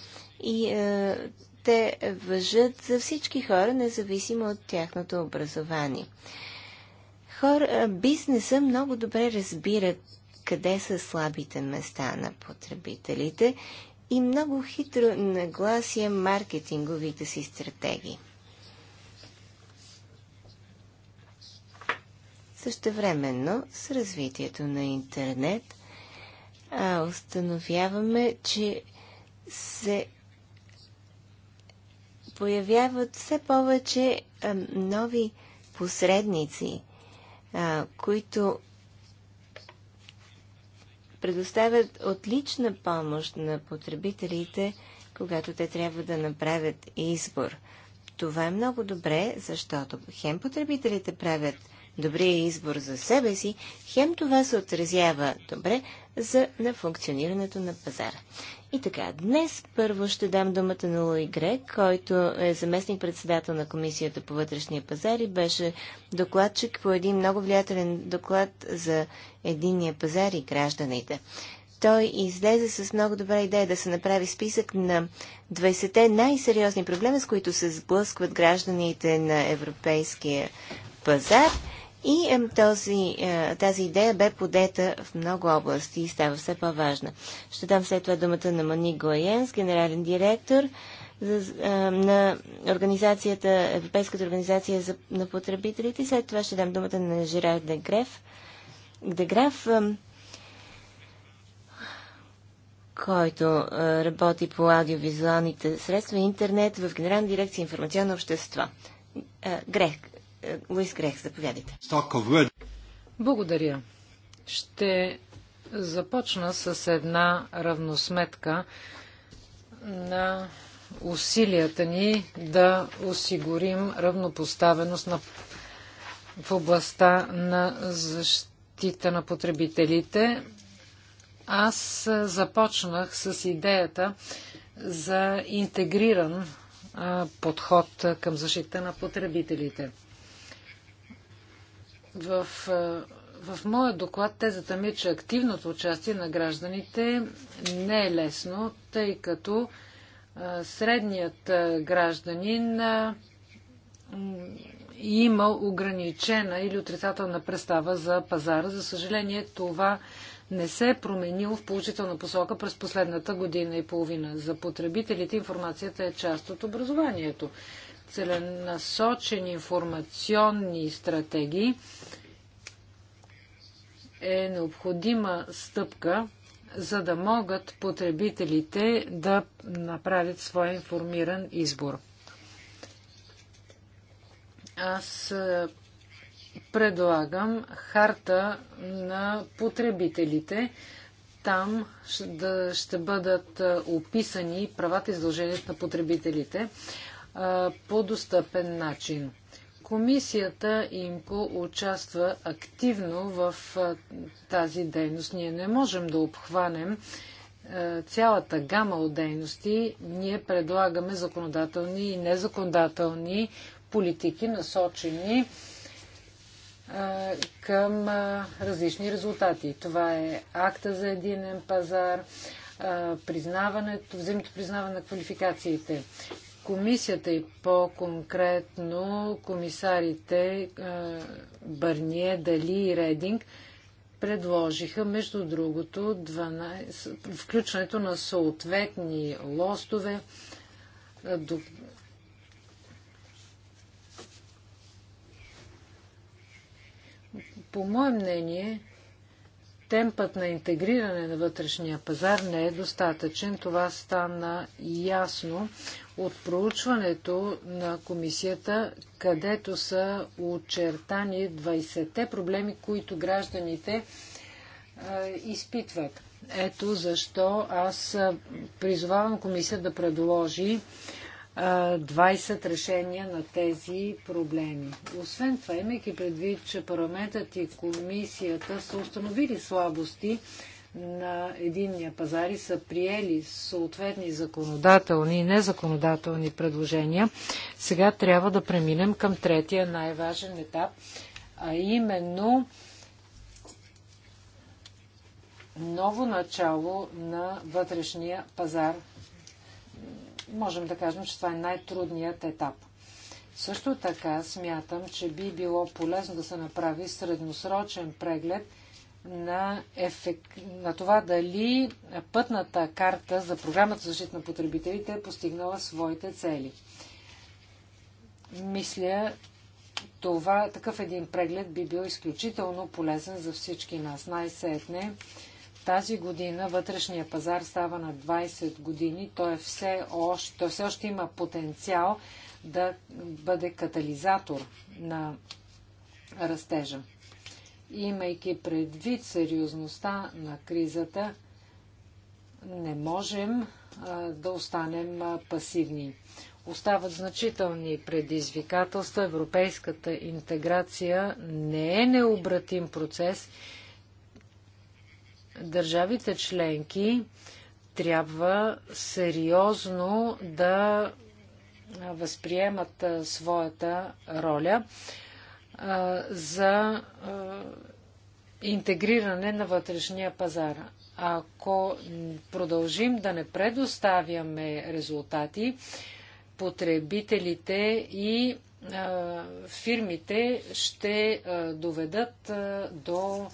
И е, те въжат за всички хора, независимо от тяхното образование. Хора, бизнеса много добре разбират къде са слабите места на потребителите и много хитро наглася маркетинговите си стратегии. Същевременно с развитието на интернет а, установяваме, че се появяват все повече а, нови посредници, а, които предоставят отлична помощ на потребителите, когато те трябва да направят избор. Това е много добре, защото хем потребителите правят добрия избор за себе си, хем това се отразява добре за, на функционирането на пазара. И така, днес първо ще дам думата на Луи Грек, който е заместник председател на Комисията по вътрешния пазар и беше докладчик по един много влиятелен доклад за единния пазар и гражданите. Той излезе с много добра идея да се направи списък на 20-те най-сериозни проблеми, с които се сблъскват гражданите на европейския пазар и този, е, тази идея бе подета в много области и става все по-важна. Ще дам след това думата на Мани Гоенс, генерален директор е, на организацията, Европейската организация за, на потребителите. След това ще дам думата на Жирай Дегреф, Деграф, е, който работи по аудиовизуалните средства и интернет в Генерална дирекция информационно общество. Грех, Луис Грех, заповядайте. Благодаря. Ще започна с една равносметка на усилията ни да осигурим равнопоставеност на, в областта на защита на потребителите. Аз започнах с идеята за интегриран подход към защита на потребителите. В, е, в моя доклад тезата ми е, че активното участие на гражданите не е лесно, тъй като е, средният е, гражданин има ограничена или отрицателна представа за пазара. За съжаление, това не се е променило в положителна посока през последната година и половина. За потребителите информацията е част от образованието целенасочени информационни стратегии е необходима стъпка, за да могат потребителите да направят своя информиран избор. Аз предлагам харта на потребителите. Там ще бъдат описани правата и задълженията на потребителите по достъпен начин. Комисията ИМКО участва активно в тази дейност. Ние не можем да обхванем цялата гама от дейности. Ние предлагаме законодателни и незаконодателни политики, насочени към различни резултати. Това е акта за единен пазар, признаването, взаимното признаване на квалификациите. Комисията и по-конкретно комисарите Бърние, Дали и Рединг предложиха, между другото, 12, включването на съответни лостове. До... По мое мнение, темпът на интегриране на вътрешния пазар не е достатъчен. Това стана ясно от проучването на комисията, където са очертани 20-те проблеми, които гражданите изпитват. Ето защо аз призовавам комисията да предложи 20 решения на тези проблеми. Освен това, имайки предвид, че парламентът и комисията са установили слабости, на единния пазар и са приели съответни законодателни и незаконодателни предложения, сега трябва да преминем към третия най-важен етап, а именно ново начало на вътрешния пазар. Можем да кажем, че това е най-трудният етап. Също така смятам, че би било полезно да се направи средносрочен преглед – на, ефек... на това дали пътната карта за програмата за защита на потребителите е постигнала своите цели. Мисля, това, такъв един преглед би бил изключително полезен за всички нас. Най-сетне, тази година вътрешния пазар става на 20 години. Той, е все още, той все още има потенциал да бъде катализатор на растежа имайки предвид сериозността на кризата, не можем да останем пасивни. Остават значителни предизвикателства. Европейската интеграция не е необратим процес. Държавите членки трябва сериозно да възприемат своята роля за интегриране на вътрешния пазар. Ако продължим да не предоставяме резултати, потребителите и фирмите ще доведат до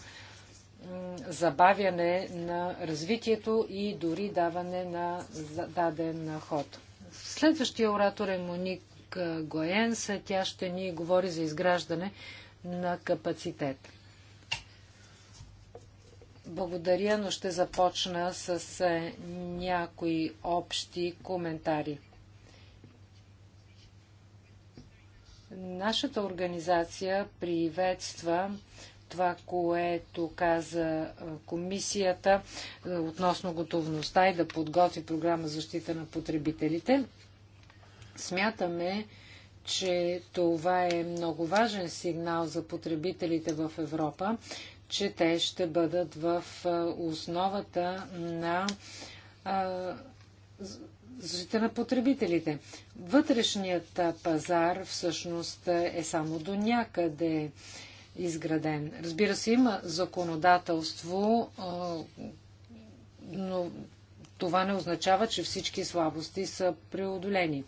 забавяне на развитието и дори даване на даден ход. Следващия оратор е Моник Доминик Гоенса. Тя ще ни говори за изграждане на капацитет. Благодаря, но ще започна с някои общи коментари. Нашата организация приветства това, което каза комисията относно готовността и да подготви програма защита на потребителите. Смятаме, че това е много важен сигнал за потребителите в Европа, че те ще бъдат в основата на защита на потребителите. Вътрешният пазар всъщност е само до някъде изграден. Разбира се, има законодателство, но това не означава, че всички слабости са преодолени.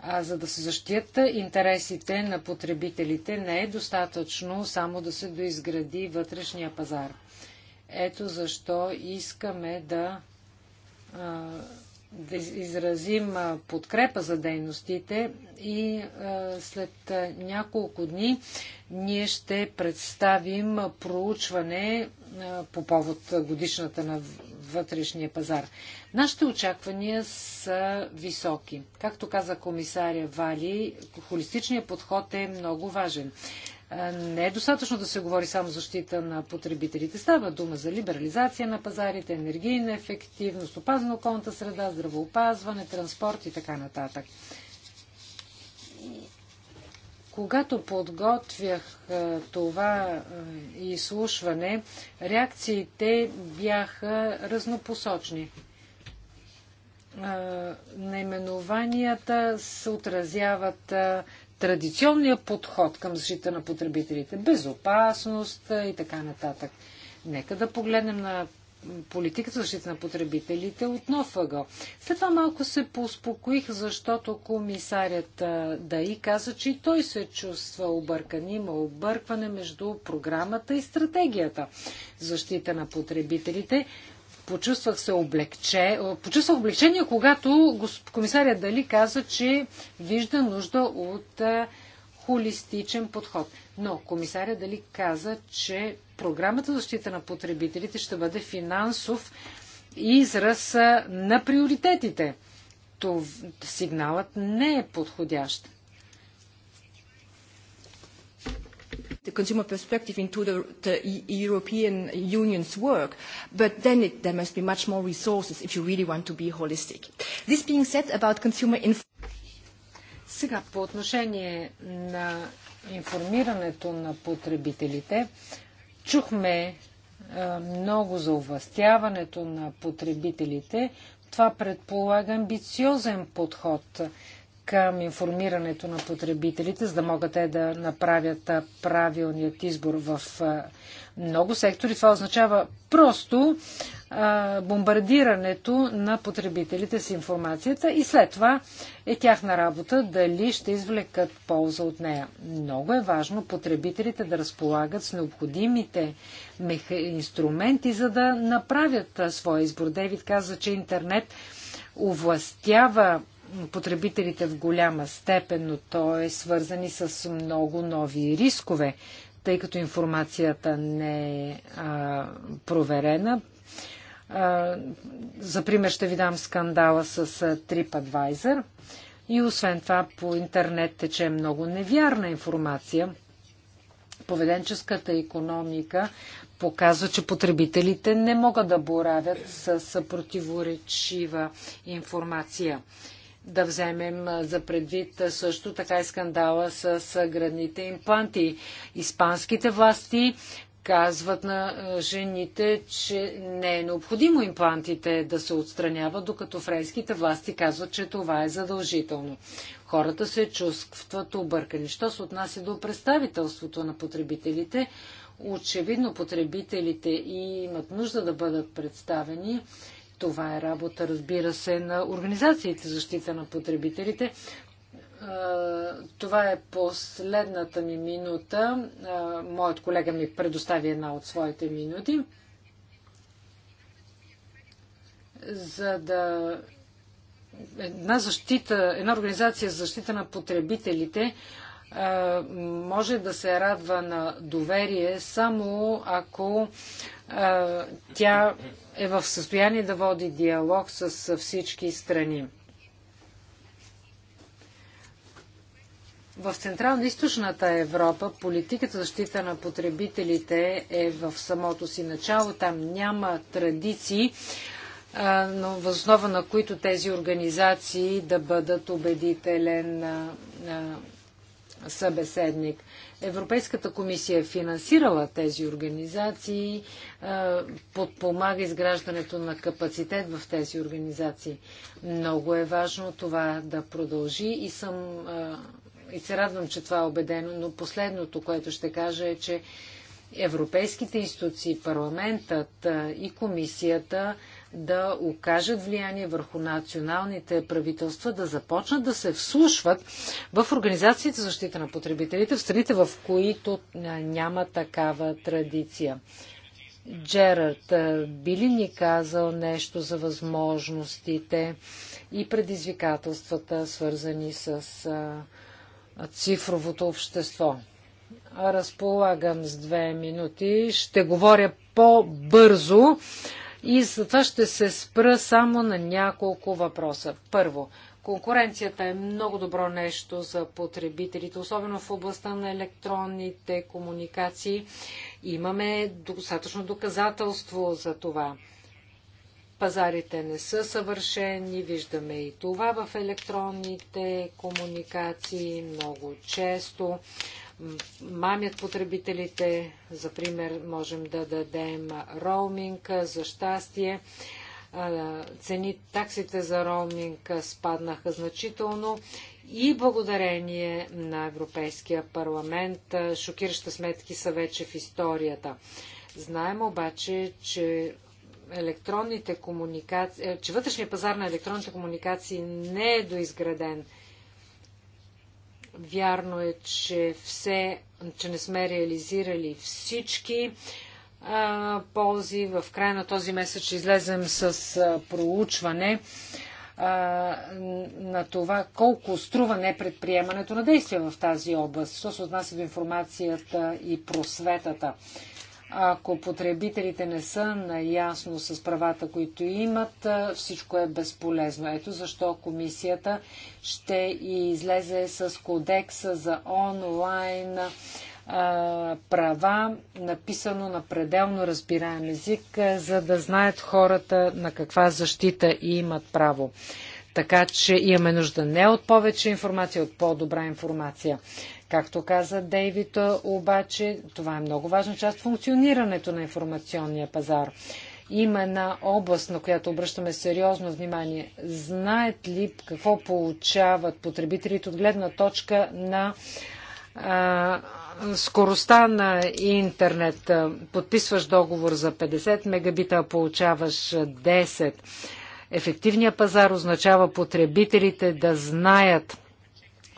А за да се защитят интересите на потребителите, не е достатъчно само да се доизгради вътрешния пазар. Ето защо искаме да, да изразим подкрепа за дейностите и след няколко дни ние ще представим проучване по повод годишната на вътрешния пазар. Нашите очаквания са високи. Както каза комисаря Вали, холистичният подход е много важен. Не е достатъчно да се говори само защита на потребителите. Става дума за либерализация на пазарите, енергийна ефективност, опазна околната среда, здравоопазване, транспорт и така нататък когато подготвях това изслушване, реакциите бяха разнопосочни. Наименованията се отразяват традиционния подход към защита на потребителите, безопасност и така нататък. Нека да погледнем на политиката за защита на потребителите от нов ъгъл. След това малко се поуспокоих, защото комисарят Даи каза, че и той се чувства объркан. Има объркване между програмата и стратегията защита на потребителите. Почувствах се облегче, почувствах облегчение, когато комисарят Дали каза, че вижда нужда от холистичен подход. Но комисаря дали каза, че програмата за защита на потребителите ще бъде финансов израз на приоритетите. То сигналът не е подходящ. the consumer perspective into the, the European Union's work, but then it, there must be much more resources if you really want to be holistic. This being said about consumer information, сега, по отношение на информирането на потребителите, чухме е, много за увластяването на потребителите. Това предполага амбициозен подход към информирането на потребителите, за да могат те да направят правилният избор в много сектори. Това означава просто бомбардирането на потребителите с информацията и след това е тяхна работа дали ще извлекат полза от нея. Много е важно потребителите да разполагат с необходимите инструменти, за да направят своя избор. Девид каза, че интернет овластява потребителите в голяма степен, но то е свързани с много нови рискове, тъй като информацията не е а, проверена, за пример ще ви дам скандала с TripAdvisor. И освен това по интернет тече много невярна информация. Поведенческата економика показва, че потребителите не могат да боравят с противоречива информация. Да вземем за предвид също така и скандала с градните импланти. Испанските власти казват на е, жените, че не е необходимо имплантите да се отстраняват, докато френските власти казват, че това е задължително. Хората се чувстват объркани. Що се отнася до представителството на потребителите, очевидно потребителите и имат нужда да бъдат представени. Това е работа, разбира се, на организациите защита на потребителите, това е последната ми минута. Моят колега ми предостави една от своите минути. За да една защита, една организация за защита на потребителите може да се радва на доверие само ако тя е в състояние да води диалог с всички страни. В Централна източната Европа политиката за защита на потребителите е в самото си начало. Там няма традиции, но възоснова на които тези организации да бъдат убедителен събеседник. Европейската комисия е финансирала тези организации, подпомага изграждането на капацитет в тези организации. Много е важно това да продължи и съм и се радвам, че това е убедено, но последното, което ще кажа е, че европейските институции, парламентът и комисията да окажат влияние върху националните правителства, да започнат да се вслушват в Организацията за защита на потребителите в страните, в които няма такава традиция. Джерард, би ли ни казал нещо за възможностите и предизвикателствата, свързани с цифровото общество. Разполагам с две минути. Ще говоря по-бързо и затова ще се спра само на няколко въпроса. Първо, конкуренцията е много добро нещо за потребителите, особено в областта на електронните комуникации. Имаме достатъчно доказателство за това. Пазарите не са съвършени, виждаме и това в електронните комуникации много често. Мамят потребителите, за пример можем да дадем роуминг, за щастие. Цени, таксите за роуминг спаднаха значително и благодарение на Европейския парламент шокиращи сметки са вече в историята. Знаем обаче, че електронните комуникации, е, че вътрешния пазар на електронните комуникации не е доизграден. Вярно е, че все, че не сме реализирали всички а, ползи. В края на този месец ще излезем с а, проучване а, на това колко струва непредприемането на действия в тази област, що се отнася до информацията и просветата. Ако потребителите не са наясно с правата, които имат, всичко е безполезно. Ето защо комисията ще излезе с кодекса за онлайн права, написано на пределно разбираем език, за да знаят хората на каква защита имат право. Така че имаме нужда не от повече информация, от по-добра информация. Както каза Дейвид, обаче това е много важна част от функционирането на информационния пазар. Има една област, на която обръщаме сериозно внимание. Знаят ли какво получават потребителите от гледна точка на а, скоростта на интернет? Подписваш договор за 50 мегабита, а получаваш 10. Ефективният пазар означава потребителите да знаят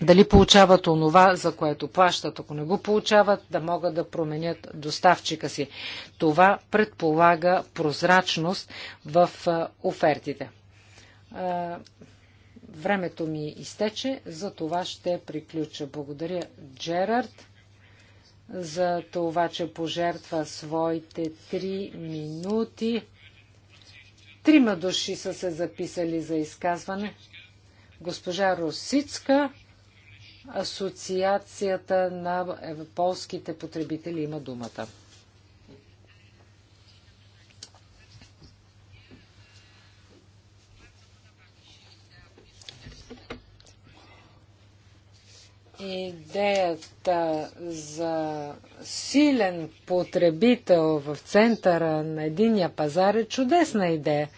дали получават онова, за което плащат. Ако не го получават, да могат да променят доставчика си. Това предполага прозрачност в офертите. Времето ми изтече, за това ще приключа. Благодаря, Джерард, за това, че пожертва своите три минути. Трима души са се записали за изказване. Госпожа Русицка. Асоциацията на полските потребители има думата. идеята за силен потребител в центъра на единия пазар е чудесна идея.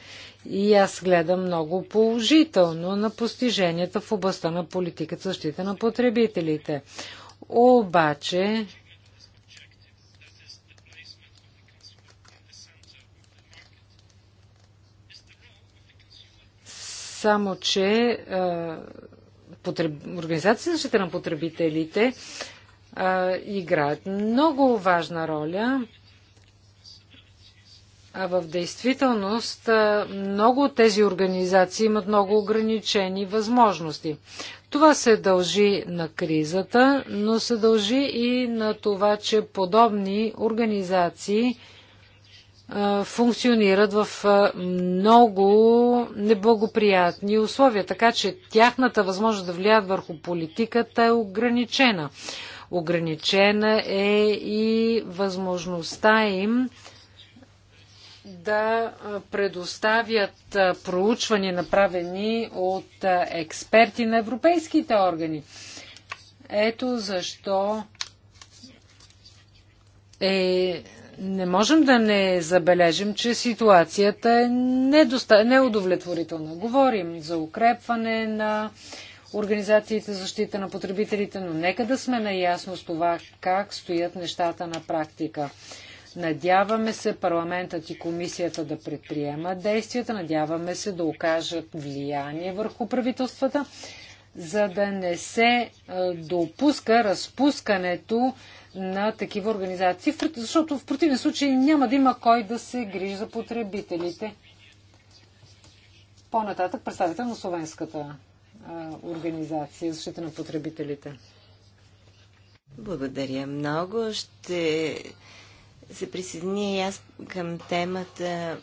И аз гледам много положително на постиженията в областта на политиката защита на потребителите. Обаче, само че потреб... Организация за защита на потребителите а, играят много важна роля а в действителност много от тези организации имат много ограничени възможности. Това се дължи на кризата, но се дължи и на това, че подобни организации функционират в много неблагоприятни условия, така че тяхната възможност да влияят върху политиката е ограничена. Ограничена е и възможността им да предоставят проучвания, направени от експерти на европейските органи. Ето защо е, не можем да не забележим, че ситуацията е недоста... неудовлетворителна. Говорим за укрепване на организациите за защита на потребителите, но нека да сме наясно с това как стоят нещата на практика. Надяваме се парламентът и комисията да предприемат действията, надяваме се да окажат влияние върху правителствата, за да не се е, допуска разпускането на такива организации, защото в противен случай няма да има кой да се грижи за потребителите. По-нататък представител на Словенската е, организация защита на потребителите. Благодаря много. Ще се присъединя и аз към темата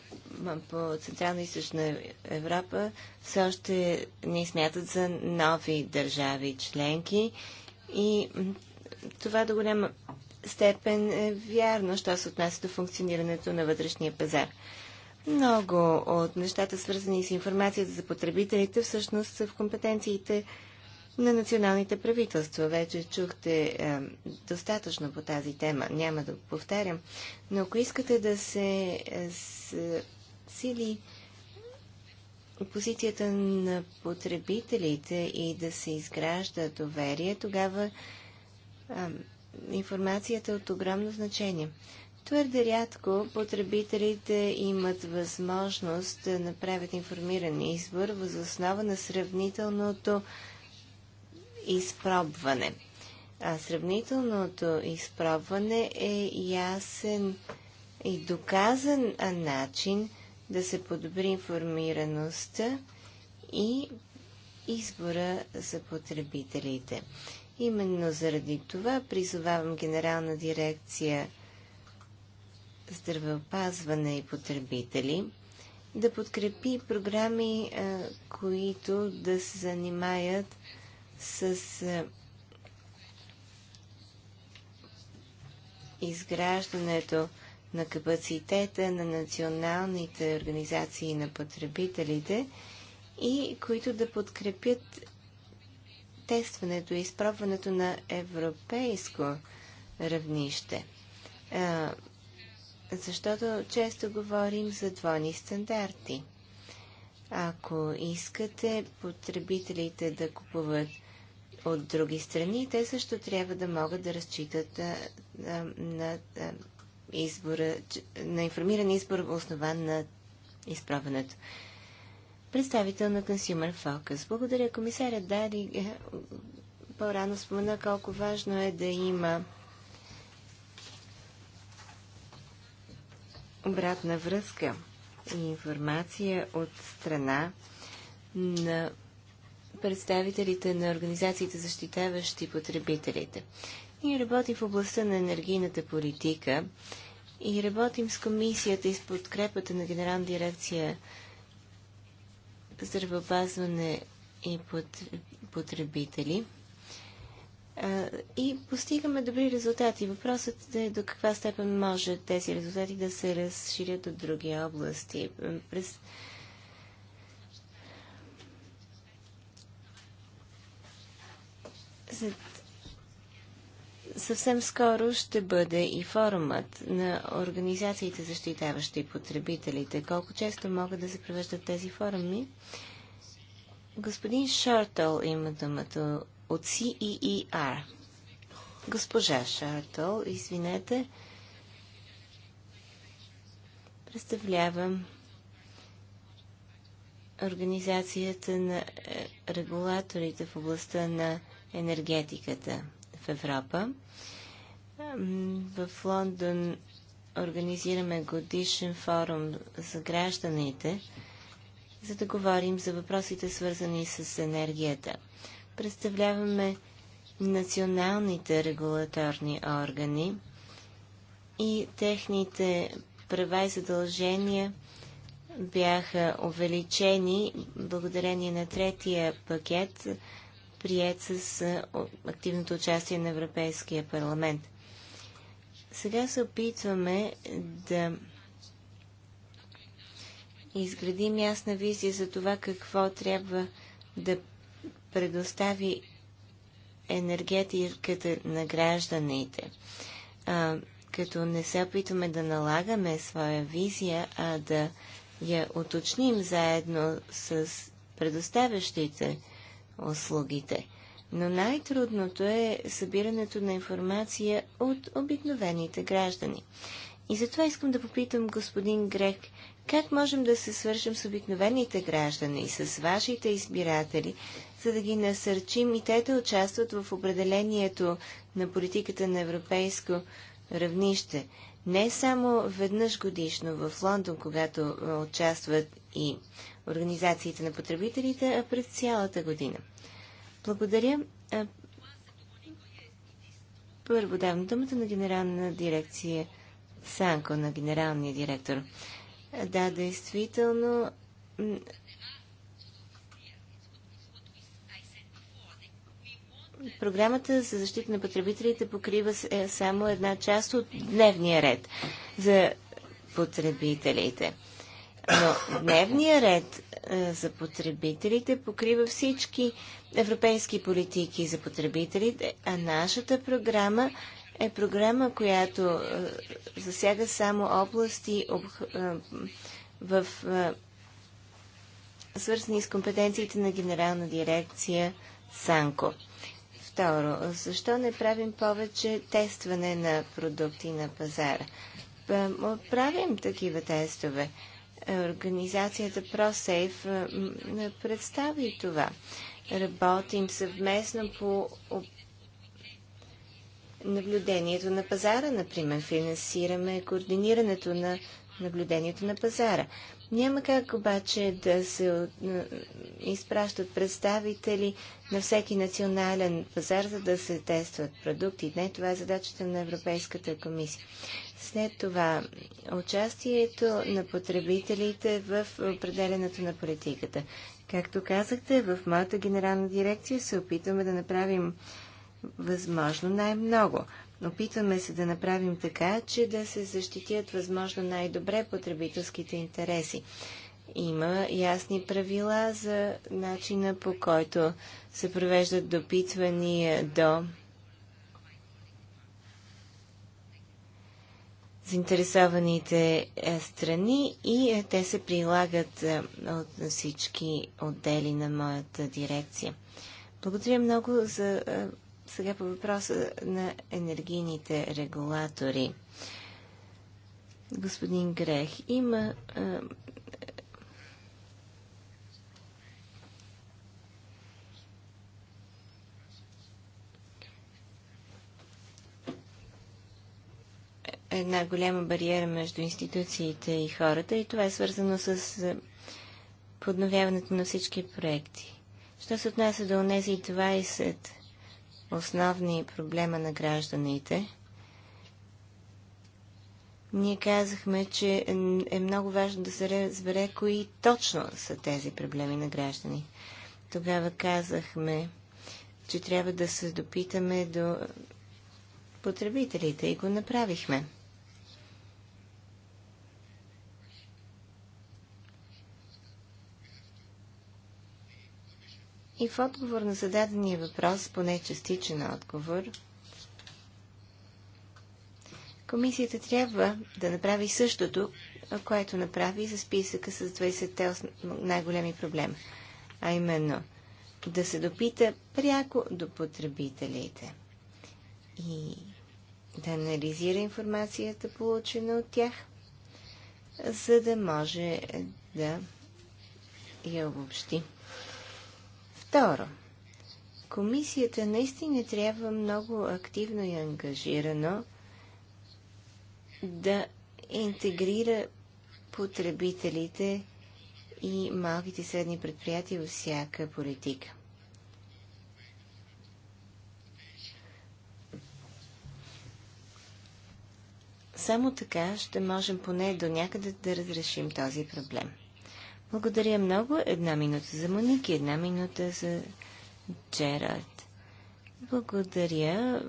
по Централна и Източна Европа. Все още ни смятат за нови държави членки и това до голяма степен е вярно, що се отнася до функционирането на вътрешния пазар. Много от нещата, свързани с информацията за потребителите, всъщност са в компетенциите на националните правителства. Вече чухте е, достатъчно по тази тема, няма да повтарям, но ако искате да се е, сили позицията на потребителите и да се изгражда доверие, тогава е, информацията е от огромно значение. Твърде рядко потребителите имат възможност да направят информиран избор въз основа на сравнителното изпробване. А сравнителното изпробване е ясен и доказан начин да се подобри информираността и избора за потребителите. Именно заради това призовавам Генерална дирекция здравеопазване и потребители да подкрепи програми, които да се занимаят с е, изграждането на капацитета на националните организации на потребителите и които да подкрепят тестването и изпробването на европейско равнище. А, е, защото често говорим за двойни стандарти. Ако искате потребителите да купуват от други страни, те също трябва да могат да разчитат а, а, на а, избора, на информиран избор, основан на изправенето. Представител на Consumer Focus. Благодаря, комисаря Дари. Е, по-рано спомена колко важно е да има обратна връзка и информация от страна на представителите на организациите, защитаващи потребителите. Ние работим в областта на енергийната политика и работим с комисията и с подкрепата на Генерална дирекция здравеопазване и потребители. И постигаме добри резултати. Въпросът е до каква степен може тези резултати да се разширят от други области. През за... съвсем скоро ще бъде и форумът на организациите, защитаващи потребителите. Колко често могат да се превеждат тези форуми? Господин Шортъл има думата от CEER. Госпожа Шартъл, извинете, представлявам Организацията на е, регулаторите в областта на енергетиката в Европа. В Лондон организираме годишен форум за гражданите, за да говорим за въпросите свързани с енергията. Представляваме националните регулаторни органи и техните права и задължения бяха увеличени благодарение на третия пакет прият с активното участие на Европейския парламент. Сега се опитваме да изградим ясна визия за това какво трябва да предостави енергетиката на гражданите. А, като не се опитваме да налагаме своя визия, а да я уточним заедно с предоставящите услугите. Но най-трудното е събирането на информация от обикновените граждани. И затова искам да попитам господин Грек, как можем да се свършим с обикновените граждани, и с вашите избиратели, за да ги насърчим и те да участват в определението на политиката на европейско равнище. Не само веднъж годишно в Лондон, когато участват и организациите на потребителите, а през цялата година. Благодаря. Първо давам думата на генерална дирекция Санко, на генералния директор. Да, действително. Програмата за защита на потребителите покрива е, само една част от дневния ред за потребителите. Но дневния ред е, за потребителите покрива всички европейски политики за потребителите, а нашата програма е програма, която е, засяга само области е, в свързани с компетенциите на Генерална дирекция Санко. Второ, защо не правим повече тестване на продукти на пазара? Правим такива тестове. Организацията ProSafe представи това. Работим съвместно по наблюдението на пазара, например. Финансираме координирането на наблюдението на пазара. Няма как обаче да се е, изпращат представители на всеки национален пазар, за да се тестват продукти. Не, това е задачата на Европейската комисия. След това, участието на потребителите в определенето на политиката. Както казахте, в моята генерална дирекция се опитваме да направим възможно най-много. Опитваме се да направим така, че да се защитят възможно най-добре потребителските интереси. Има ясни правила за начина по който се провеждат допитвания до заинтересованите е, страни и е, те се прилагат е, от всички отдели на моята дирекция. Благодаря много за сега по въпроса на енергийните регулатори. Господин Грех, има една голяма бариера между институциите и хората и това е свързано с подновяването на всички проекти. Що се отнася до нези и това и след основни проблема на гражданите, ние казахме, че е много важно да се разбере кои точно са тези проблеми на граждани. Тогава казахме, че трябва да се допитаме до потребителите и го направихме. И в отговор на зададения въпрос, поне частичен отговор, комисията трябва да направи същото, което направи за списъка с 20-те най-големи проблеми, А именно, да се допита пряко до потребителите и да анализира информацията, получена от тях, за да може да я обобщи. Второ, комисията наистина трябва много активно и ангажирано да интегрира потребителите и малките и средни предприятия във всяка политика. Само така ще можем поне до някъде да разрешим този проблем. Благодаря много. Една минута за Моник и една минута за Джерард. Благодаря.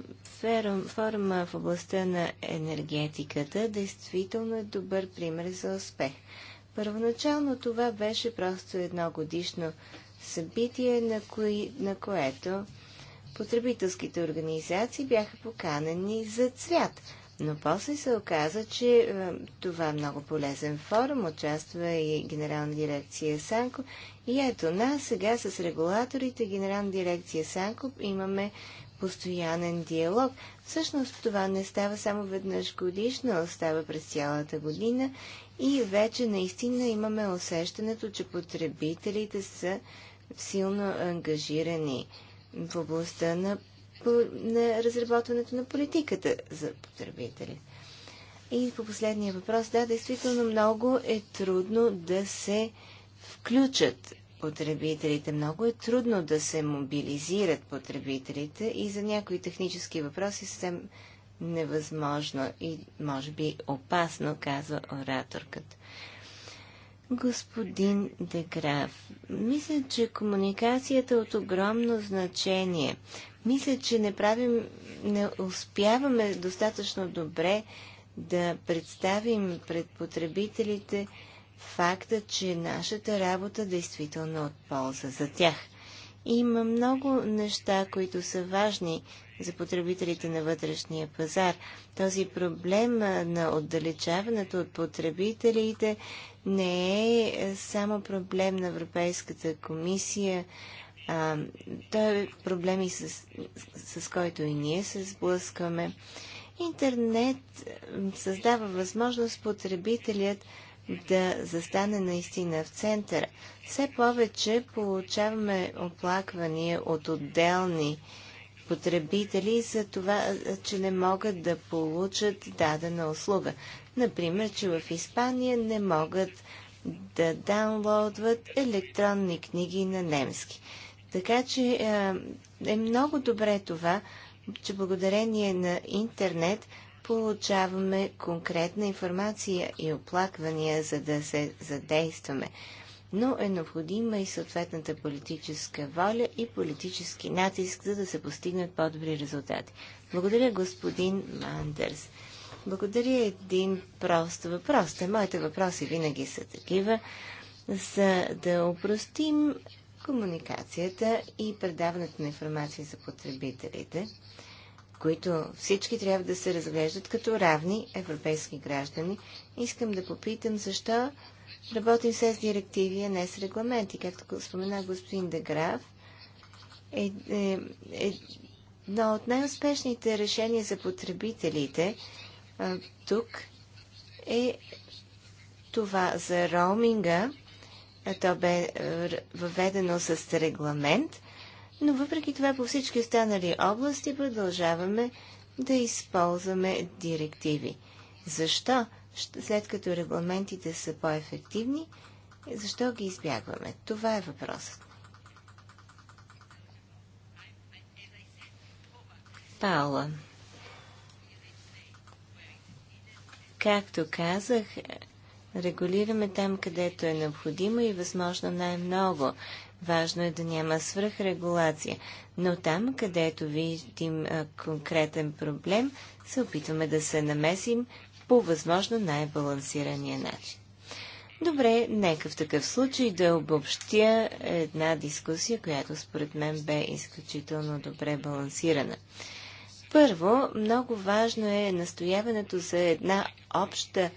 Форума в областта на енергетиката е действително е добър пример за успех. Първоначално това беше просто едно годишно събитие, на, кои, на което потребителските организации бяха поканени за цвят. Но после се оказа, че е, това е много полезен форум, участва и Генерална дирекция Санко. И ето нас сега с регулаторите Генерална дирекция Санко имаме постоянен диалог. Всъщност това не става само веднъж годишно, става през цялата година и вече наистина имаме усещането, че потребителите са силно ангажирани в областта на на разработването на политиката за потребители. И по последния въпрос, да, действително много е трудно да се включат потребителите. Много е трудно да се мобилизират потребителите и за някои технически въпроси съвсем невъзможно и може би опасно, казва ораторката. Господин Деграф, мисля, че комуникацията е от огромно значение. Мисля, че не правим, не успяваме достатъчно добре да представим пред потребителите факта, че нашата работа действително е от полза за тях. има много неща, които са важни за потребителите на вътрешния пазар. Този проблем на отдалечаването от потребителите не е само проблем на Европейската комисия а, той е проблеми, с, с, с който и ние се сблъскваме. Интернет създава възможност потребителят да застане наистина в центъра. Все повече получаваме оплаквания от отделни потребители за това, че не могат да получат дадена услуга. Например, че в Испания не могат да даунлоудват електронни книги на немски. Така че е, е много добре това, че благодарение на интернет получаваме конкретна информация и оплаквания, за да се задействаме. Но е необходима и съответната политическа воля и политически натиск, за да се постигнат по-добри резултати. Благодаря, господин Мандърс. Благодаря един прост въпрос. Те моите въпроси винаги са такива, за да упростим комуникацията и предаването на информация за потребителите, които всички трябва да се разглеждат като равни европейски граждани. Искам да попитам защо работим с директиви, а не с регламенти. Както спомена господин Деграф, е, е, е, но от най-успешните решения за потребителите а, тук е това за роуминга то бе е, въведено с регламент, но въпреки това по всички останали области продължаваме да използваме директиви. Защо? След като регламентите са по-ефективни, защо ги избягваме? Това е въпросът. Паула. Както казах, регулираме там, където е необходимо и възможно най-много. Важно е да няма свръхрегулация, но там, където видим а, конкретен проблем, се опитваме да се намесим по възможно най-балансирания начин. Добре, нека в такъв случай да обобщя една дискусия, която според мен бе изключително добре балансирана. Първо, много важно е настояването за една обща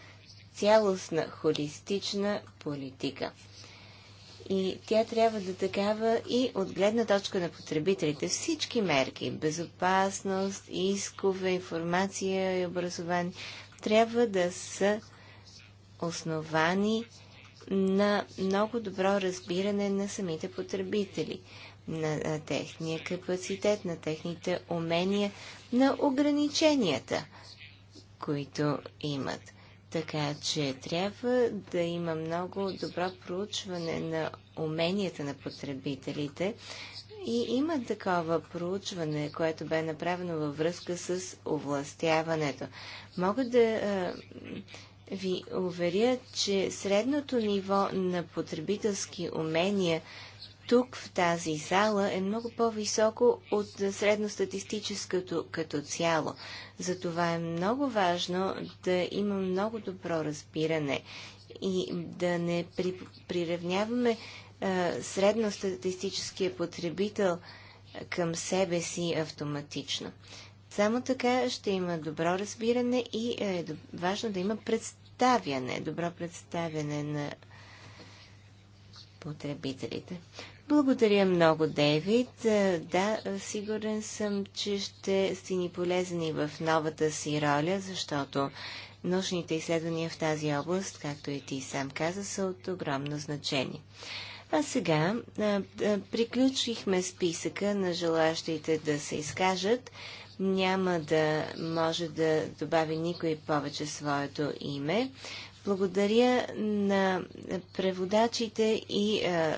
цялостна, холистична политика. И тя трябва да такава и от гледна точка на потребителите. Всички мерки, безопасност, искове, информация и образование, трябва да са основани на много добро разбиране на самите потребители, на, на техния капацитет, на техните умения, на ограниченията, които имат. Така че трябва да има много добро проучване на уменията на потребителите. И има такова проучване, което бе направено във връзка с овластяването. Мога да а, ви уверя, че средното ниво на потребителски умения тук в тази зала е много по-високо от средностатистическото като цяло. Затова е много важно да има много добро разбиране и да не при, приравняваме а, средностатистическия потребител към себе си автоматично. Само така ще има добро разбиране и е важно да има представяне, добро представяне на потребителите. Благодаря много, Дейвид. Е, да, сигурен съм, че ще сте ни полезен и в новата си роля, защото научните изследвания в тази област, както и ти сам каза, са от огромно значение. А сега а, е, а, е, приключихме списъка на желащите да се изкажат. Няма да може да добави никой повече своето име. Благодаря на преводачите и а,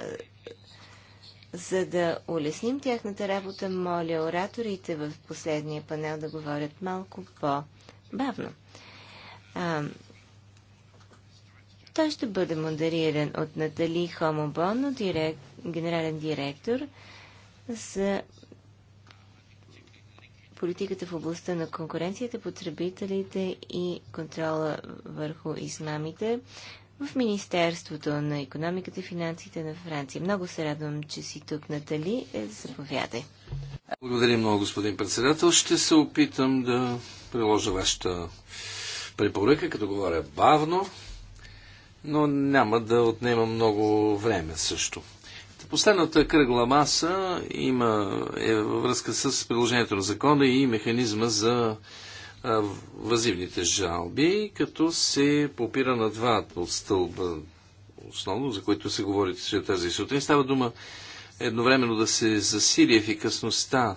за да улесним тяхната работа, моля ораторите в последния панел да говорят малко по-бавно. той ще бъде модериран от Натали Хомобоно, директ, генерален директор за политиката в областта на конкуренцията, потребителите и контрола върху измамите в Министерството на економиката и финансите на Франция. Много се радвам, че си тук, Натали. Е, заповядай. Благодаря много, господин председател. Ще се опитам да приложа вашата препоръка, като говоря бавно, но няма да отнема много време също. Последната кръгла маса има, е във връзка с приложението на закона и механизма за възивните жалби, като се попира на два от стълба основно, за които се говори тази сутрин. Става дума едновременно да се засили ефикасността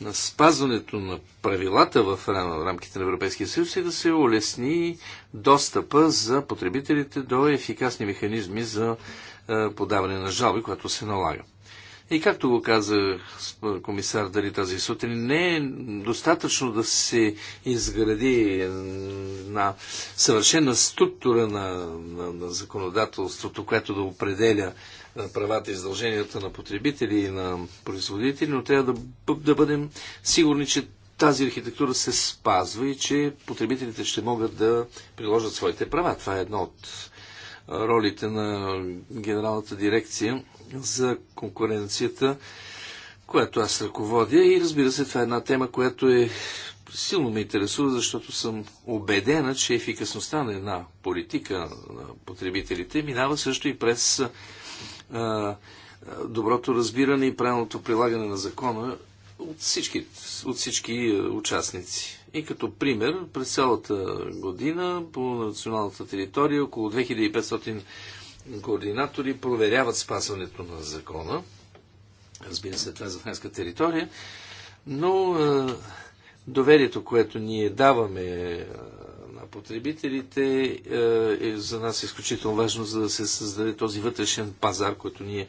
на спазването на правилата в рамките на Европейския съюз и да се улесни достъпа за потребителите до ефикасни механизми за подаване на жалби, когато се налага. И както го каза комисар Дали тази сутрин, не е достатъчно да се изгради на съвършена структура на, на, на законодателството, което да определя правата и задълженията на потребители и на производители, но трябва да, да бъдем сигурни, че тази архитектура се спазва и че потребителите ще могат да приложат своите права. Това е едно от ролите на генералната дирекция за конкуренцията, която аз ръководя. И разбира се, това е една тема, която е силно ме интересува, защото съм убедена, че ефикасността на една политика на потребителите минава също и през а, доброто разбиране и правилното прилагане на закона от всички, от всички участници. И като пример, през цялата година по националната територия около 2500 координатори проверяват спазването на закона. Разбира се, това е за френска територия. Но е, доверието, което ние даваме е, на потребителите, е, е за нас изключително важно, за да се създаде този вътрешен пазар, който ние е,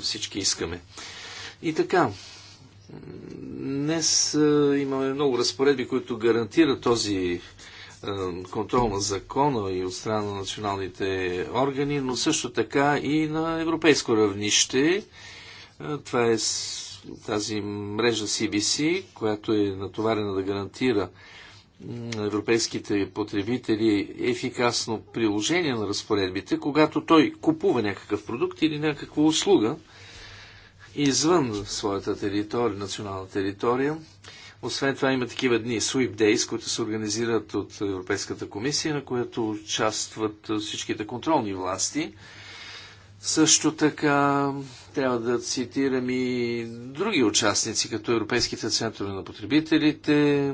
всички искаме. И така, днес е, имаме много разпоредби, които гарантират този е, контрол на закона и от страна на националните органи, но също така и на европейско равнище. Е, това е тази мрежа CBC, която е натоварена да гарантира на европейските потребители ефикасно приложение на разпоредбите, когато той купува някакъв продукт или някаква услуга извън своята територия, национална територия освен това има такива дни, Sweep Days, които се организират от Европейската комисия, на която участват всичките контролни власти. Също така трябва да цитирам и други участници, като Европейските центрове на потребителите,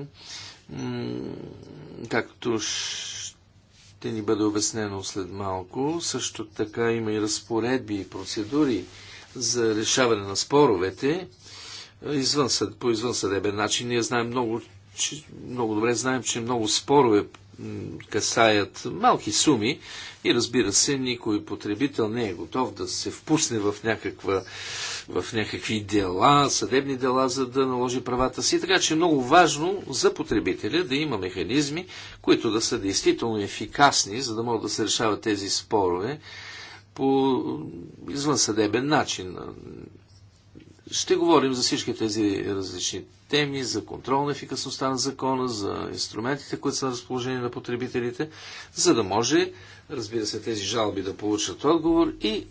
както ще ни бъде обяснено след малко. Също така има и разпоредби и процедури за решаване на споровете извън, по извънсъдебен начин. Ние знаем много, че, много добре знаем, че много спорове касаят малки суми и разбира се, никой потребител не е готов да се впусне в, някаква, в някакви дела, съдебни дела, за да наложи правата си. Така че е много важно за потребителя да има механизми, които да са действително ефикасни, за да могат да се решават тези спорове по извънсъдебен начин. Ще говорим за всички тези различни теми, за контрол на ефикасността на закона, за инструментите, които са на разположение на потребителите, за да може, разбира се, тези жалби да получат отговор и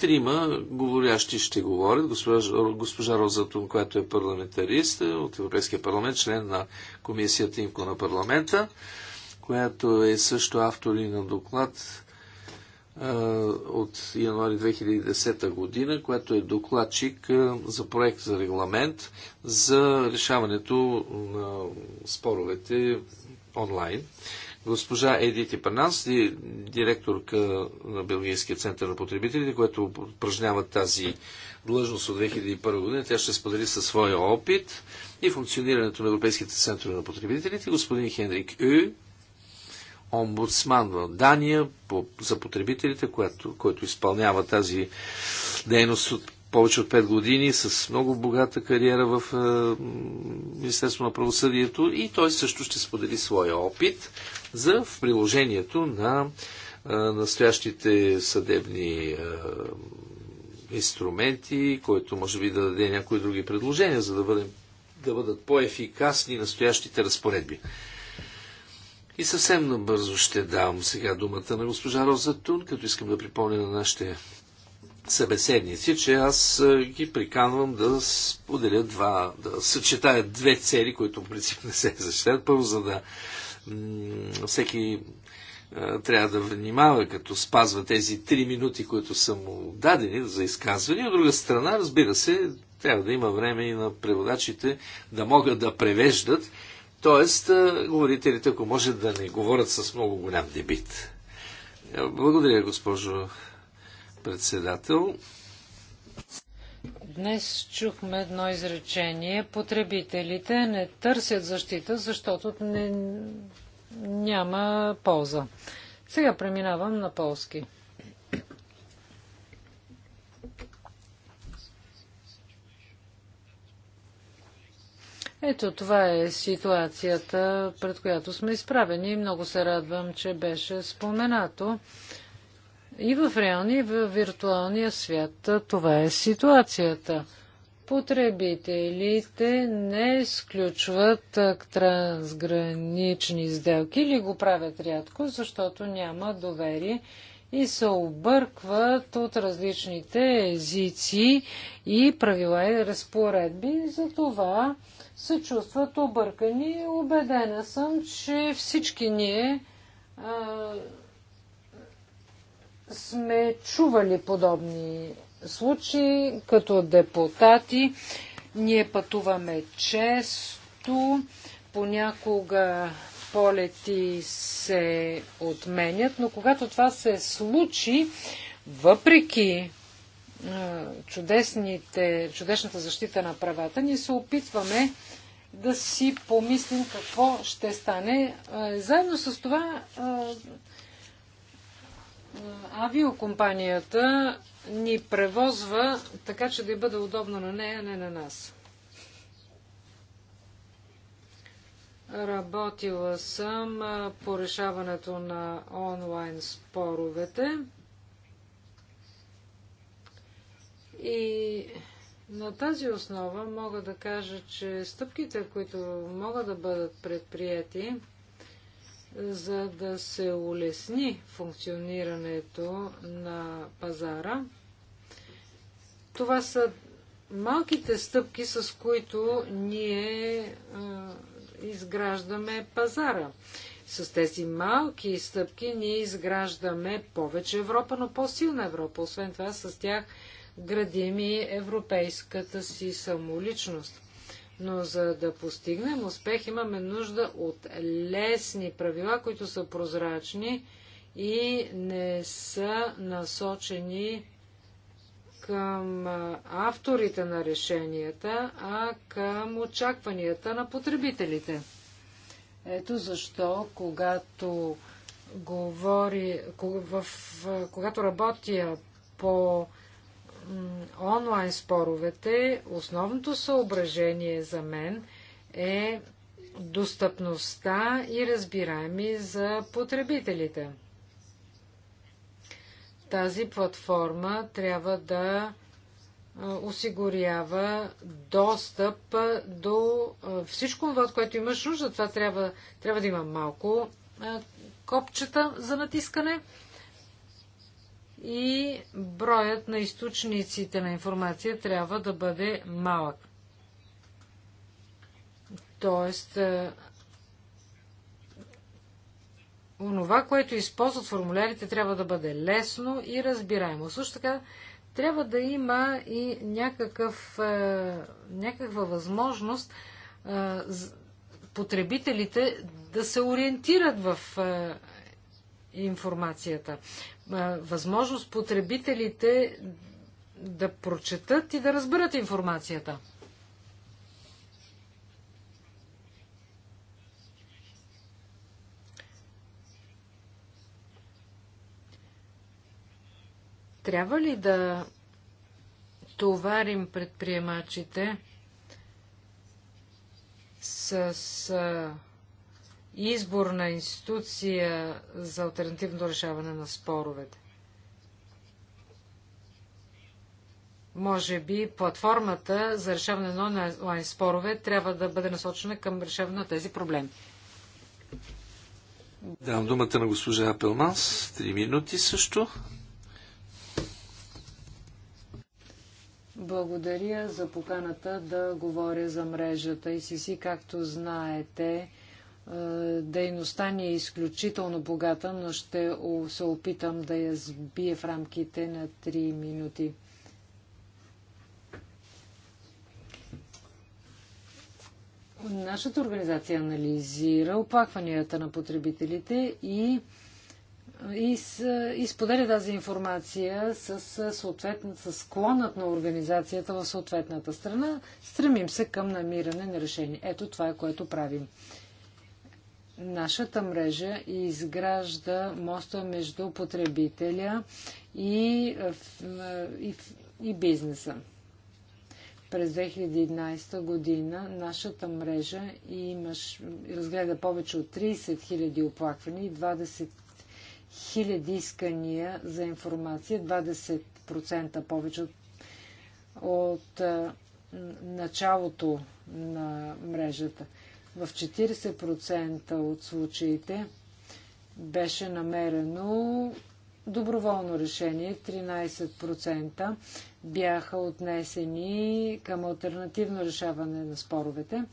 трима говорящи ще говорят. Госпожа, госпожа Роза Тун, която е парламентарист е от Европейския парламент, член на комисията Имко на парламента, която е също автор и на доклад от януари 2010 година, която е докладчик за проект за регламент за решаването на споровете онлайн. Госпожа Едити Панас, директорка на Белгийския център на потребителите, която упражнява тази длъжност от 2001 година, тя ще сподели със своя опит и функционирането на Европейските центрове на потребителите. Господин Хенрик Ю, омбудсман в Дания по, за потребителите, която, който изпълнява тази дейност от повече от 5 години, с много богата кариера в е, Министерство на правосъдието и той също ще сподели своя опит за в приложението на е, настоящите съдебни е, инструменти, който може би да даде някои други предложения, за да бъдем да бъдат по-ефикасни настоящите разпоредби. И съвсем набързо ще дам сега думата на госпожа Роза Тун, като искам да припомня на нашите събеседници, че аз ги приканвам да споделя два, да съчетая две цели, които в принцип не се защитят. Първо, за да всеки трябва да внимава, като спазва тези три минути, които са му дадени за изказване. От друга страна, разбира се, трябва да има време и на преводачите да могат да превеждат Тоест, говорителите, ако може да не говорят с много голям дебит. Е, благодаря, госпожо председател. Днес чухме едно изречение. Потребителите не търсят защита, защото не, няма полза. Сега преминавам на полски. Ето това е ситуацията, пред която сме изправени. Много се радвам, че беше споменато. И в реалния, и в виртуалния свят това е ситуацията. Потребителите не изключват трансгранични сделки или го правят рядко, защото няма доверие и се объркват от различните езици и правила и разпоредби. Затова това се чувстват объркани. Обедена съм, че всички ние а, сме чували подобни случаи като депутати. Ние пътуваме често, понякога полети се отменят, но когато това се случи, въпреки чудесните, чудесната защита на правата, ние се опитваме да си помислим какво ще стане. Е, заедно с това е, авиокомпанията ни превозва така, че да й бъде удобно на нея, а не на нас. Работила съм е, по решаването на онлайн споровете и на тази основа мога да кажа, че стъпките, които могат да бъдат предприяти, за да се улесни функционирането на пазара, това са малките стъпки, с които ние изграждаме пазара. С тези малки стъпки ние изграждаме повече Европа, но по-силна Европа. Освен това, с тях градим и европейската си самоличност. Но за да постигнем успех, имаме нужда от лесни правила, които са прозрачни и не са насочени към авторите на решенията, а към очакванията на потребителите. Ето защо, когато говори, когато работя по онлайн споровете, основното съображение за мен е достъпността и разбираеми за потребителите. Тази платформа трябва да осигурява достъп до всичко това, от което имаш нужда. Това трябва, трябва да има малко копчета за натискане и броят на източниците на информация трябва да бъде малък. Тоест, е, онова, което използват формулярите, трябва да бъде лесно и разбираемо. Също така, трябва да има и някакъв, е, някаква възможност е, потребителите да се ориентират в информацията възможност потребителите да прочетат и да разберат информацията. Трябва ли да товарим предприемачите с избор на институция за альтернативно решаване на споровете. Може би платформата за решаване на онлайн спорове трябва да бъде насочена към решаване на тези проблеми. Давам думата на госпожа Апелманс. Три минути също. Благодаря за поканата да говоря за мрежата ICC. Както знаете, е, дейността ни е изключително богата, но ще се опитам да я сбия в рамките на 3 минути. Нашата организация анализира оплакванията на потребителите и, и, и споделя тази информация с, съответна, с склонът на организацията в съответната страна. Стремим се към намиране на решение. Ето това е което правим. Нашата мрежа изгражда моста между потребителя и, и, и бизнеса. През 2011 година нашата мрежа имаш, разгледа повече от 30 000 оплаквания и 20 000 искания за информация, 20% повече от, от началото на мрежата. В 40% от случаите беше намерено доброволно решение, 13% бяха отнесени към альтернативно решаване на споровете.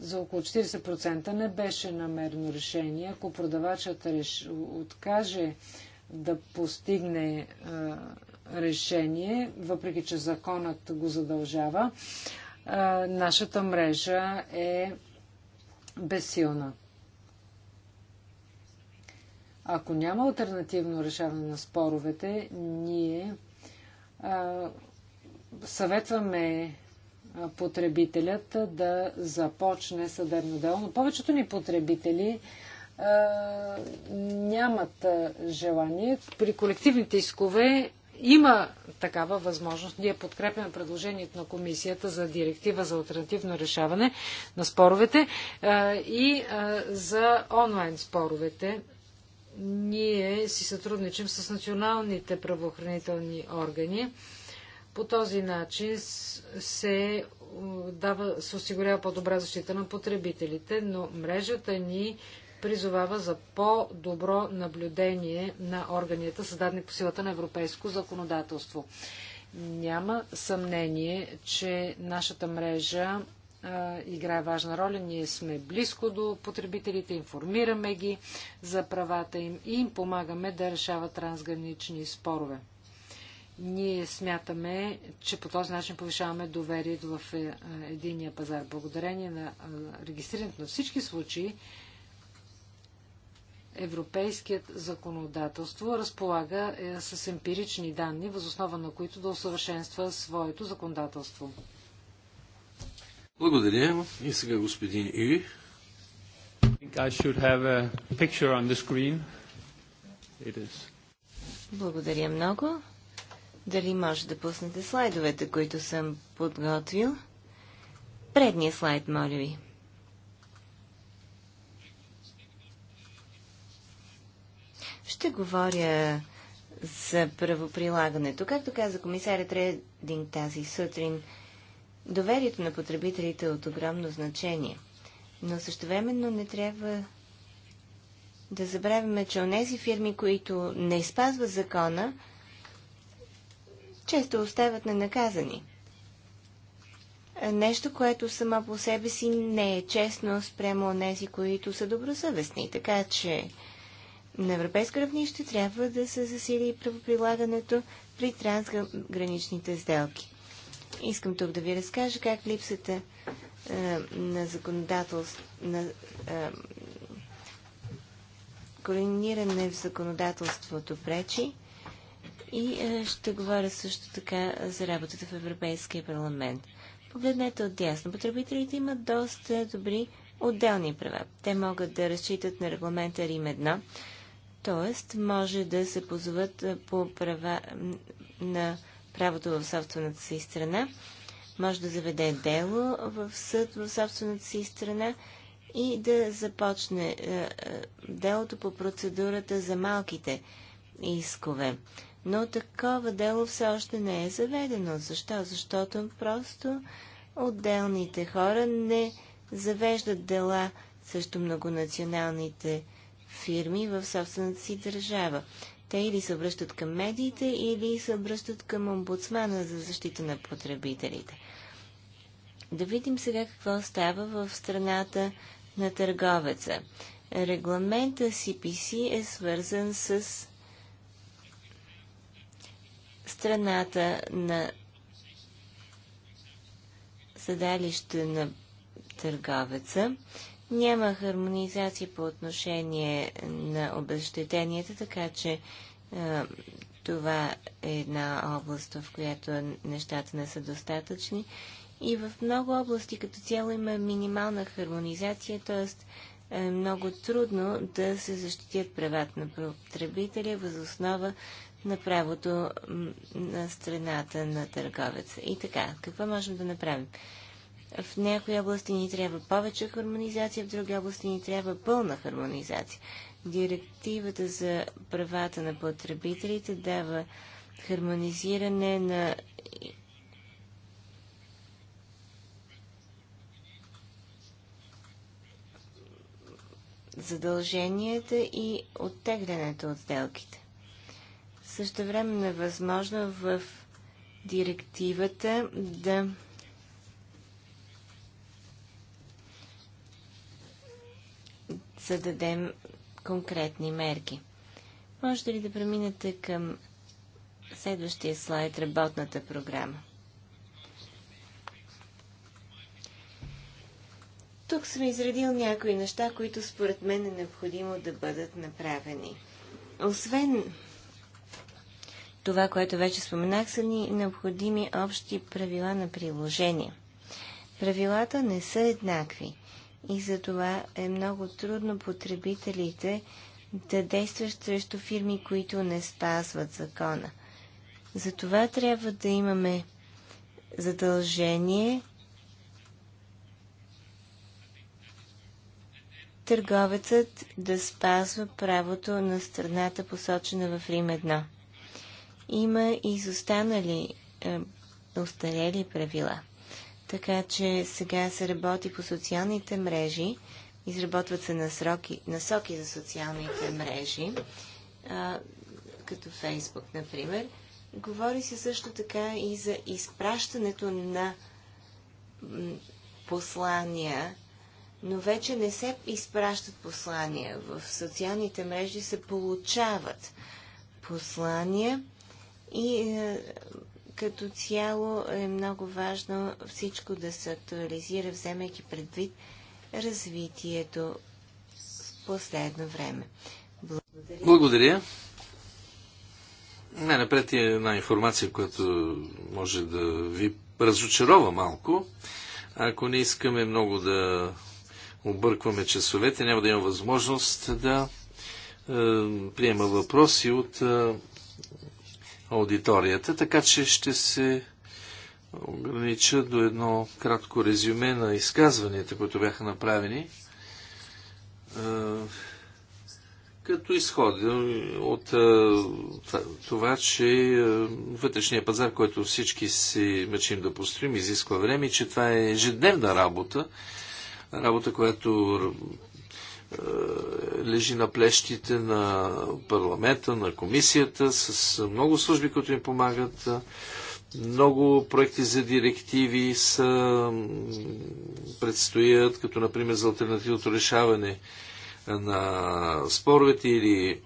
За около 40% не беше намерено решение. Ако продавачът реш... откаже да постигне а, решение, въпреки че законът го задължава, а, нашата мрежа е безсилна. Ако няма альтернативно решаване на споровете, ние а, съветваме потребителят да започне съдебно дело, но повечето ни потребители а, нямат желание. При колективните искове има такава възможност. Ние подкрепяме предложението на комисията за директива за альтернативно решаване на споровете и за онлайн споровете. Ние си сътрудничим с националните правоохранителни органи. По този начин се, дава, се осигурява по-добра защита на потребителите, но мрежата ни призовава за по-добро наблюдение на органите, създадени по силата на европейско законодателство. Няма съмнение, че нашата мрежа играе важна роля. Ние сме близко до потребителите, информираме ги за правата им и им помагаме да решават трансгранични спорове. Ние смятаме, че по този начин повишаваме доверието в е, единия пазар. Благодарение на регистрирането на всички случаи, Европейският законодателство разполага е, с емпирични данни, възоснова на които да усъвършенства своето законодателство. Благодаря. И сега господин И. Благодаря много. Дали може да пуснете слайдовете, които съм подготвил? Предния слайд, моля ви. Ще говоря за правоприлагането. Както каза комисарят Рединг тази сутрин, доверието на потребителите е от огромно значение. Но същевременно не трябва да забравяме, че онези фирми, които не спазват закона, често остават ненаказани. Нещо, което само по себе си не е честно спрямо онези, които са добросъвестни. Така че на европейско равнище трябва да се засили правоприлагането при трансграничните сделки. Искам тук да ви разкажа как липсата е, на законодателство, на е, координиране в законодателството пречи и е, ще говоря също така за работата в Европейския парламент. Погледнете отдясно. Потребителите имат доста добри отделни права. Те могат да разчитат на регламента Рим 1 Тоест, може да се позоват по права на правото в собствената си страна, може да заведе дело в съд в собствената си страна и да започне делото по процедурата за малките искове. Но такова дело все още не е заведено. Защо? Защото просто отделните хора не завеждат дела срещу многонационалните фирми в собствената си държава. Те или се обръщат към медиите, или се обръщат към омбудсмана за защита на потребителите. Да видим сега какво става в страната на търговеца. Регламента CPC е свързан с страната на седалище на търговеца няма хармонизация по отношение на обещетенията, така че а, това е една област, в която нещата не са достатъчни. И в много области като цяло има минимална хармонизация, т.е. е много трудно да се защитят правата на потребителя въз основа на правото на страната на търговеца. И така, какво можем да направим? В някои области ни трябва повече хармонизация, в други области ни трябва пълна хармонизация. Директивата за правата на потребителите дава хармонизиране на задълженията и оттеглянето от сделките. Също време е възможно в директивата да зададем конкретни мерки. Можете ли да преминете към следващия слайд работната програма? Тук съм изредил някои неща, които според мен е необходимо да бъдат направени. Освен това, което вече споменах, са ни необходими общи правила на приложение. Правилата не са еднакви и за това е много трудно потребителите да действат срещу фирми, които не спазват закона. Затова трябва да имаме задължение търговецът да спазва правото на страната, посочена в Рим 1. Има и изостанали е, устарели правила. Така че сега се работи по социалните мрежи, изработват се насроки, насоки за социалните мрежи, а, като Фейсбук, например. Говори се също така и за изпращането на послания, но вече не се изпращат послания. В социалните мрежи се получават послания и е, като цяло е много важно всичко да се актуализира, вземайки предвид развитието в последно време. Благодаря. Благодаря. Най-напред е една информация, която може да ви разочарова малко. Ако не искаме много да объркваме часовете, няма да имам възможност да е, приема въпроси от е, аудиторията, така че ще се огранича до едно кратко резюме на изказванията, които бяха направени, като изходя от това, че вътрешния пазар, който всички си мъчим да построим, изисква време, че това е ежедневна работа, работа, която е, лежи на плещите на парламента, на комисията, с много служби, които им помагат. Много проекти за директиви са, предстоят, като например за альтернативното решаване на споровете или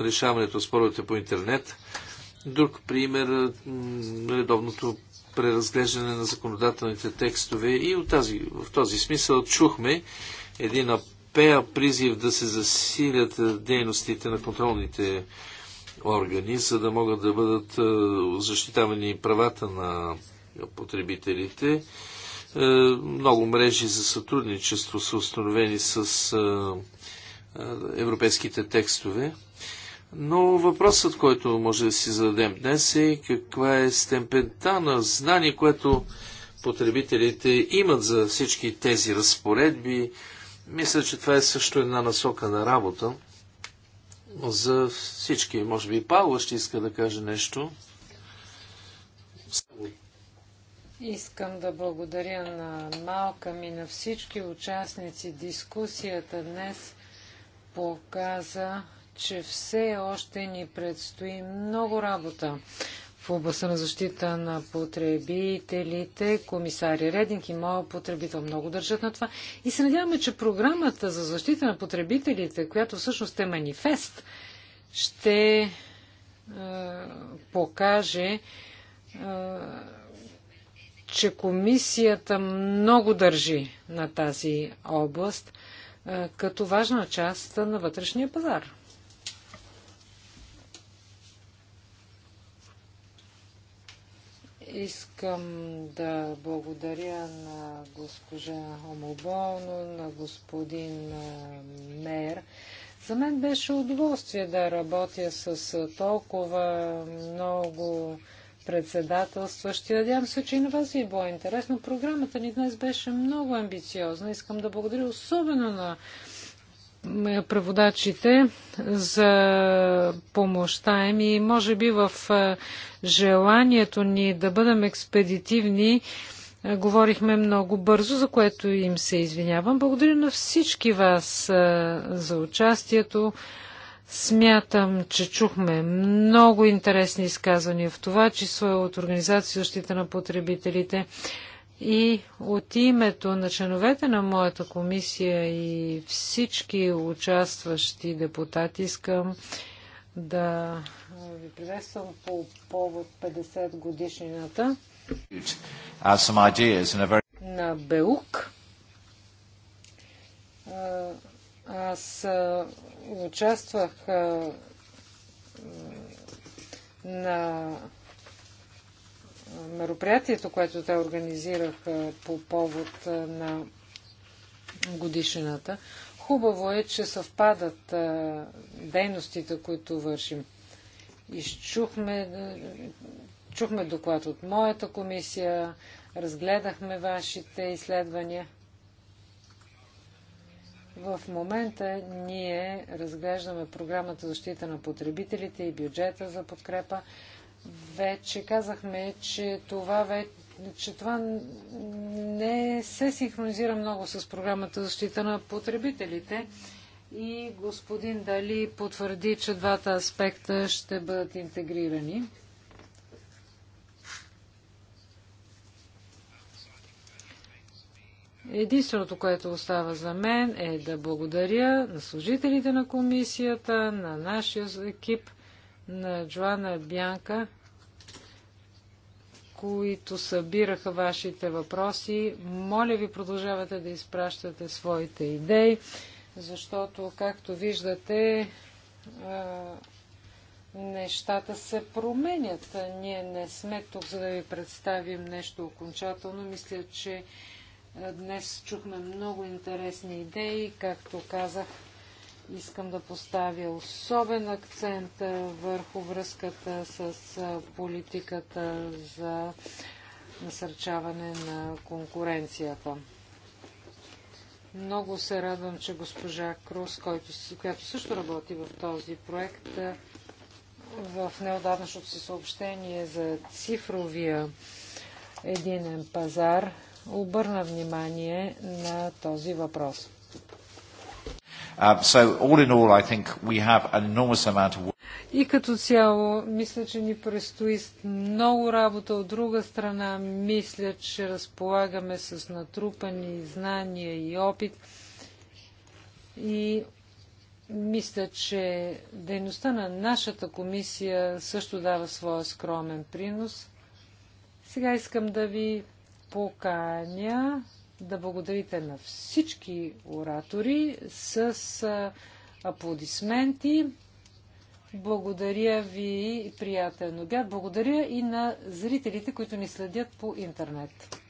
решаването на споровете по интернет. Друг пример редовното преразглеждане на законодателните текстове и от тази, в този смисъл чухме един отпея призив да се засилят е, дейностите на контролните органи, за да могат да бъдат е, защитавани правата на потребителите. Е, много мрежи за сътрудничество са установени с европейските текстове. Но въпросът, който може да си зададем днес е каква е степента на знание, което потребителите имат за всички тези разпоредби, мисля, че това е също една насока на работа за всички. Може би Павла ще иска да каже нещо. Искам да благодаря на Малка ми, на всички участници. Дискусията днес показа, че все още ни предстои много работа в областта на защита на потребителите, комисари Рединг и моят потребител много държат на това. И се надяваме, че програмата за защита на потребителите, която всъщност е манифест, ще е, покаже, е, че комисията много държи на тази област е, като важна част на вътрешния пазар. Искам да благодаря на госпожа Омоболно, на господин Мер. За мен беше удоволствие да работя с толкова много председателстващи. Надявам се, че и на вас ви е било интересно. Програмата ни днес беше много амбициозна. Искам да благодаря особено на преводачите за помощта им и може би в е, желанието ни да бъдем експедитивни е, говорихме много бързо, за което им се извинявам. Благодаря на всички вас е, за участието. Смятам, че чухме много интересни изказвания в това число от Организация защита на потребителите. И от името на членовете на моята комисия и всички участващи депутати искам да ви приветствам по повод 50 годишнината на Беук. Аз участвах на мероприятието, което те организираха по повод на годишната. Хубаво е, че съвпадат дейностите, които вършим. Изчухме, чухме доклад от моята комисия, разгледахме вашите изследвания. В момента ние разглеждаме програмата защита на потребителите и бюджета за подкрепа. Вече казахме, че това, ве, че това не се синхронизира много с програмата защита на потребителите. И господин Дали потвърди, че двата аспекта ще бъдат интегрирани. Единственото, което остава за мен е да благодаря на служителите на комисията, на нашия екип, на Джоана Бянка които събираха вашите въпроси. Моля ви, продължавате да изпращате своите идеи, защото, както виждате, нещата се променят. Ние не сме тук, за да ви представим нещо окончателно. Мисля, че днес чухме много интересни идеи, както казах Искам да поставя особен акцент върху връзката с политиката за насърчаване на конкуренцията. Много се радвам, че госпожа Крус, който, която също работи в този проект, в неодавнашното си съобщение за цифровия единен пазар обърна внимание на този въпрос. И като цяло, мисля, че ни предстои много работа. От друга страна, мисля, че разполагаме с натрупани знания и опит. И мисля, че дейността на нашата комисия също дава своя скромен принос. Сега искам да ви поканя да благодарите на всички оратори с аплодисменти. Благодаря ви, приятен обяд. Благодаря и на зрителите, които ни следят по интернет.